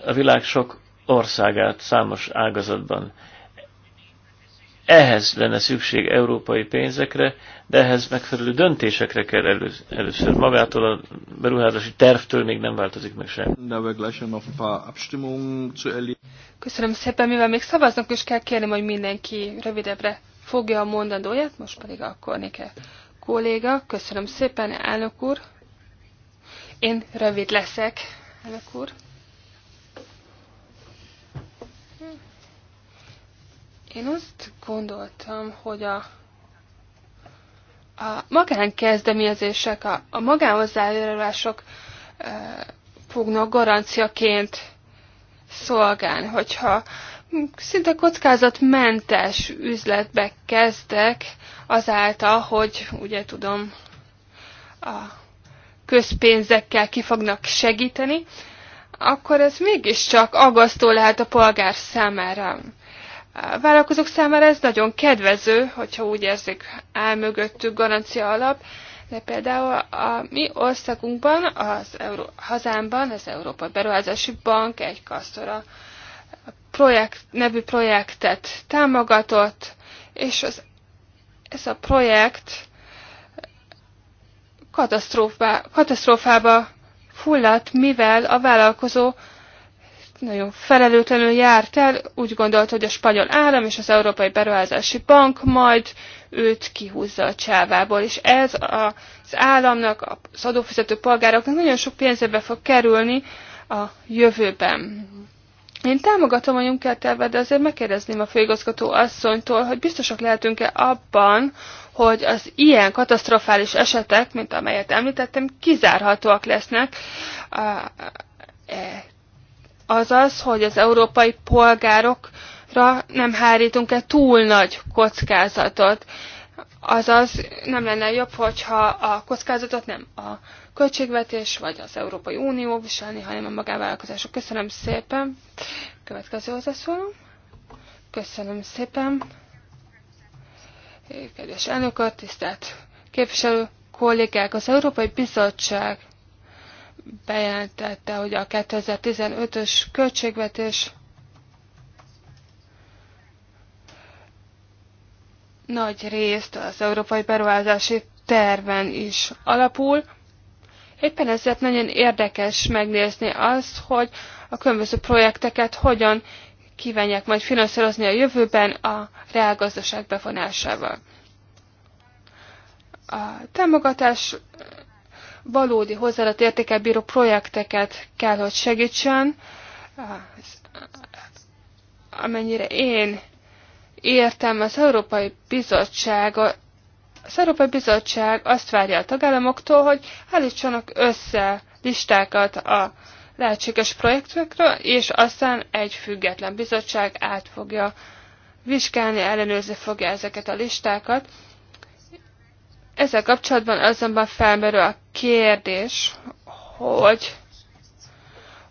a világ sok országát számos ágazatban. Ehhez lenne szükség európai pénzekre, de ehhez megfelelő döntésekre kell elősz először. Magától a beruházási tervtől még nem változik meg sem. Köszönöm szépen, mivel még szavaznak, és kell kérnem, hogy mindenki rövidebbre fogja a mondandóját, most pedig akkor kell kolléga. Köszönöm szépen, elnök úr. Én rövid leszek, elnök úr. Én azt gondoltam, hogy a, a magánkezdeményezések, a, a magánhozzájárulások e, fognak garanciaként szolgálni, hogyha szinte kockázatmentes üzletbe kezdek azáltal, hogy ugye tudom, a közpénzekkel ki fognak segíteni, akkor ez mégiscsak agasztó lehet a polgár számára. A vállalkozók számára ez nagyon kedvező, hogyha úgy érzik áll mögöttük garancia alap, de például a mi országunkban, az Euró- hazámban az Európa Beruházási Bank egy kasztora projekt, nevű projektet támogatott, és az, ez a projekt katasztrófá, katasztrófába fulladt, mivel a vállalkozó nagyon felelőtlenül járt el, úgy gondolt, hogy a spanyol állam és az Európai Beruházási Bank majd őt kihúzza a csávából, és ez az államnak, az adófizető polgároknak nagyon sok pénzebe fog kerülni a jövőben. Én támogatom a Juncker-tervet, de azért megkérdezném a főigazgató asszonytól, hogy biztosak lehetünk-e abban, hogy az ilyen katasztrofális esetek, mint amelyet említettem, kizárhatóak lesznek. E, azaz, hogy az európai polgárokra nem hárítunk-e túl nagy kockázatot. Azaz nem lenne jobb, hogyha a kockázatot nem a költségvetés, vagy az Európai Unió viselni, hanem a magánvállalkozások. Köszönöm szépen. Következő hozzászóló. Köszönöm szépen. Kedves elnököt, tisztelt képviselő kollégák, az Európai Bizottság bejelentette, hogy a 2015-ös költségvetés nagy részt az Európai Beruházási Terven is alapul. Éppen ezért nagyon érdekes megnézni azt, hogy a különböző projekteket hogyan kívánják majd finanszírozni a jövőben a reálgazdaság bevonásával. A támogatás valódi hozzáadott értékkel bíró projekteket kell, hogy segítsen. Amennyire én értem, az Európai Bizottság az Európai Bizottság azt várja a tagállamoktól, hogy állítsanak össze listákat a lehetséges projektekről, és aztán egy független bizottság át fogja vizsgálni, ellenőrzni fogja ezeket a listákat. Ezzel kapcsolatban azonban felmerül a kérdés, hogy,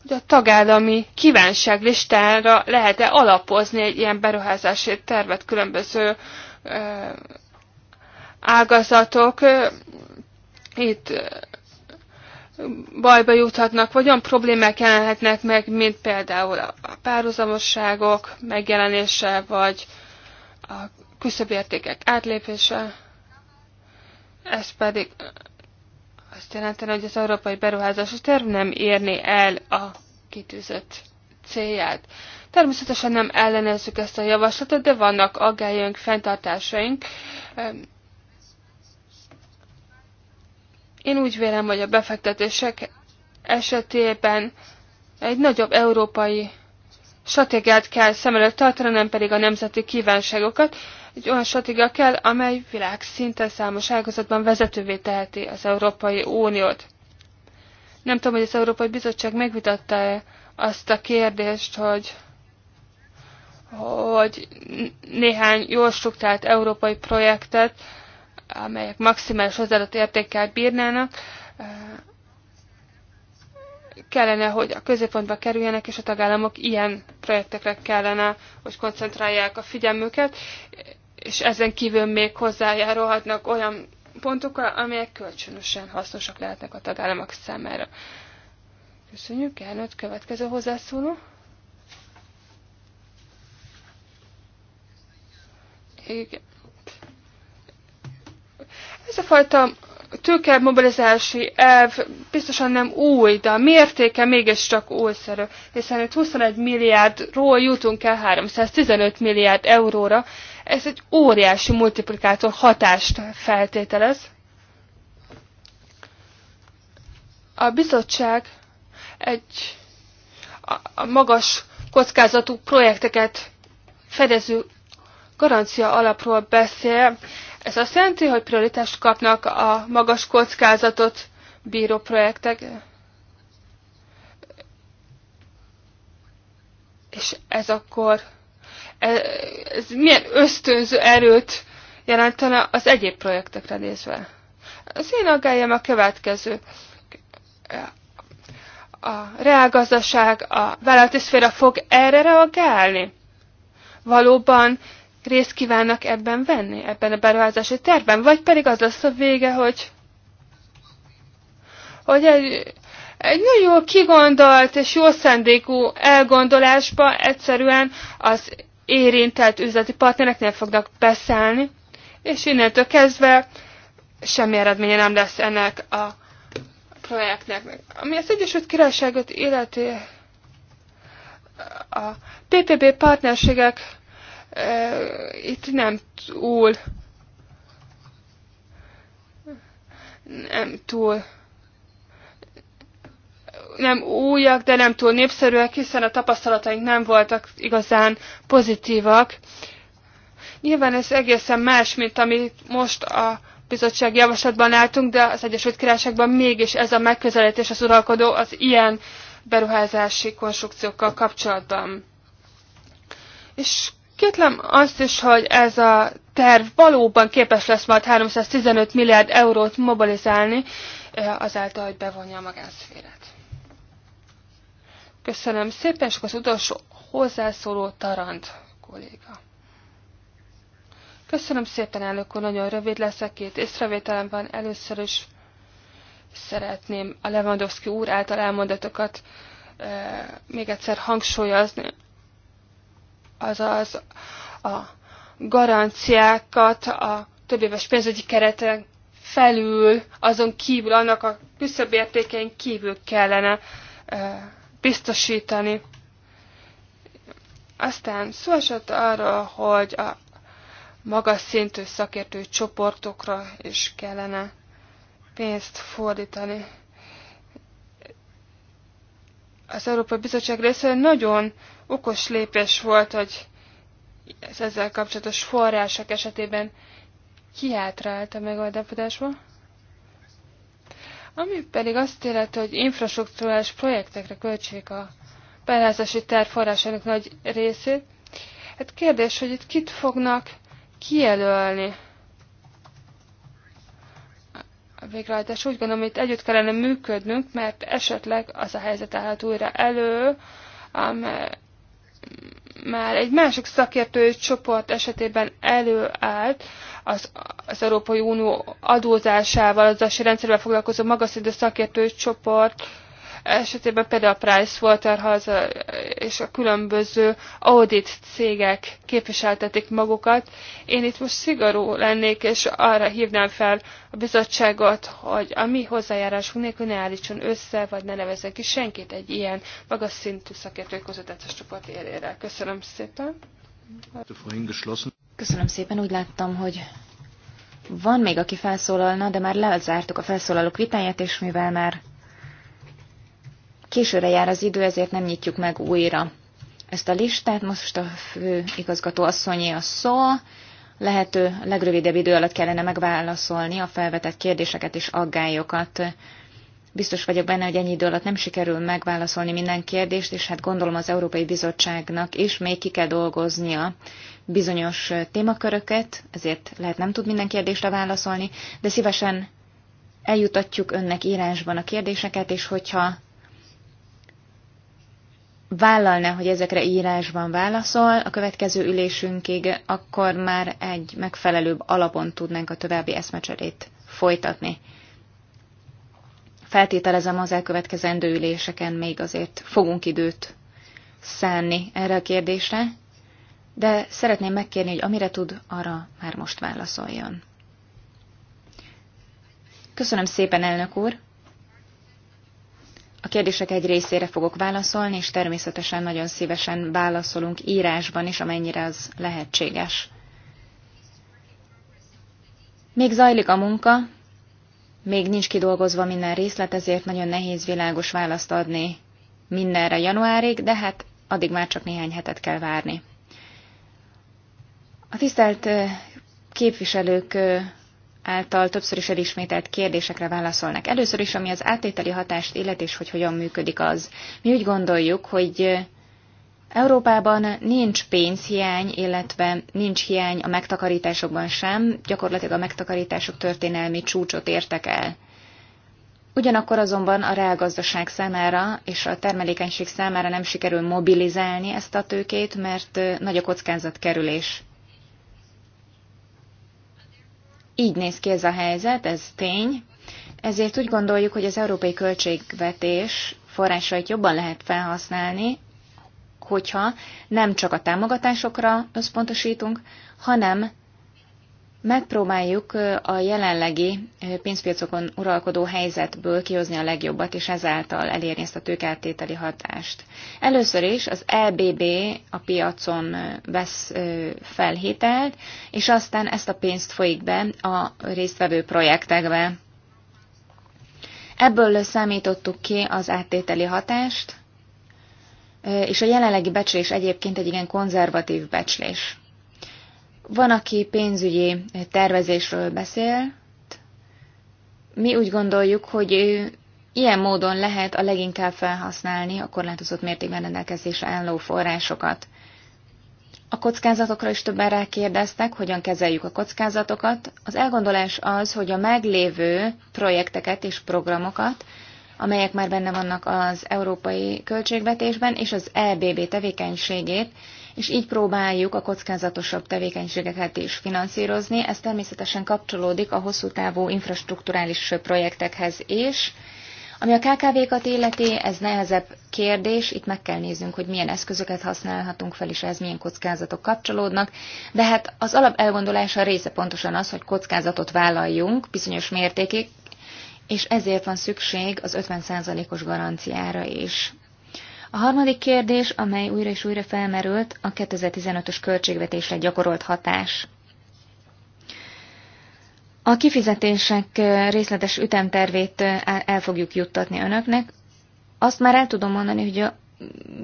hogy a tagállami kívánság listára lehet-e alapozni egy ilyen beruházási tervet különböző ö, ágazatok itt bajba juthatnak, vagy olyan problémák jelenhetnek meg, mint például a párhuzamosságok megjelenése, vagy a küszöbértékek átlépése. Ez pedig azt jelenteni, hogy az európai beruházási terv nem érni el a kitűzött célját. Természetesen nem ellenezzük ezt a javaslatot, de vannak aggályunk, fenntartásaink, Én úgy vélem, hogy a befektetések esetében egy nagyobb európai stratégiát kell szem előtt tartani, nem pedig a nemzeti kívánságokat. Egy olyan stratégia kell, amely világszinten számos ágazatban vezetővé teheti az Európai Uniót. Nem tudom, hogy az Európai Bizottság megvitatta-e azt a kérdést, hogy, hogy néhány jól struktált európai projektet amelyek maximális hozzáadott értékkel bírnának, kellene, hogy a középpontba kerüljenek, és a tagállamok ilyen projektekre kellene, hogy koncentrálják a figyelmüket, és ezen kívül még hozzájárulhatnak olyan pontok, amelyek kölcsönösen hasznosak lehetnek a tagállamok számára. Köszönjük, elnök, következő hozzászóló. Igen. Ez a fajta tőke mobilizálási elv biztosan nem új, de a mértéke mégiscsak újszerű, hiszen itt 21 milliárdról jutunk el 315 milliárd euróra, ez egy óriási multiplikátor hatást feltételez. A bizottság egy a magas kockázatú projekteket fedező garancia alapról beszél, ez azt jelenti, hogy prioritást kapnak a magas kockázatot bíró projektek. És ez akkor e, ez milyen ösztönző erőt jelentene az egyéb projektekre nézve. Az én aggályom a következő. A reálgazdaság, a vállalati szféra fog erre reagálni? Valóban részt kívánnak ebben venni, ebben a beruházási tervben, vagy pedig az lesz a vége, hogy, hogy egy, egy nagyon jó kigondolt és jó szendékú elgondolásba egyszerűen az érintett üzleti partnereknél fognak beszállni, és innentől kezdve semmi eredménye nem lesz ennek a projektnek. Ami az Egyesült Királyságot illeti, a PPB partnerségek itt nem túl nem túl nem újak, de nem túl népszerűek, hiszen a tapasztalataink nem voltak igazán pozitívak. Nyilván ez egészen más, mint amit most a bizottság javaslatban látunk, de az Egyesült Királyságban mégis ez a megközelítés az uralkodó az ilyen beruházási konstrukciókkal kapcsolatban. És Kétlem azt is, hogy ez a terv valóban képes lesz majd 315 milliárd eurót mobilizálni, azáltal, hogy bevonja a magánszférát. Köszönöm szépen, és az utolsó hozzászóló Tarant kolléga. Köszönöm szépen, elnök úr, nagyon rövid leszek, két észrevételem van. Először is szeretném a Lewandowski úr által elmondatokat e, még egyszer hangsúlyozni azaz a garanciákat a többéves pénzügyi kereten felül, azon kívül, annak a küszöbértékein kívül kellene biztosítani. Aztán szó esett arról, hogy a magas szintű szakértői csoportokra is kellene pénzt fordítani az Európai Bizottság részéről nagyon okos lépés volt, hogy ez ezzel kapcsolatos források esetében kiátrált a megoldapodásba. Ami pedig azt jelenti, hogy infrastruktúrális projektekre költsék a beruházási terv forrásának nagy részét. Hát kérdés, hogy itt kit fognak kijelölni végrehajtás. Úgy gondolom, hogy itt együtt kellene működnünk, mert esetleg az a helyzet állhat újra elő, amely eh, már egy másik szakértői csoport esetében előállt az, az Európai Unió adózásával, az rendszerrel foglalkozó magaszintű szakértői csoport, esetében például a Pricewaterhouse és a különböző audit cégek képviseltetik magukat. Én itt most szigorú lennék, és arra hívnám fel a bizottságot, hogy a mi hozzájárásunk nélkül ne állítson össze, vagy ne nevezzen ki senkit egy ilyen magas szintű szakértői közvetetes csoport élére. Köszönöm szépen. Köszönöm szépen, úgy láttam, hogy van még, aki felszólalna, de már lezártuk a felszólalók vitáját, és mivel már Későre jár az idő, ezért nem nyitjuk meg újra ezt a listát. Most a fő igazgató asszonyé a szó. Lehető legrövidebb idő alatt kellene megválaszolni a felvetett kérdéseket és aggályokat. Biztos vagyok benne, hogy ennyi idő alatt nem sikerül megválaszolni minden kérdést, és hát gondolom az Európai Bizottságnak is még ki kell dolgoznia bizonyos témaköröket, ezért lehet nem tud minden kérdésre válaszolni, de szívesen eljutatjuk önnek írásban a kérdéseket, és hogyha vállalná, hogy ezekre írásban válaszol a következő ülésünkig, akkor már egy megfelelőbb alapon tudnánk a további eszmecserét folytatni. Feltételezem az elkövetkezendő üléseken még azért fogunk időt szánni erre a kérdésre, de szeretném megkérni, hogy amire tud, arra már most válaszoljon. Köszönöm szépen, elnök úr! A kérdések egy részére fogok válaszolni, és természetesen nagyon szívesen válaszolunk írásban is, amennyire az lehetséges. Még zajlik a munka, még nincs kidolgozva minden részlet, ezért nagyon nehéz világos választ adni mindenre januárig, de hát addig már csak néhány hetet kell várni. A tisztelt képviselők által többször is elismételt kérdésekre válaszolnak. Először is, ami az átételi hatást illet, és hogy hogyan működik az. Mi úgy gondoljuk, hogy Európában nincs pénzhiány, illetve nincs hiány a megtakarításokban sem, gyakorlatilag a megtakarítások történelmi csúcsot értek el. Ugyanakkor azonban a reálgazdaság számára és a termelékenység számára nem sikerül mobilizálni ezt a tőkét, mert nagy a kockázatkerülés. Így néz ki ez a helyzet, ez tény. Ezért úgy gondoljuk, hogy az európai költségvetés forrásait jobban lehet felhasználni, hogyha nem csak a támogatásokra összpontosítunk, hanem megpróbáljuk a jelenlegi pénzpiacokon uralkodó helyzetből kihozni a legjobbat, és ezáltal elérni ezt a tőkeltételi hatást. Először is az EBB a piacon vesz fel hitelt, és aztán ezt a pénzt folyik be a résztvevő projektekbe. Ebből számítottuk ki az áttételi hatást, és a jelenlegi becslés egyébként egy igen konzervatív becslés. Van, aki pénzügyi tervezésről beszél. Mi úgy gondoljuk, hogy ilyen módon lehet a leginkább felhasználni a korlátozott mértékben rendelkezésre álló forrásokat. A kockázatokra is többen rákérdeztek, hogyan kezeljük a kockázatokat. Az elgondolás az, hogy a meglévő projekteket és programokat, amelyek már benne vannak az európai költségvetésben, és az EBB tevékenységét és így próbáljuk a kockázatosabb tevékenységeket is finanszírozni. Ez természetesen kapcsolódik a hosszú távú infrastruktúrális projektekhez is. Ami a KKV-kat illeti, ez nehezebb kérdés, itt meg kell néznünk, hogy milyen eszközöket használhatunk fel, és ez milyen kockázatok kapcsolódnak, de hát az alap elgondolása része pontosan az, hogy kockázatot vállaljunk bizonyos mértékig, és ezért van szükség az 50%-os garanciára is. A harmadik kérdés, amely újra és újra felmerült, a 2015-ös költségvetésre gyakorolt hatás. A kifizetések részletes ütemtervét el fogjuk juttatni önöknek. Azt már el tudom mondani, hogy a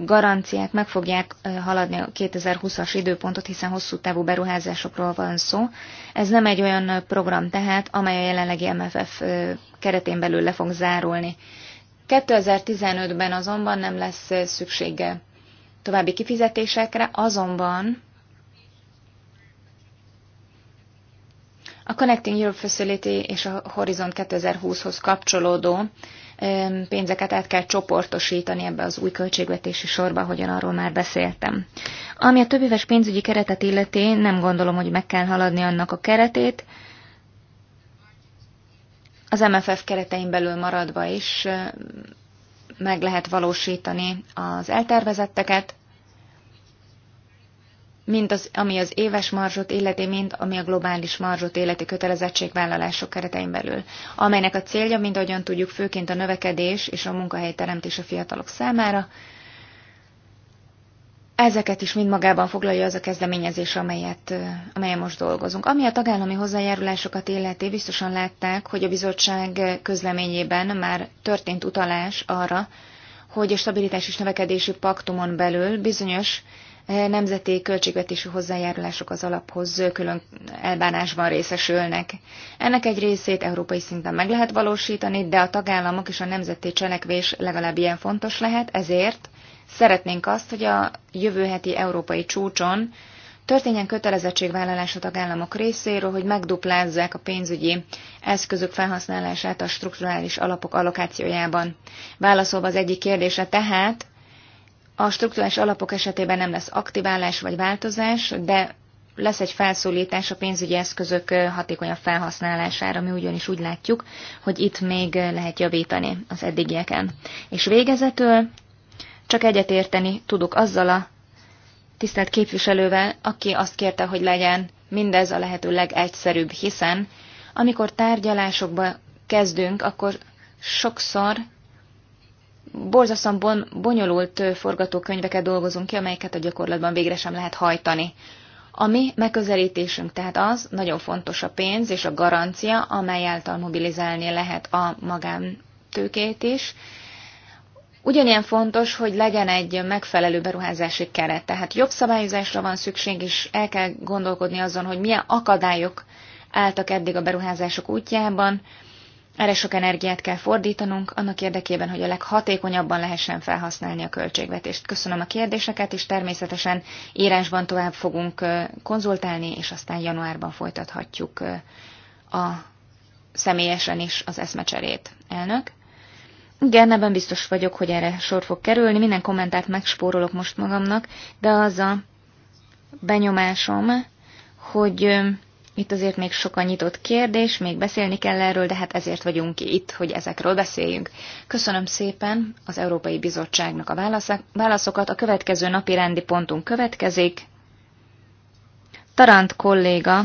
garanciák meg fogják haladni a 2020-as időpontot, hiszen hosszú távú beruházásokról van szó. Ez nem egy olyan program tehát, amely a jelenlegi MFF keretén belül le fog zárulni. 2015-ben azonban nem lesz eh, szüksége további kifizetésekre, azonban a Connecting Europe Facility és a Horizon 2020-hoz kapcsolódó pénzeket át kell csoportosítani ebbe az új költségvetési sorba, hogyan arról már beszéltem. Ami a többéves pénzügyi keretet illeti, nem gondolom, hogy meg kell haladni annak a keretét, az MFF keretein belül maradva is meg lehet valósítani az eltervezetteket, mint az, ami az éves marzsot illeti, mint ami a globális marzsot illeti kötelezettségvállalások keretein belül, amelynek a célja, mint ahogyan tudjuk, főként a növekedés és a munkahelyteremtés a fiatalok számára, Ezeket is mind magában foglalja az a kezdeményezés, amelyet, amelyen most dolgozunk. Ami a tagállami hozzájárulásokat illeti, biztosan látták, hogy a bizottság közleményében már történt utalás arra, hogy a stabilitás és növekedési paktumon belül bizonyos nemzeti költségvetési hozzájárulások az alaphoz külön elbánásban részesülnek. Ennek egy részét európai szinten meg lehet valósítani, de a tagállamok és a nemzeti cselekvés legalább ilyen fontos lehet, ezért Szeretnénk azt, hogy a jövő heti európai csúcson történjen kötelezettségvállalás a tagállamok részéről, hogy megduplázzák a pénzügyi eszközök felhasználását a strukturális alapok allokációjában. Válaszolva az egyik kérdésre tehát, a strukturális alapok esetében nem lesz aktiválás vagy változás, de lesz egy felszólítás a pénzügyi eszközök hatékonyabb felhasználására, mi ugyanis úgy látjuk, hogy itt még lehet javítani az eddigieken. És végezetül csak egyetérteni tudok azzal a tisztelt képviselővel, aki azt kérte, hogy legyen mindez a lehető legegyszerűbb, hiszen amikor tárgyalásokba kezdünk, akkor sokszor borzasztóan bon, bonyolult forgatókönyveket dolgozunk ki, amelyeket a gyakorlatban végre sem lehet hajtani. A mi megközelítésünk tehát az, nagyon fontos a pénz és a garancia, amely által mobilizálni lehet a magántőkét is, Ugyanilyen fontos, hogy legyen egy megfelelő beruházási keret, tehát jobb szabályozásra van szükség, és el kell gondolkodni azon, hogy milyen akadályok álltak eddig a beruházások útjában. Erre sok energiát kell fordítanunk, annak érdekében, hogy a leghatékonyabban lehessen felhasználni a költségvetést. Köszönöm a kérdéseket, és természetesen írásban tovább fogunk konzultálni, és aztán januárban folytathatjuk a személyesen is az eszmecserét. Elnök. Igen, ebben biztos vagyok, hogy erre sor fog kerülni. Minden kommentárt megspórolok most magamnak, de az a benyomásom, hogy itt azért még sok a nyitott kérdés, még beszélni kell erről, de hát ezért vagyunk itt, hogy ezekről beszéljünk. Köszönöm szépen az Európai Bizottságnak a válaszokat. A következő napi rendi pontunk következik. Tarant kolléga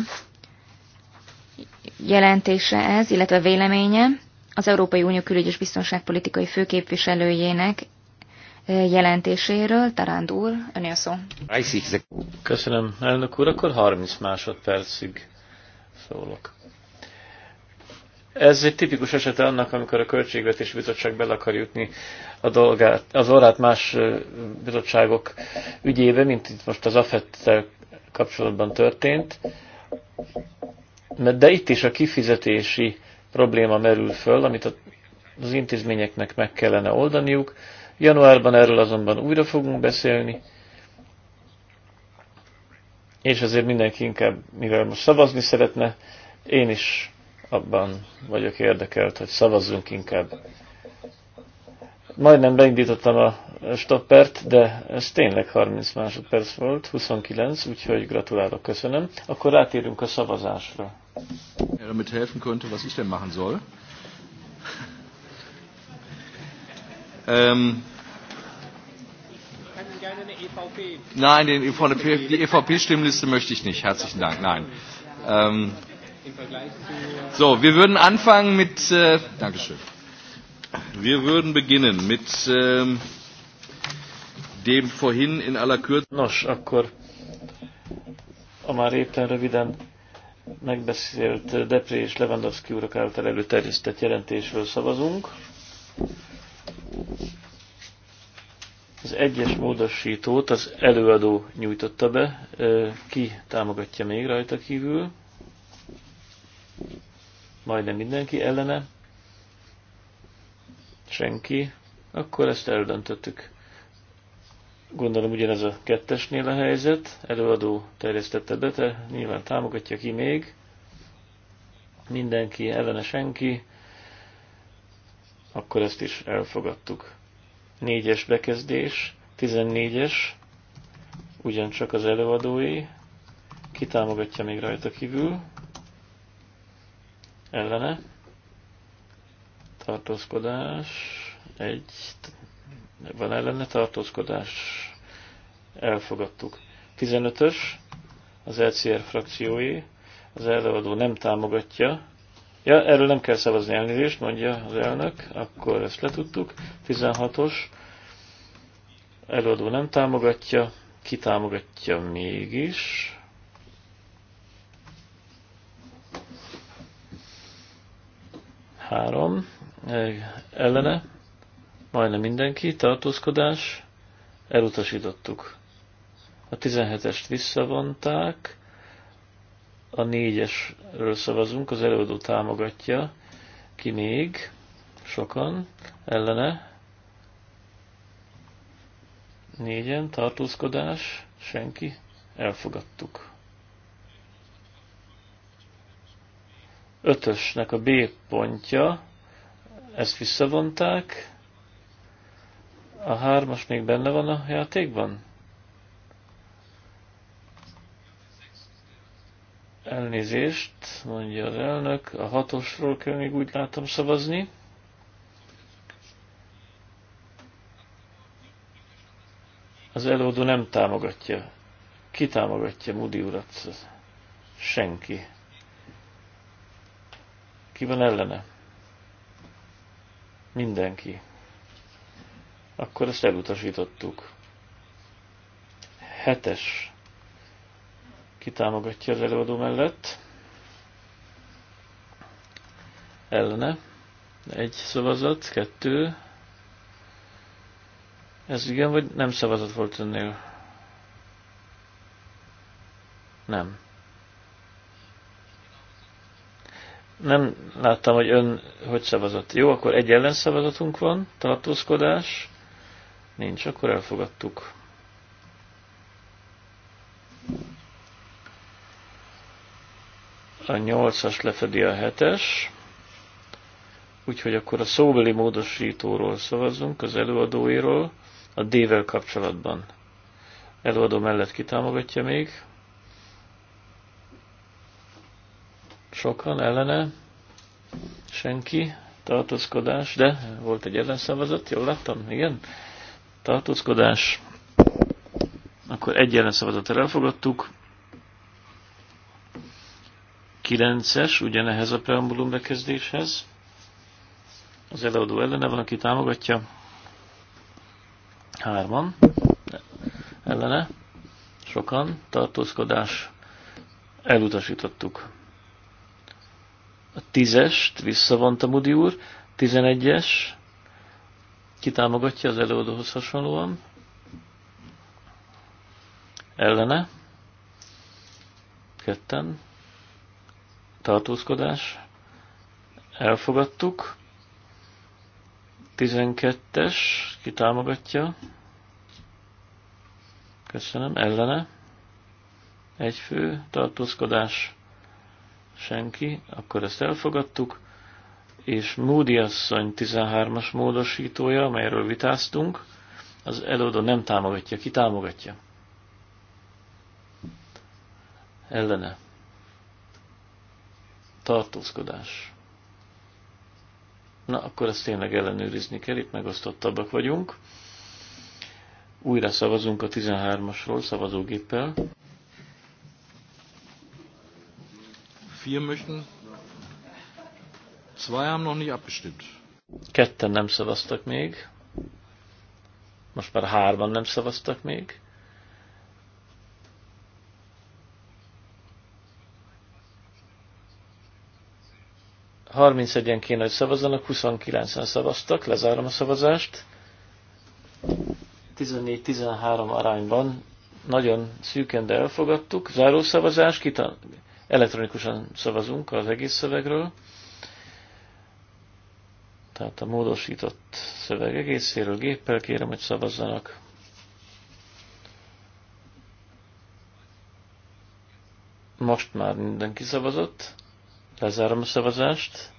jelentése ez, illetve véleménye az Európai Unió külügy és biztonságpolitikai főképviselőjének jelentéséről. Taránd úr, a szó. Köszönöm, elnök úr. Akkor 30 másodpercig szólok. Ez egy tipikus esete annak, amikor a Költségvetési Bizottság bele akar jutni a dolgát, az orrát más bizottságok ügyébe, mint itt most az afet kapcsolatban történt. De itt is a kifizetési probléma merül föl, amit az intézményeknek meg kellene oldaniuk. Januárban erről azonban újra fogunk beszélni, és ezért mindenki inkább, mivel most szavazni szeretne, én is abban vagyok érdekelt, hogy szavazzunk inkább. Majdnem beindítottam a stoppert, de ez tényleg 30 másodperc volt, 29, úgyhogy gratulálok, köszönöm. Akkor rátérünk a szavazásra. Er damit helfen könnte, was ich denn machen soll. [laughs] ähm, Nein, den EVP, die EVP-Stimmliste möchte ich nicht. Herzlichen Dank. Nein. Ähm, so, wir würden anfangen mit. Äh, Dankeschön. Wir würden beginnen mit ähm, dem vorhin in aller Kürze. Nos, akkor a már éppen röviden megbeszélt Depré és Lewandowski urak által előterjesztett jelentésről szavazunk. Az egyes módosítót az előadó nyújtotta be. Ki támogatja még rajta kívül? Majdnem mindenki ellene. Senki. Akkor ezt eldöntöttük. Gondolom ugyanez a kettesnél a helyzet. Előadó terjesztette be, te nyilván támogatja ki még. Mindenki, ellene senki. Akkor ezt is elfogadtuk. Négyes bekezdés, 14-es, ugyancsak az előadói. Ki támogatja még rajta kívül? Ellene. Tartózkodás. Egy van ellene tartózkodás, elfogadtuk. 15-ös, az LCR e frakciói, az előadó nem támogatja. Ja, erről nem kell szavazni elnézést, mondja az elnök, akkor ezt letudtuk. 16-os, előadó nem támogatja, ki támogatja mégis. Három, ellene majdnem mindenki, tartózkodás, elutasítottuk. A 17-est visszavonták, a 4-esről szavazunk, az előadó támogatja, ki még, sokan, ellene, négyen, tartózkodás, senki, elfogadtuk. Ötösnek a B pontja, ezt visszavonták, a hármas még benne van a játékban? Elnézést, mondja az elnök. A hatosról kell még úgy látom szavazni. Az előadó nem támogatja. Ki támogatja Mudi urat? Senki. Ki van ellene? Mindenki akkor ezt elutasítottuk. Hetes kitámogatja az előadó mellett. Ellene. Egy szavazat, kettő. Ez igen, vagy nem szavazat volt önnél? Nem. Nem láttam, hogy ön hogy szavazott. Jó, akkor egy ellenszavazatunk van, tartózkodás. Nincs, akkor elfogadtuk. A 8-as lefedi a 7-es, úgyhogy akkor a szóbeli módosítóról szavazunk, az előadóiról, a D-vel kapcsolatban. Előadó mellett kitámogatja még. Sokan ellene, senki, tartózkodás, de volt egy ellenszavazat, jól láttam, igen tartózkodás, akkor egy jelen szavazatot elfogadtuk, 9-es, ugyanehez a preambulum bekezdéshez, az előadó ellene van, aki támogatja, hárman ellene, sokan, tartózkodás, elutasítottuk. A tízest visszavonta Mudi úr, tizenegyes, kitámogatja az előadóhoz hasonlóan. Ellene. Ketten. Tartózkodás. Elfogadtuk. 12-es. Kitámogatja. Köszönöm. Ellene. Egy fő. Tartózkodás. Senki. Akkor ezt elfogadtuk és Moody asszony 13-as módosítója, amelyről vitáztunk, az előadó nem támogatja. Ki támogatja? Ellene. Tartózkodás. Na, akkor ezt tényleg ellenőrizni kell, itt megosztottabbak vagyunk. Újra szavazunk a 13-asról szavazógéppel. Vier möchten, Zwei haben noch nicht abgestimmt. Ketten nem szavaztak még. Most már hárman nem szavaztak még. Harmincegyen kéne, hogy szavazzanak, 29-en szavaztak, lezárom a szavazást. 14-13 arányban nagyon szűken, de elfogadtuk. Zárószavazás, kita elektronikusan szavazunk az egész szövegről. Tehát a módosított szöveg egészéről géppel kérem, hogy szavazzanak. Most már mindenki szavazott. Lezárom a szavazást.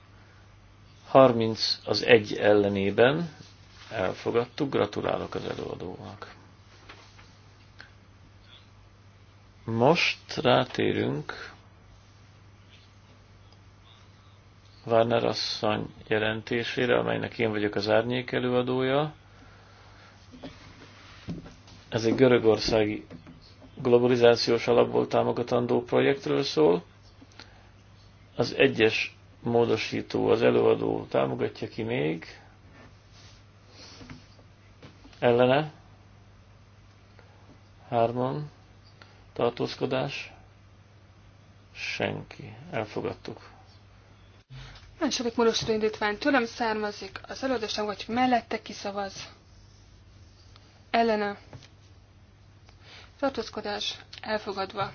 30 az egy ellenében elfogadtuk. Gratulálok az előadónak. Most rátérünk Warner asszony jelentésére, amelynek én vagyok az árnyék előadója. Ez egy görögországi globalizációs alapból támogatandó projektről szól. Az egyes módosító, az előadó támogatja ki még. Ellene. Hárman. Tartózkodás. Senki. Elfogadtuk. Második módosító indítvány tőlem származik, az előadás vagy mellette kiszavaz. Ellene. Tartózkodás elfogadva.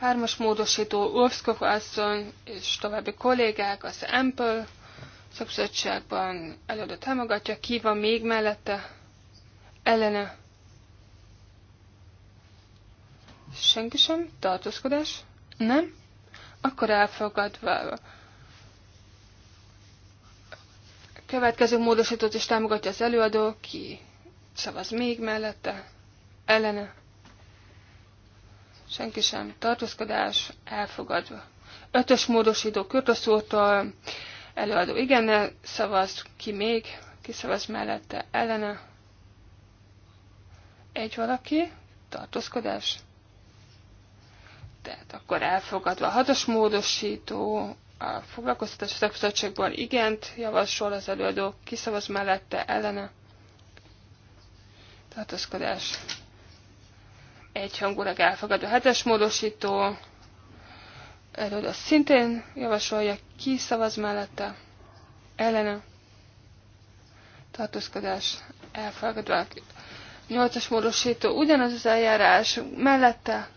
Hármas módosító Ulfszkov asszony és további kollégák az Ample szakbizottságban előadó támogatja. Ki van még mellette? Ellene. Senki sem? Tartózkodás? Nem? akkor elfogadva. Következő módosítót is támogatja az előadó, ki szavaz még mellette, ellene. Senki sem tartózkodás, elfogadva. Ötös módosító Kürtoszúrtól előadó igen, szavaz, ki még, ki szavaz mellette, ellene. Egy valaki, tartózkodás, tehát akkor elfogadva a hatos módosító, a foglalkoztatás szakbizottságban igent javasol az előadó, kiszavaz mellette ellene. Tartózkodás. Egyhangulag elfogadva hetes módosító. Előadó szintén javasolja, kiszavaz mellette ellene. Tartózkodás elfogadva. Nyolcas módosító, ugyanaz az eljárás, mellette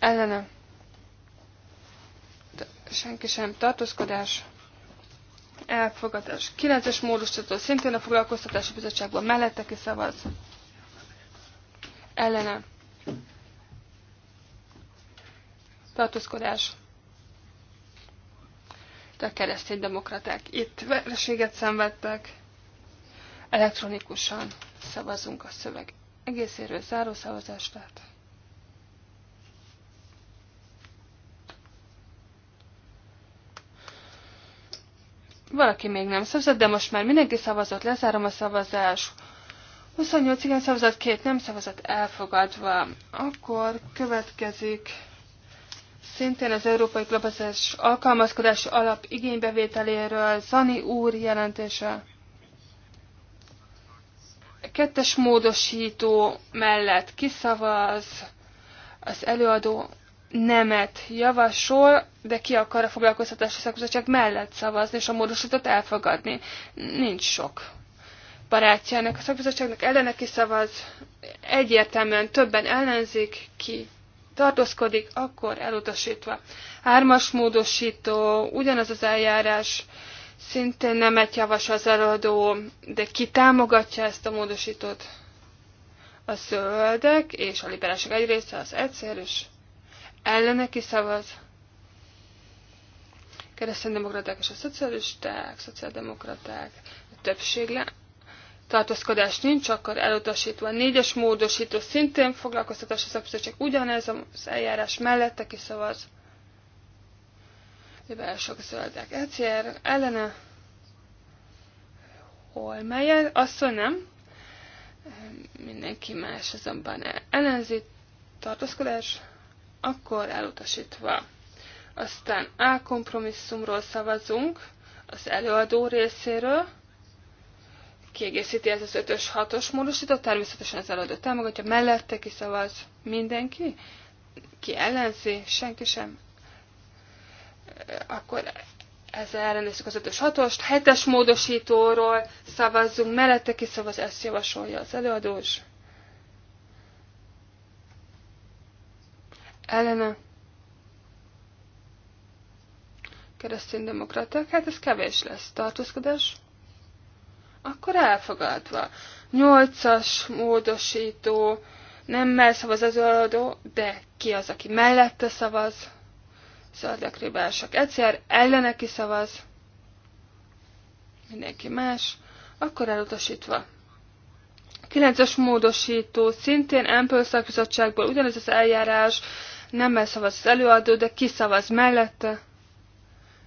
ellene senki sem tartózkodás, elfogadás. 9-es módosító szintén a foglalkoztatási bizottságban mellette kiszavaz. Ellene. Tartózkodás. De a keresztény demokraták itt vereséget szenvedtek. Elektronikusan szavazunk a szöveg egészéről záró szavazást. Tehát. Valaki még nem szavazott, de most már mindenki szavazott, lezárom a szavazás. 28 igen szavazat, két nem szavazat elfogadva. Akkor következik szintén az Európai Globalizás Alkalmazkodási Alap igénybevételéről Zani úr jelentése. Kettes módosító mellett kiszavaz, az előadó nemet javasol, de ki akar a foglalkoztatási szakbizottság mellett szavazni és a módosítót elfogadni. Nincs sok barátjának, a szakbizottságnak ellene szavaz, egyértelműen többen ellenzik, ki tartózkodik, akkor elutasítva. Hármas módosító, ugyanaz az eljárás, szintén nemet javasol az eladó, de ki támogatja ezt a módosítót? A zöldek és a liberálisok egy része az egyszerűs ellene kiszavaz. Kereszténydemokraták és a szocialisták, szociáldemokraták, a többség le. Tartózkodás nincs, akkor elutasítva. Négyes módosító szintén foglalkoztatási csak ugyanez az eljárás mellette kiszavaz. sok zöldek, ECR, ellene. Holmeyer, azt nem. Mindenki más azonban ellenzi. Tartózkodás akkor elutasítva. Aztán A kompromisszumról szavazunk, az előadó részéről, kiegészíti ez az 5-ös, 6-os módosított, természetesen az előadó támogatja, mellette ki szavaz mindenki, ki ellenzi, senki sem, akkor ezzel ellenőrizzük az 5-ös, 6-ost, 7-es módosítóról szavazzunk, mellette ki szavaz, ezt javasolja az előadós. ellene keresztény demokraták, hát ez kevés lesz tartózkodás. Akkor elfogadva. Nyolcas módosító, nem mell szavaz az előadó, de ki az, aki mellette szavaz? Zöldek ribások egyszer, ellene ki szavaz? Mindenki más. Akkor elutasítva. Kilences módosító, szintén Ample szakbizottságból ugyanez az eljárás, nem elszavaz az előadó, de kiszavaz mellette.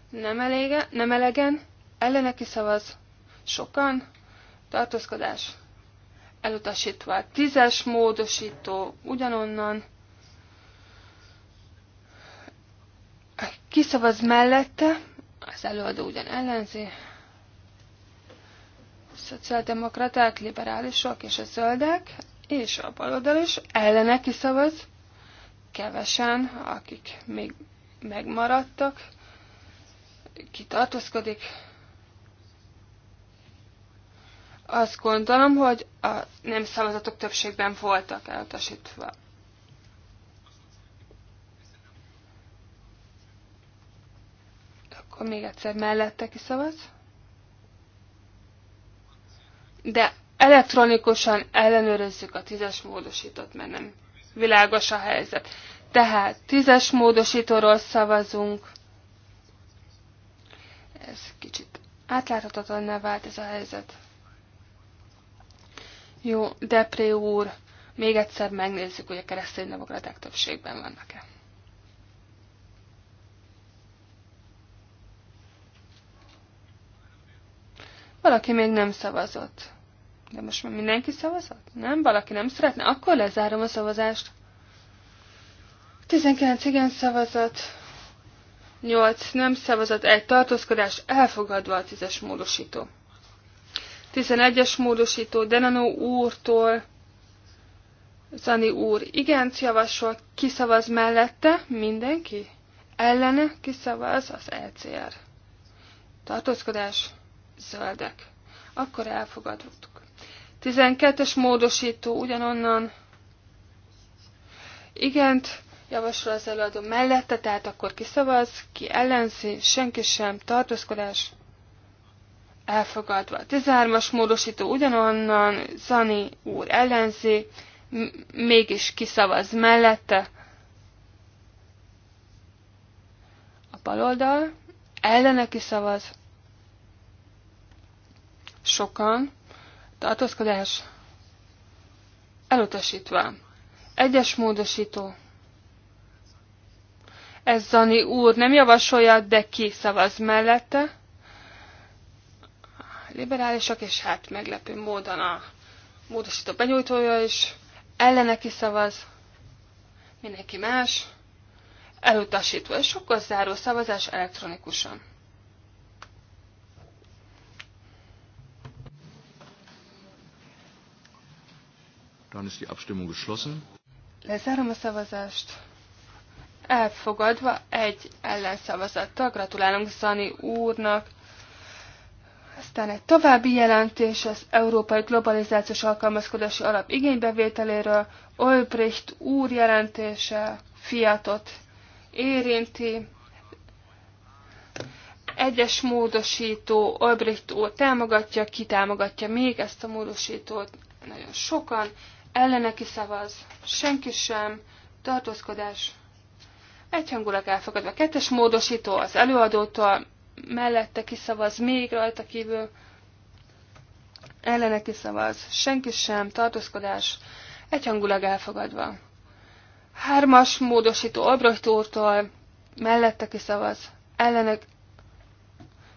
Nem, elége, nem elegen, ellene kiszavaz. sokan, tartózkodás elutasítva. Tízes módosító ugyanonnan. Kiszavaz mellette, az előadó ugyan ellenzi, szociáldemokraták, liberálisok és a zöldek, és a baloldal is ellene kiszavaz, kevesen, akik még megmaradtak, kitartózkodik. Azt gondolom, hogy a nem szavazatok többségben voltak elutasítva. Akkor még egyszer mellette kiszavaz. De elektronikusan ellenőrizzük a tízes módosított, mert nem világos a helyzet. Tehát tízes módosítóról szavazunk. Ez kicsit átláthatatlan vált ez a helyzet. Jó, Depré úr, még egyszer megnézzük, hogy a keresztény demokraták többségben vannak-e. Valaki még nem szavazott. De most már mindenki szavazott? Nem? Valaki nem szeretne? Akkor lezárom a szavazást. 19 igen szavazat, 8 nem szavazat, Egy tartózkodás, elfogadva a 10-es módosító. 11-es módosító Denano úrtól Zani úr igen javasol, kiszavaz mellette mindenki, ellene kiszavaz az ECR. Tartózkodás, zöldek. Akkor elfogadottuk. 12-es módosító ugyanonnan igent javasol az előadó mellette, tehát akkor kiszavaz, ki ellenzi, senki sem, tartózkodás elfogadva. 13-as módosító ugyanonnan, Zani úr ellenzi, mégis kiszavaz mellette. A baloldal ellene kiszavaz. Sokan tartózkodás elutasítva. Egyes módosító. Ez Zani úr nem javasolja, de ki szavaz mellette. Liberálisak, és hát meglepő módon a módosító benyújtója is. Ellene szavaz. Mindenki más. Elutasítva, és sokkal záró szavazás elektronikusan. Dann ist die Abstimmung geschlossen. Lezárom a szavazást. Elfogadva egy ellenszavazattal. Gratulálunk Zani úrnak. Aztán egy további jelentés az Európai Globalizációs Alkalmazkodási Alap igénybevételéről, Olbricht úr jelentése, fiatot érinti. Egyes módosító Olbricht úr támogatja, ki támogatja még ezt a módosítót, nagyon sokan ellene kiszavaz, senki sem, tartózkodás, egyhangulag elfogadva. Kettes módosító az előadótól, mellette kiszavaz, még rajta kívül, ellene kiszavaz, senki sem, tartózkodás, egyhangulag elfogadva. Hármas módosító Albrecht úrtól, mellette kiszavaz, ellenek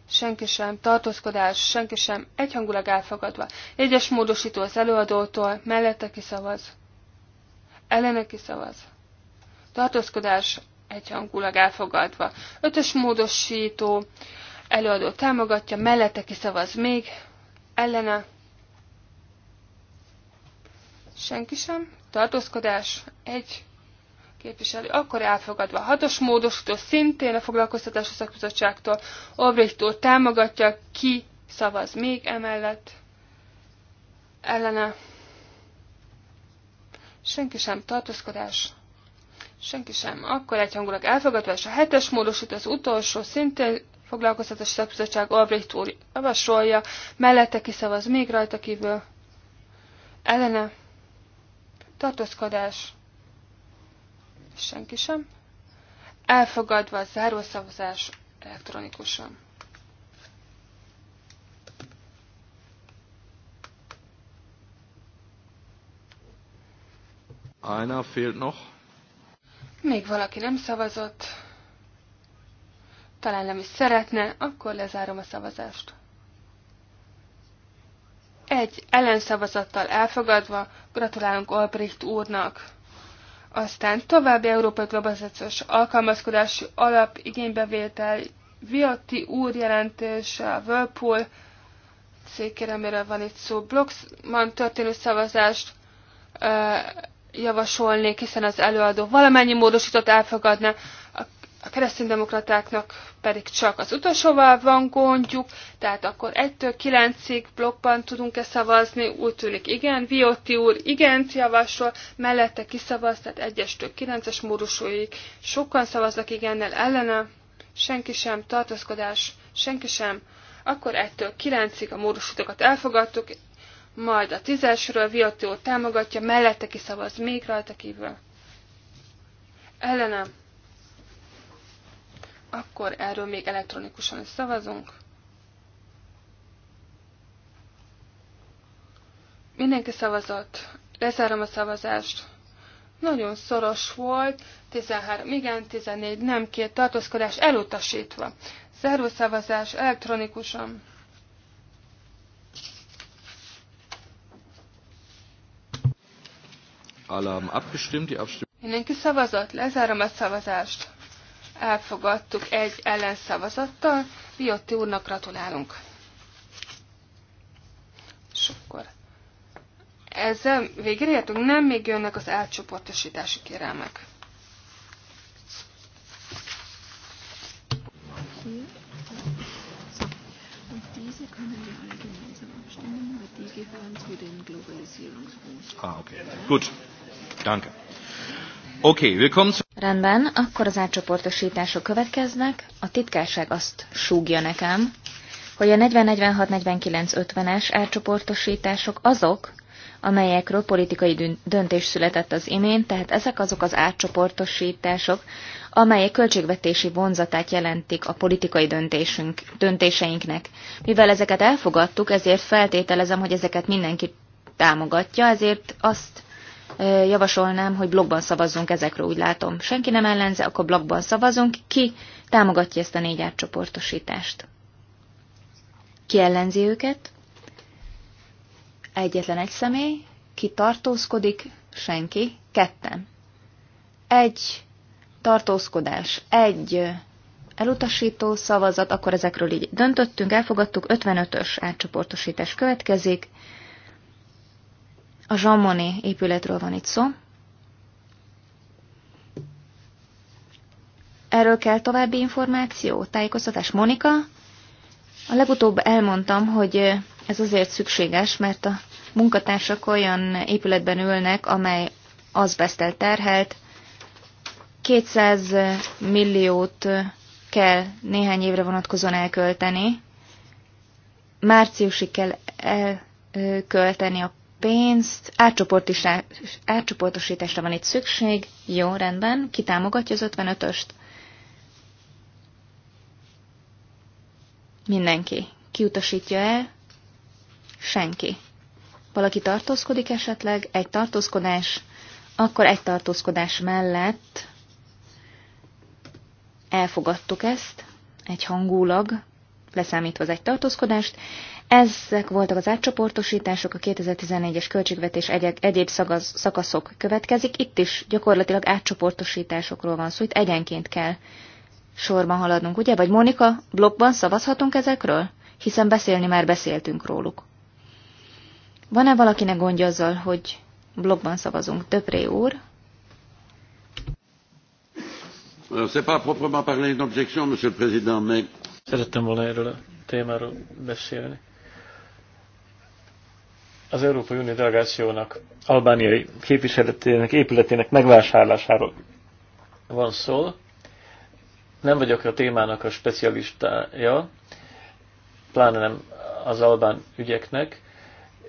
senki sem, tartózkodás, senki sem, egyhangulag elfogadva. Egyes módosító az előadótól, mellette kiszavaz, ellene kiszavaz. Tartózkodás, egyhangulag elfogadva. Ötös módosító előadó támogatja, mellette kiszavaz még, ellene. Senki sem, tartózkodás, egy képviselő, akkor elfogadva. Hatos módosító szintén a foglalkoztatási szakbizottságtól Obrichtól támogatja, ki szavaz még emellett ellene. Senki sem tartózkodás. Senki sem. Akkor egyhangulag elfogadva, és a hetes módosít az utolsó, szintén foglalkoztatás szakbizottság Albrecht úr javasolja, mellette kiszavaz még rajta kívül. Ellene. Tartózkodás. Senki sem. Elfogadva a zárószavazás elektronikusan. Einer fehlt noch. Még valaki nem szavazott. Talán nem is szeretne, akkor lezárom a szavazást. Egy ellenszavazattal elfogadva gratulálunk Albrecht úrnak. Aztán további európai globalizációs alkalmazkodási alap igénybevétel, Viatti úr jelentése, a Whirlpool cégkére, amiről van itt szó, Bloxman történő szavazást javasolnék, hiszen az előadó valamennyi módosított elfogadna, a kereszténydemokratáknak pedig csak az utolsóval van gondjuk, tehát akkor 1-től 9-ig blokkban tudunk-e szavazni, úgy tűnik igen, Vioti úr igen javasol, mellette kiszavaz, tehát 1-től 9-es módusúig sokan szavaznak igennel ellene, senki sem, tartózkodás, senki sem, akkor 1-től 9-ig a módosítókat elfogadtuk, majd a 10-esről Vioti úr támogatja, mellette kiszavaz még rajta kívül. Ellenem akkor erről még elektronikusan is szavazunk. Mindenki szavazott. Lezárom a szavazást. Nagyon szoros volt, 13 igen, 14 nem, két tartózkodás elutasítva. Záró szavazás elektronikusan. Alarm abgestimmt, die Abstimmung. Mindenki szavazott, lezárom a szavazást elfogadtuk egy ellenszavazattal. Viotti úrnak gratulálunk. És akkor ezzel végre értünk, nem még jönnek az átcsoportosítási kérelmek. Ah, okay. Gut. Danke. Oké, okay, come... Rendben, akkor az átcsoportosítások következnek. A titkárság azt súgja nekem, hogy a 40-46-49-50-es átcsoportosítások azok, amelyekről politikai döntés született az imént, tehát ezek azok az átcsoportosítások, amelyek költségvetési vonzatát jelentik a politikai döntésünk, döntéseinknek. Mivel ezeket elfogadtuk, ezért feltételezem, hogy ezeket mindenki támogatja, ezért azt javasolnám, hogy blogban szavazzunk ezekről, úgy látom. Senki nem ellenze, akkor blogban szavazunk. Ki támogatja ezt a négy átcsoportosítást? Ki ellenzi őket? Egyetlen egy személy. Ki tartózkodik? Senki. Ketten. Egy tartózkodás, egy elutasító szavazat, akkor ezekről így döntöttünk, elfogadtuk, 55-ös átcsoportosítás következik. A Jean Monnet épületről van itt szó. Erről kell további információ, tájékoztatás. Monika, a legutóbb elmondtam, hogy ez azért szükséges, mert a munkatársak olyan épületben ülnek, amely azbesztel terhelt. 200 milliót kell néhány évre vonatkozóan elkölteni. Márciusig kell elkölteni a pénzt, átcsoportosításra van itt szükség, jó, rendben, ki támogatja az 55-öst? Mindenki. Ki utasítja el? Senki. Valaki tartózkodik esetleg? Egy tartózkodás? Akkor egy tartózkodás mellett elfogadtuk ezt, egy hangulag, leszámítva az egy tartózkodást, ezek voltak az átcsoportosítások, a 2014-es költségvetés egy- egyéb szagaz, szakaszok következik. Itt is gyakorlatilag átcsoportosításokról van szó, itt egyenként kell sorban haladnunk, ugye? Vagy Monika, blogban szavazhatunk ezekről? Hiszen beszélni már beszéltünk róluk. Van-e valakinek gondja azzal, hogy blogban szavazunk? Töpré úr? C'est proprement une objection, monsieur le président, mais... Szerettem volna erről a témáról beszélni az Európai Unió delegációnak, albániai képviseletének, épületének megvásárlásáról van szó. Nem vagyok a témának a specialistája, pláne nem az albán ügyeknek,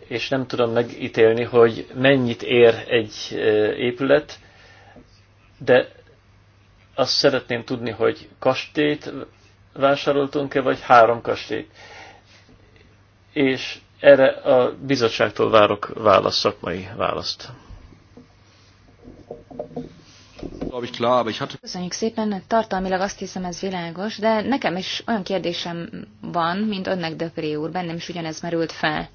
és nem tudom megítélni, hogy mennyit ér egy e, épület, de azt szeretném tudni, hogy kastélyt vásároltunk-e, vagy három kastélyt. És erre a bizottságtól várok választ, szakmai választ. Köszönjük szépen, tartalmilag azt hiszem ez világos, de nekem is olyan kérdésem van, mint önnek Döpré úr, bennem is ugyanez merült fel.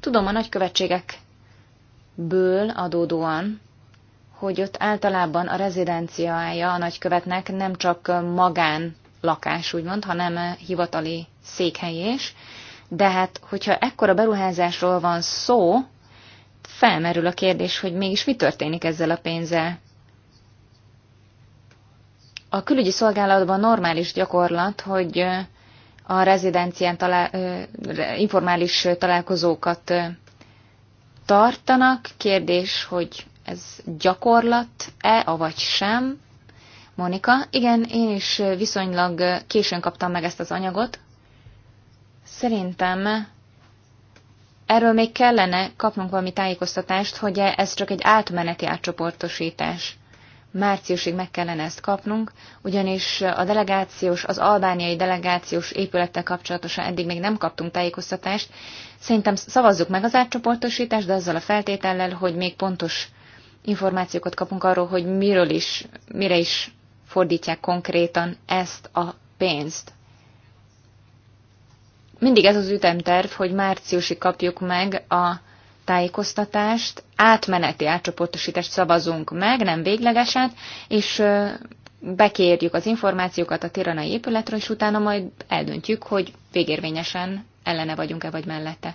Tudom a nagykövetségekből adódóan, hogy ott általában a rezidenciája a nagykövetnek nem csak magán lakás, úgymond, hanem hivatali székhely is, de hát, hogyha ekkora beruházásról van szó, felmerül a kérdés, hogy mégis mi történik ezzel a pénzzel. A külügyi szolgálatban normális gyakorlat, hogy a rezidencián talál, informális találkozókat tartanak. Kérdés, hogy ez gyakorlat-e, avagy sem. Monika, igen, én is viszonylag későn kaptam meg ezt az anyagot, Szerintem erről még kellene kapnunk valami tájékoztatást, hogy ez csak egy átmeneti átcsoportosítás. Márciusig meg kellene ezt kapnunk, ugyanis a delegációs, az albániai delegációs épülettel kapcsolatosan eddig még nem kaptunk tájékoztatást. Szerintem szavazzuk meg az átcsoportosítást, de azzal a feltétellel, hogy még pontos információkat kapunk arról, hogy miről is, mire is fordítják konkrétan ezt a pénzt mindig ez az ütemterv, hogy márciusig kapjuk meg a tájékoztatást, átmeneti átcsoportosítást szavazunk meg, nem véglegeset, és bekérjük az információkat a tiranai épületről, és utána majd eldöntjük, hogy végérvényesen ellene vagyunk-e vagy mellette.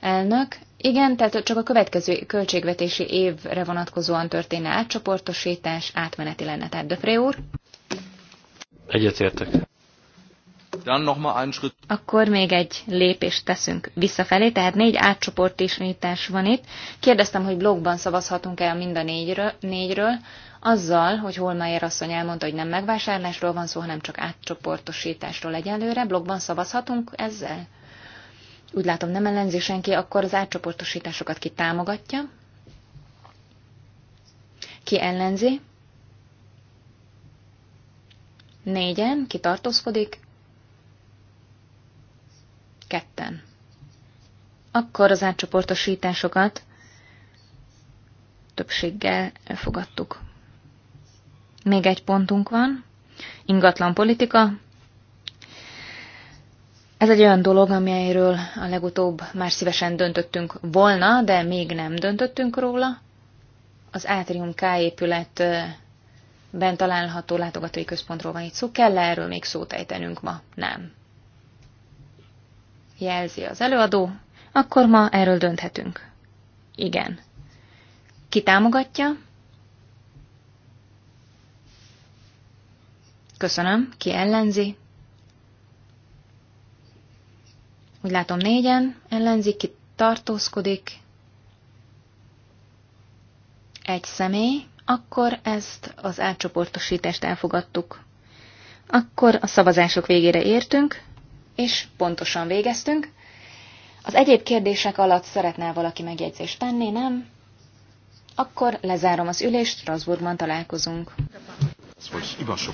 Elnök, igen, tehát csak a következő költségvetési évre vonatkozóan történne átcsoportosítás, átmeneti lenne, tehát Döpré úr. Egyetértek. Akkor még egy lépést teszünk visszafelé, tehát négy átcsoportisítás van itt. Kérdeztem, hogy blogban szavazhatunk-e mind a négyről, négyről, azzal, hogy Holmeier asszony elmondta, hogy nem megvásárlásról van szó, hanem csak átcsoportosításról egyelőre. Blogban szavazhatunk ezzel? Úgy látom, nem ellenzi senki, akkor az átcsoportosításokat ki támogatja? Ki ellenzi? Négyen, ki tartózkodik? ketten. Akkor az átcsoportosításokat többséggel fogadtuk. Még egy pontunk van, ingatlan politika. Ez egy olyan dolog, amelyről a legutóbb már szívesen döntöttünk volna, de még nem döntöttünk róla. Az Átrium K épület bent található látogatói központról van itt szó. Kell -e erről még szót ejtenünk ma? Nem jelzi az előadó, akkor ma erről dönthetünk. Igen. Ki támogatja? Köszönöm. Ki ellenzi? Úgy látom négyen ellenzik, ki tartózkodik. Egy személy, akkor ezt az átcsoportosítást elfogadtuk. Akkor a szavazások végére értünk, és pontosan végeztünk. Az egyéb kérdések alatt szeretne valaki megjegyzést tenni, nem? Akkor lezárom az ülést, Strasbourgban találkozunk. Ez most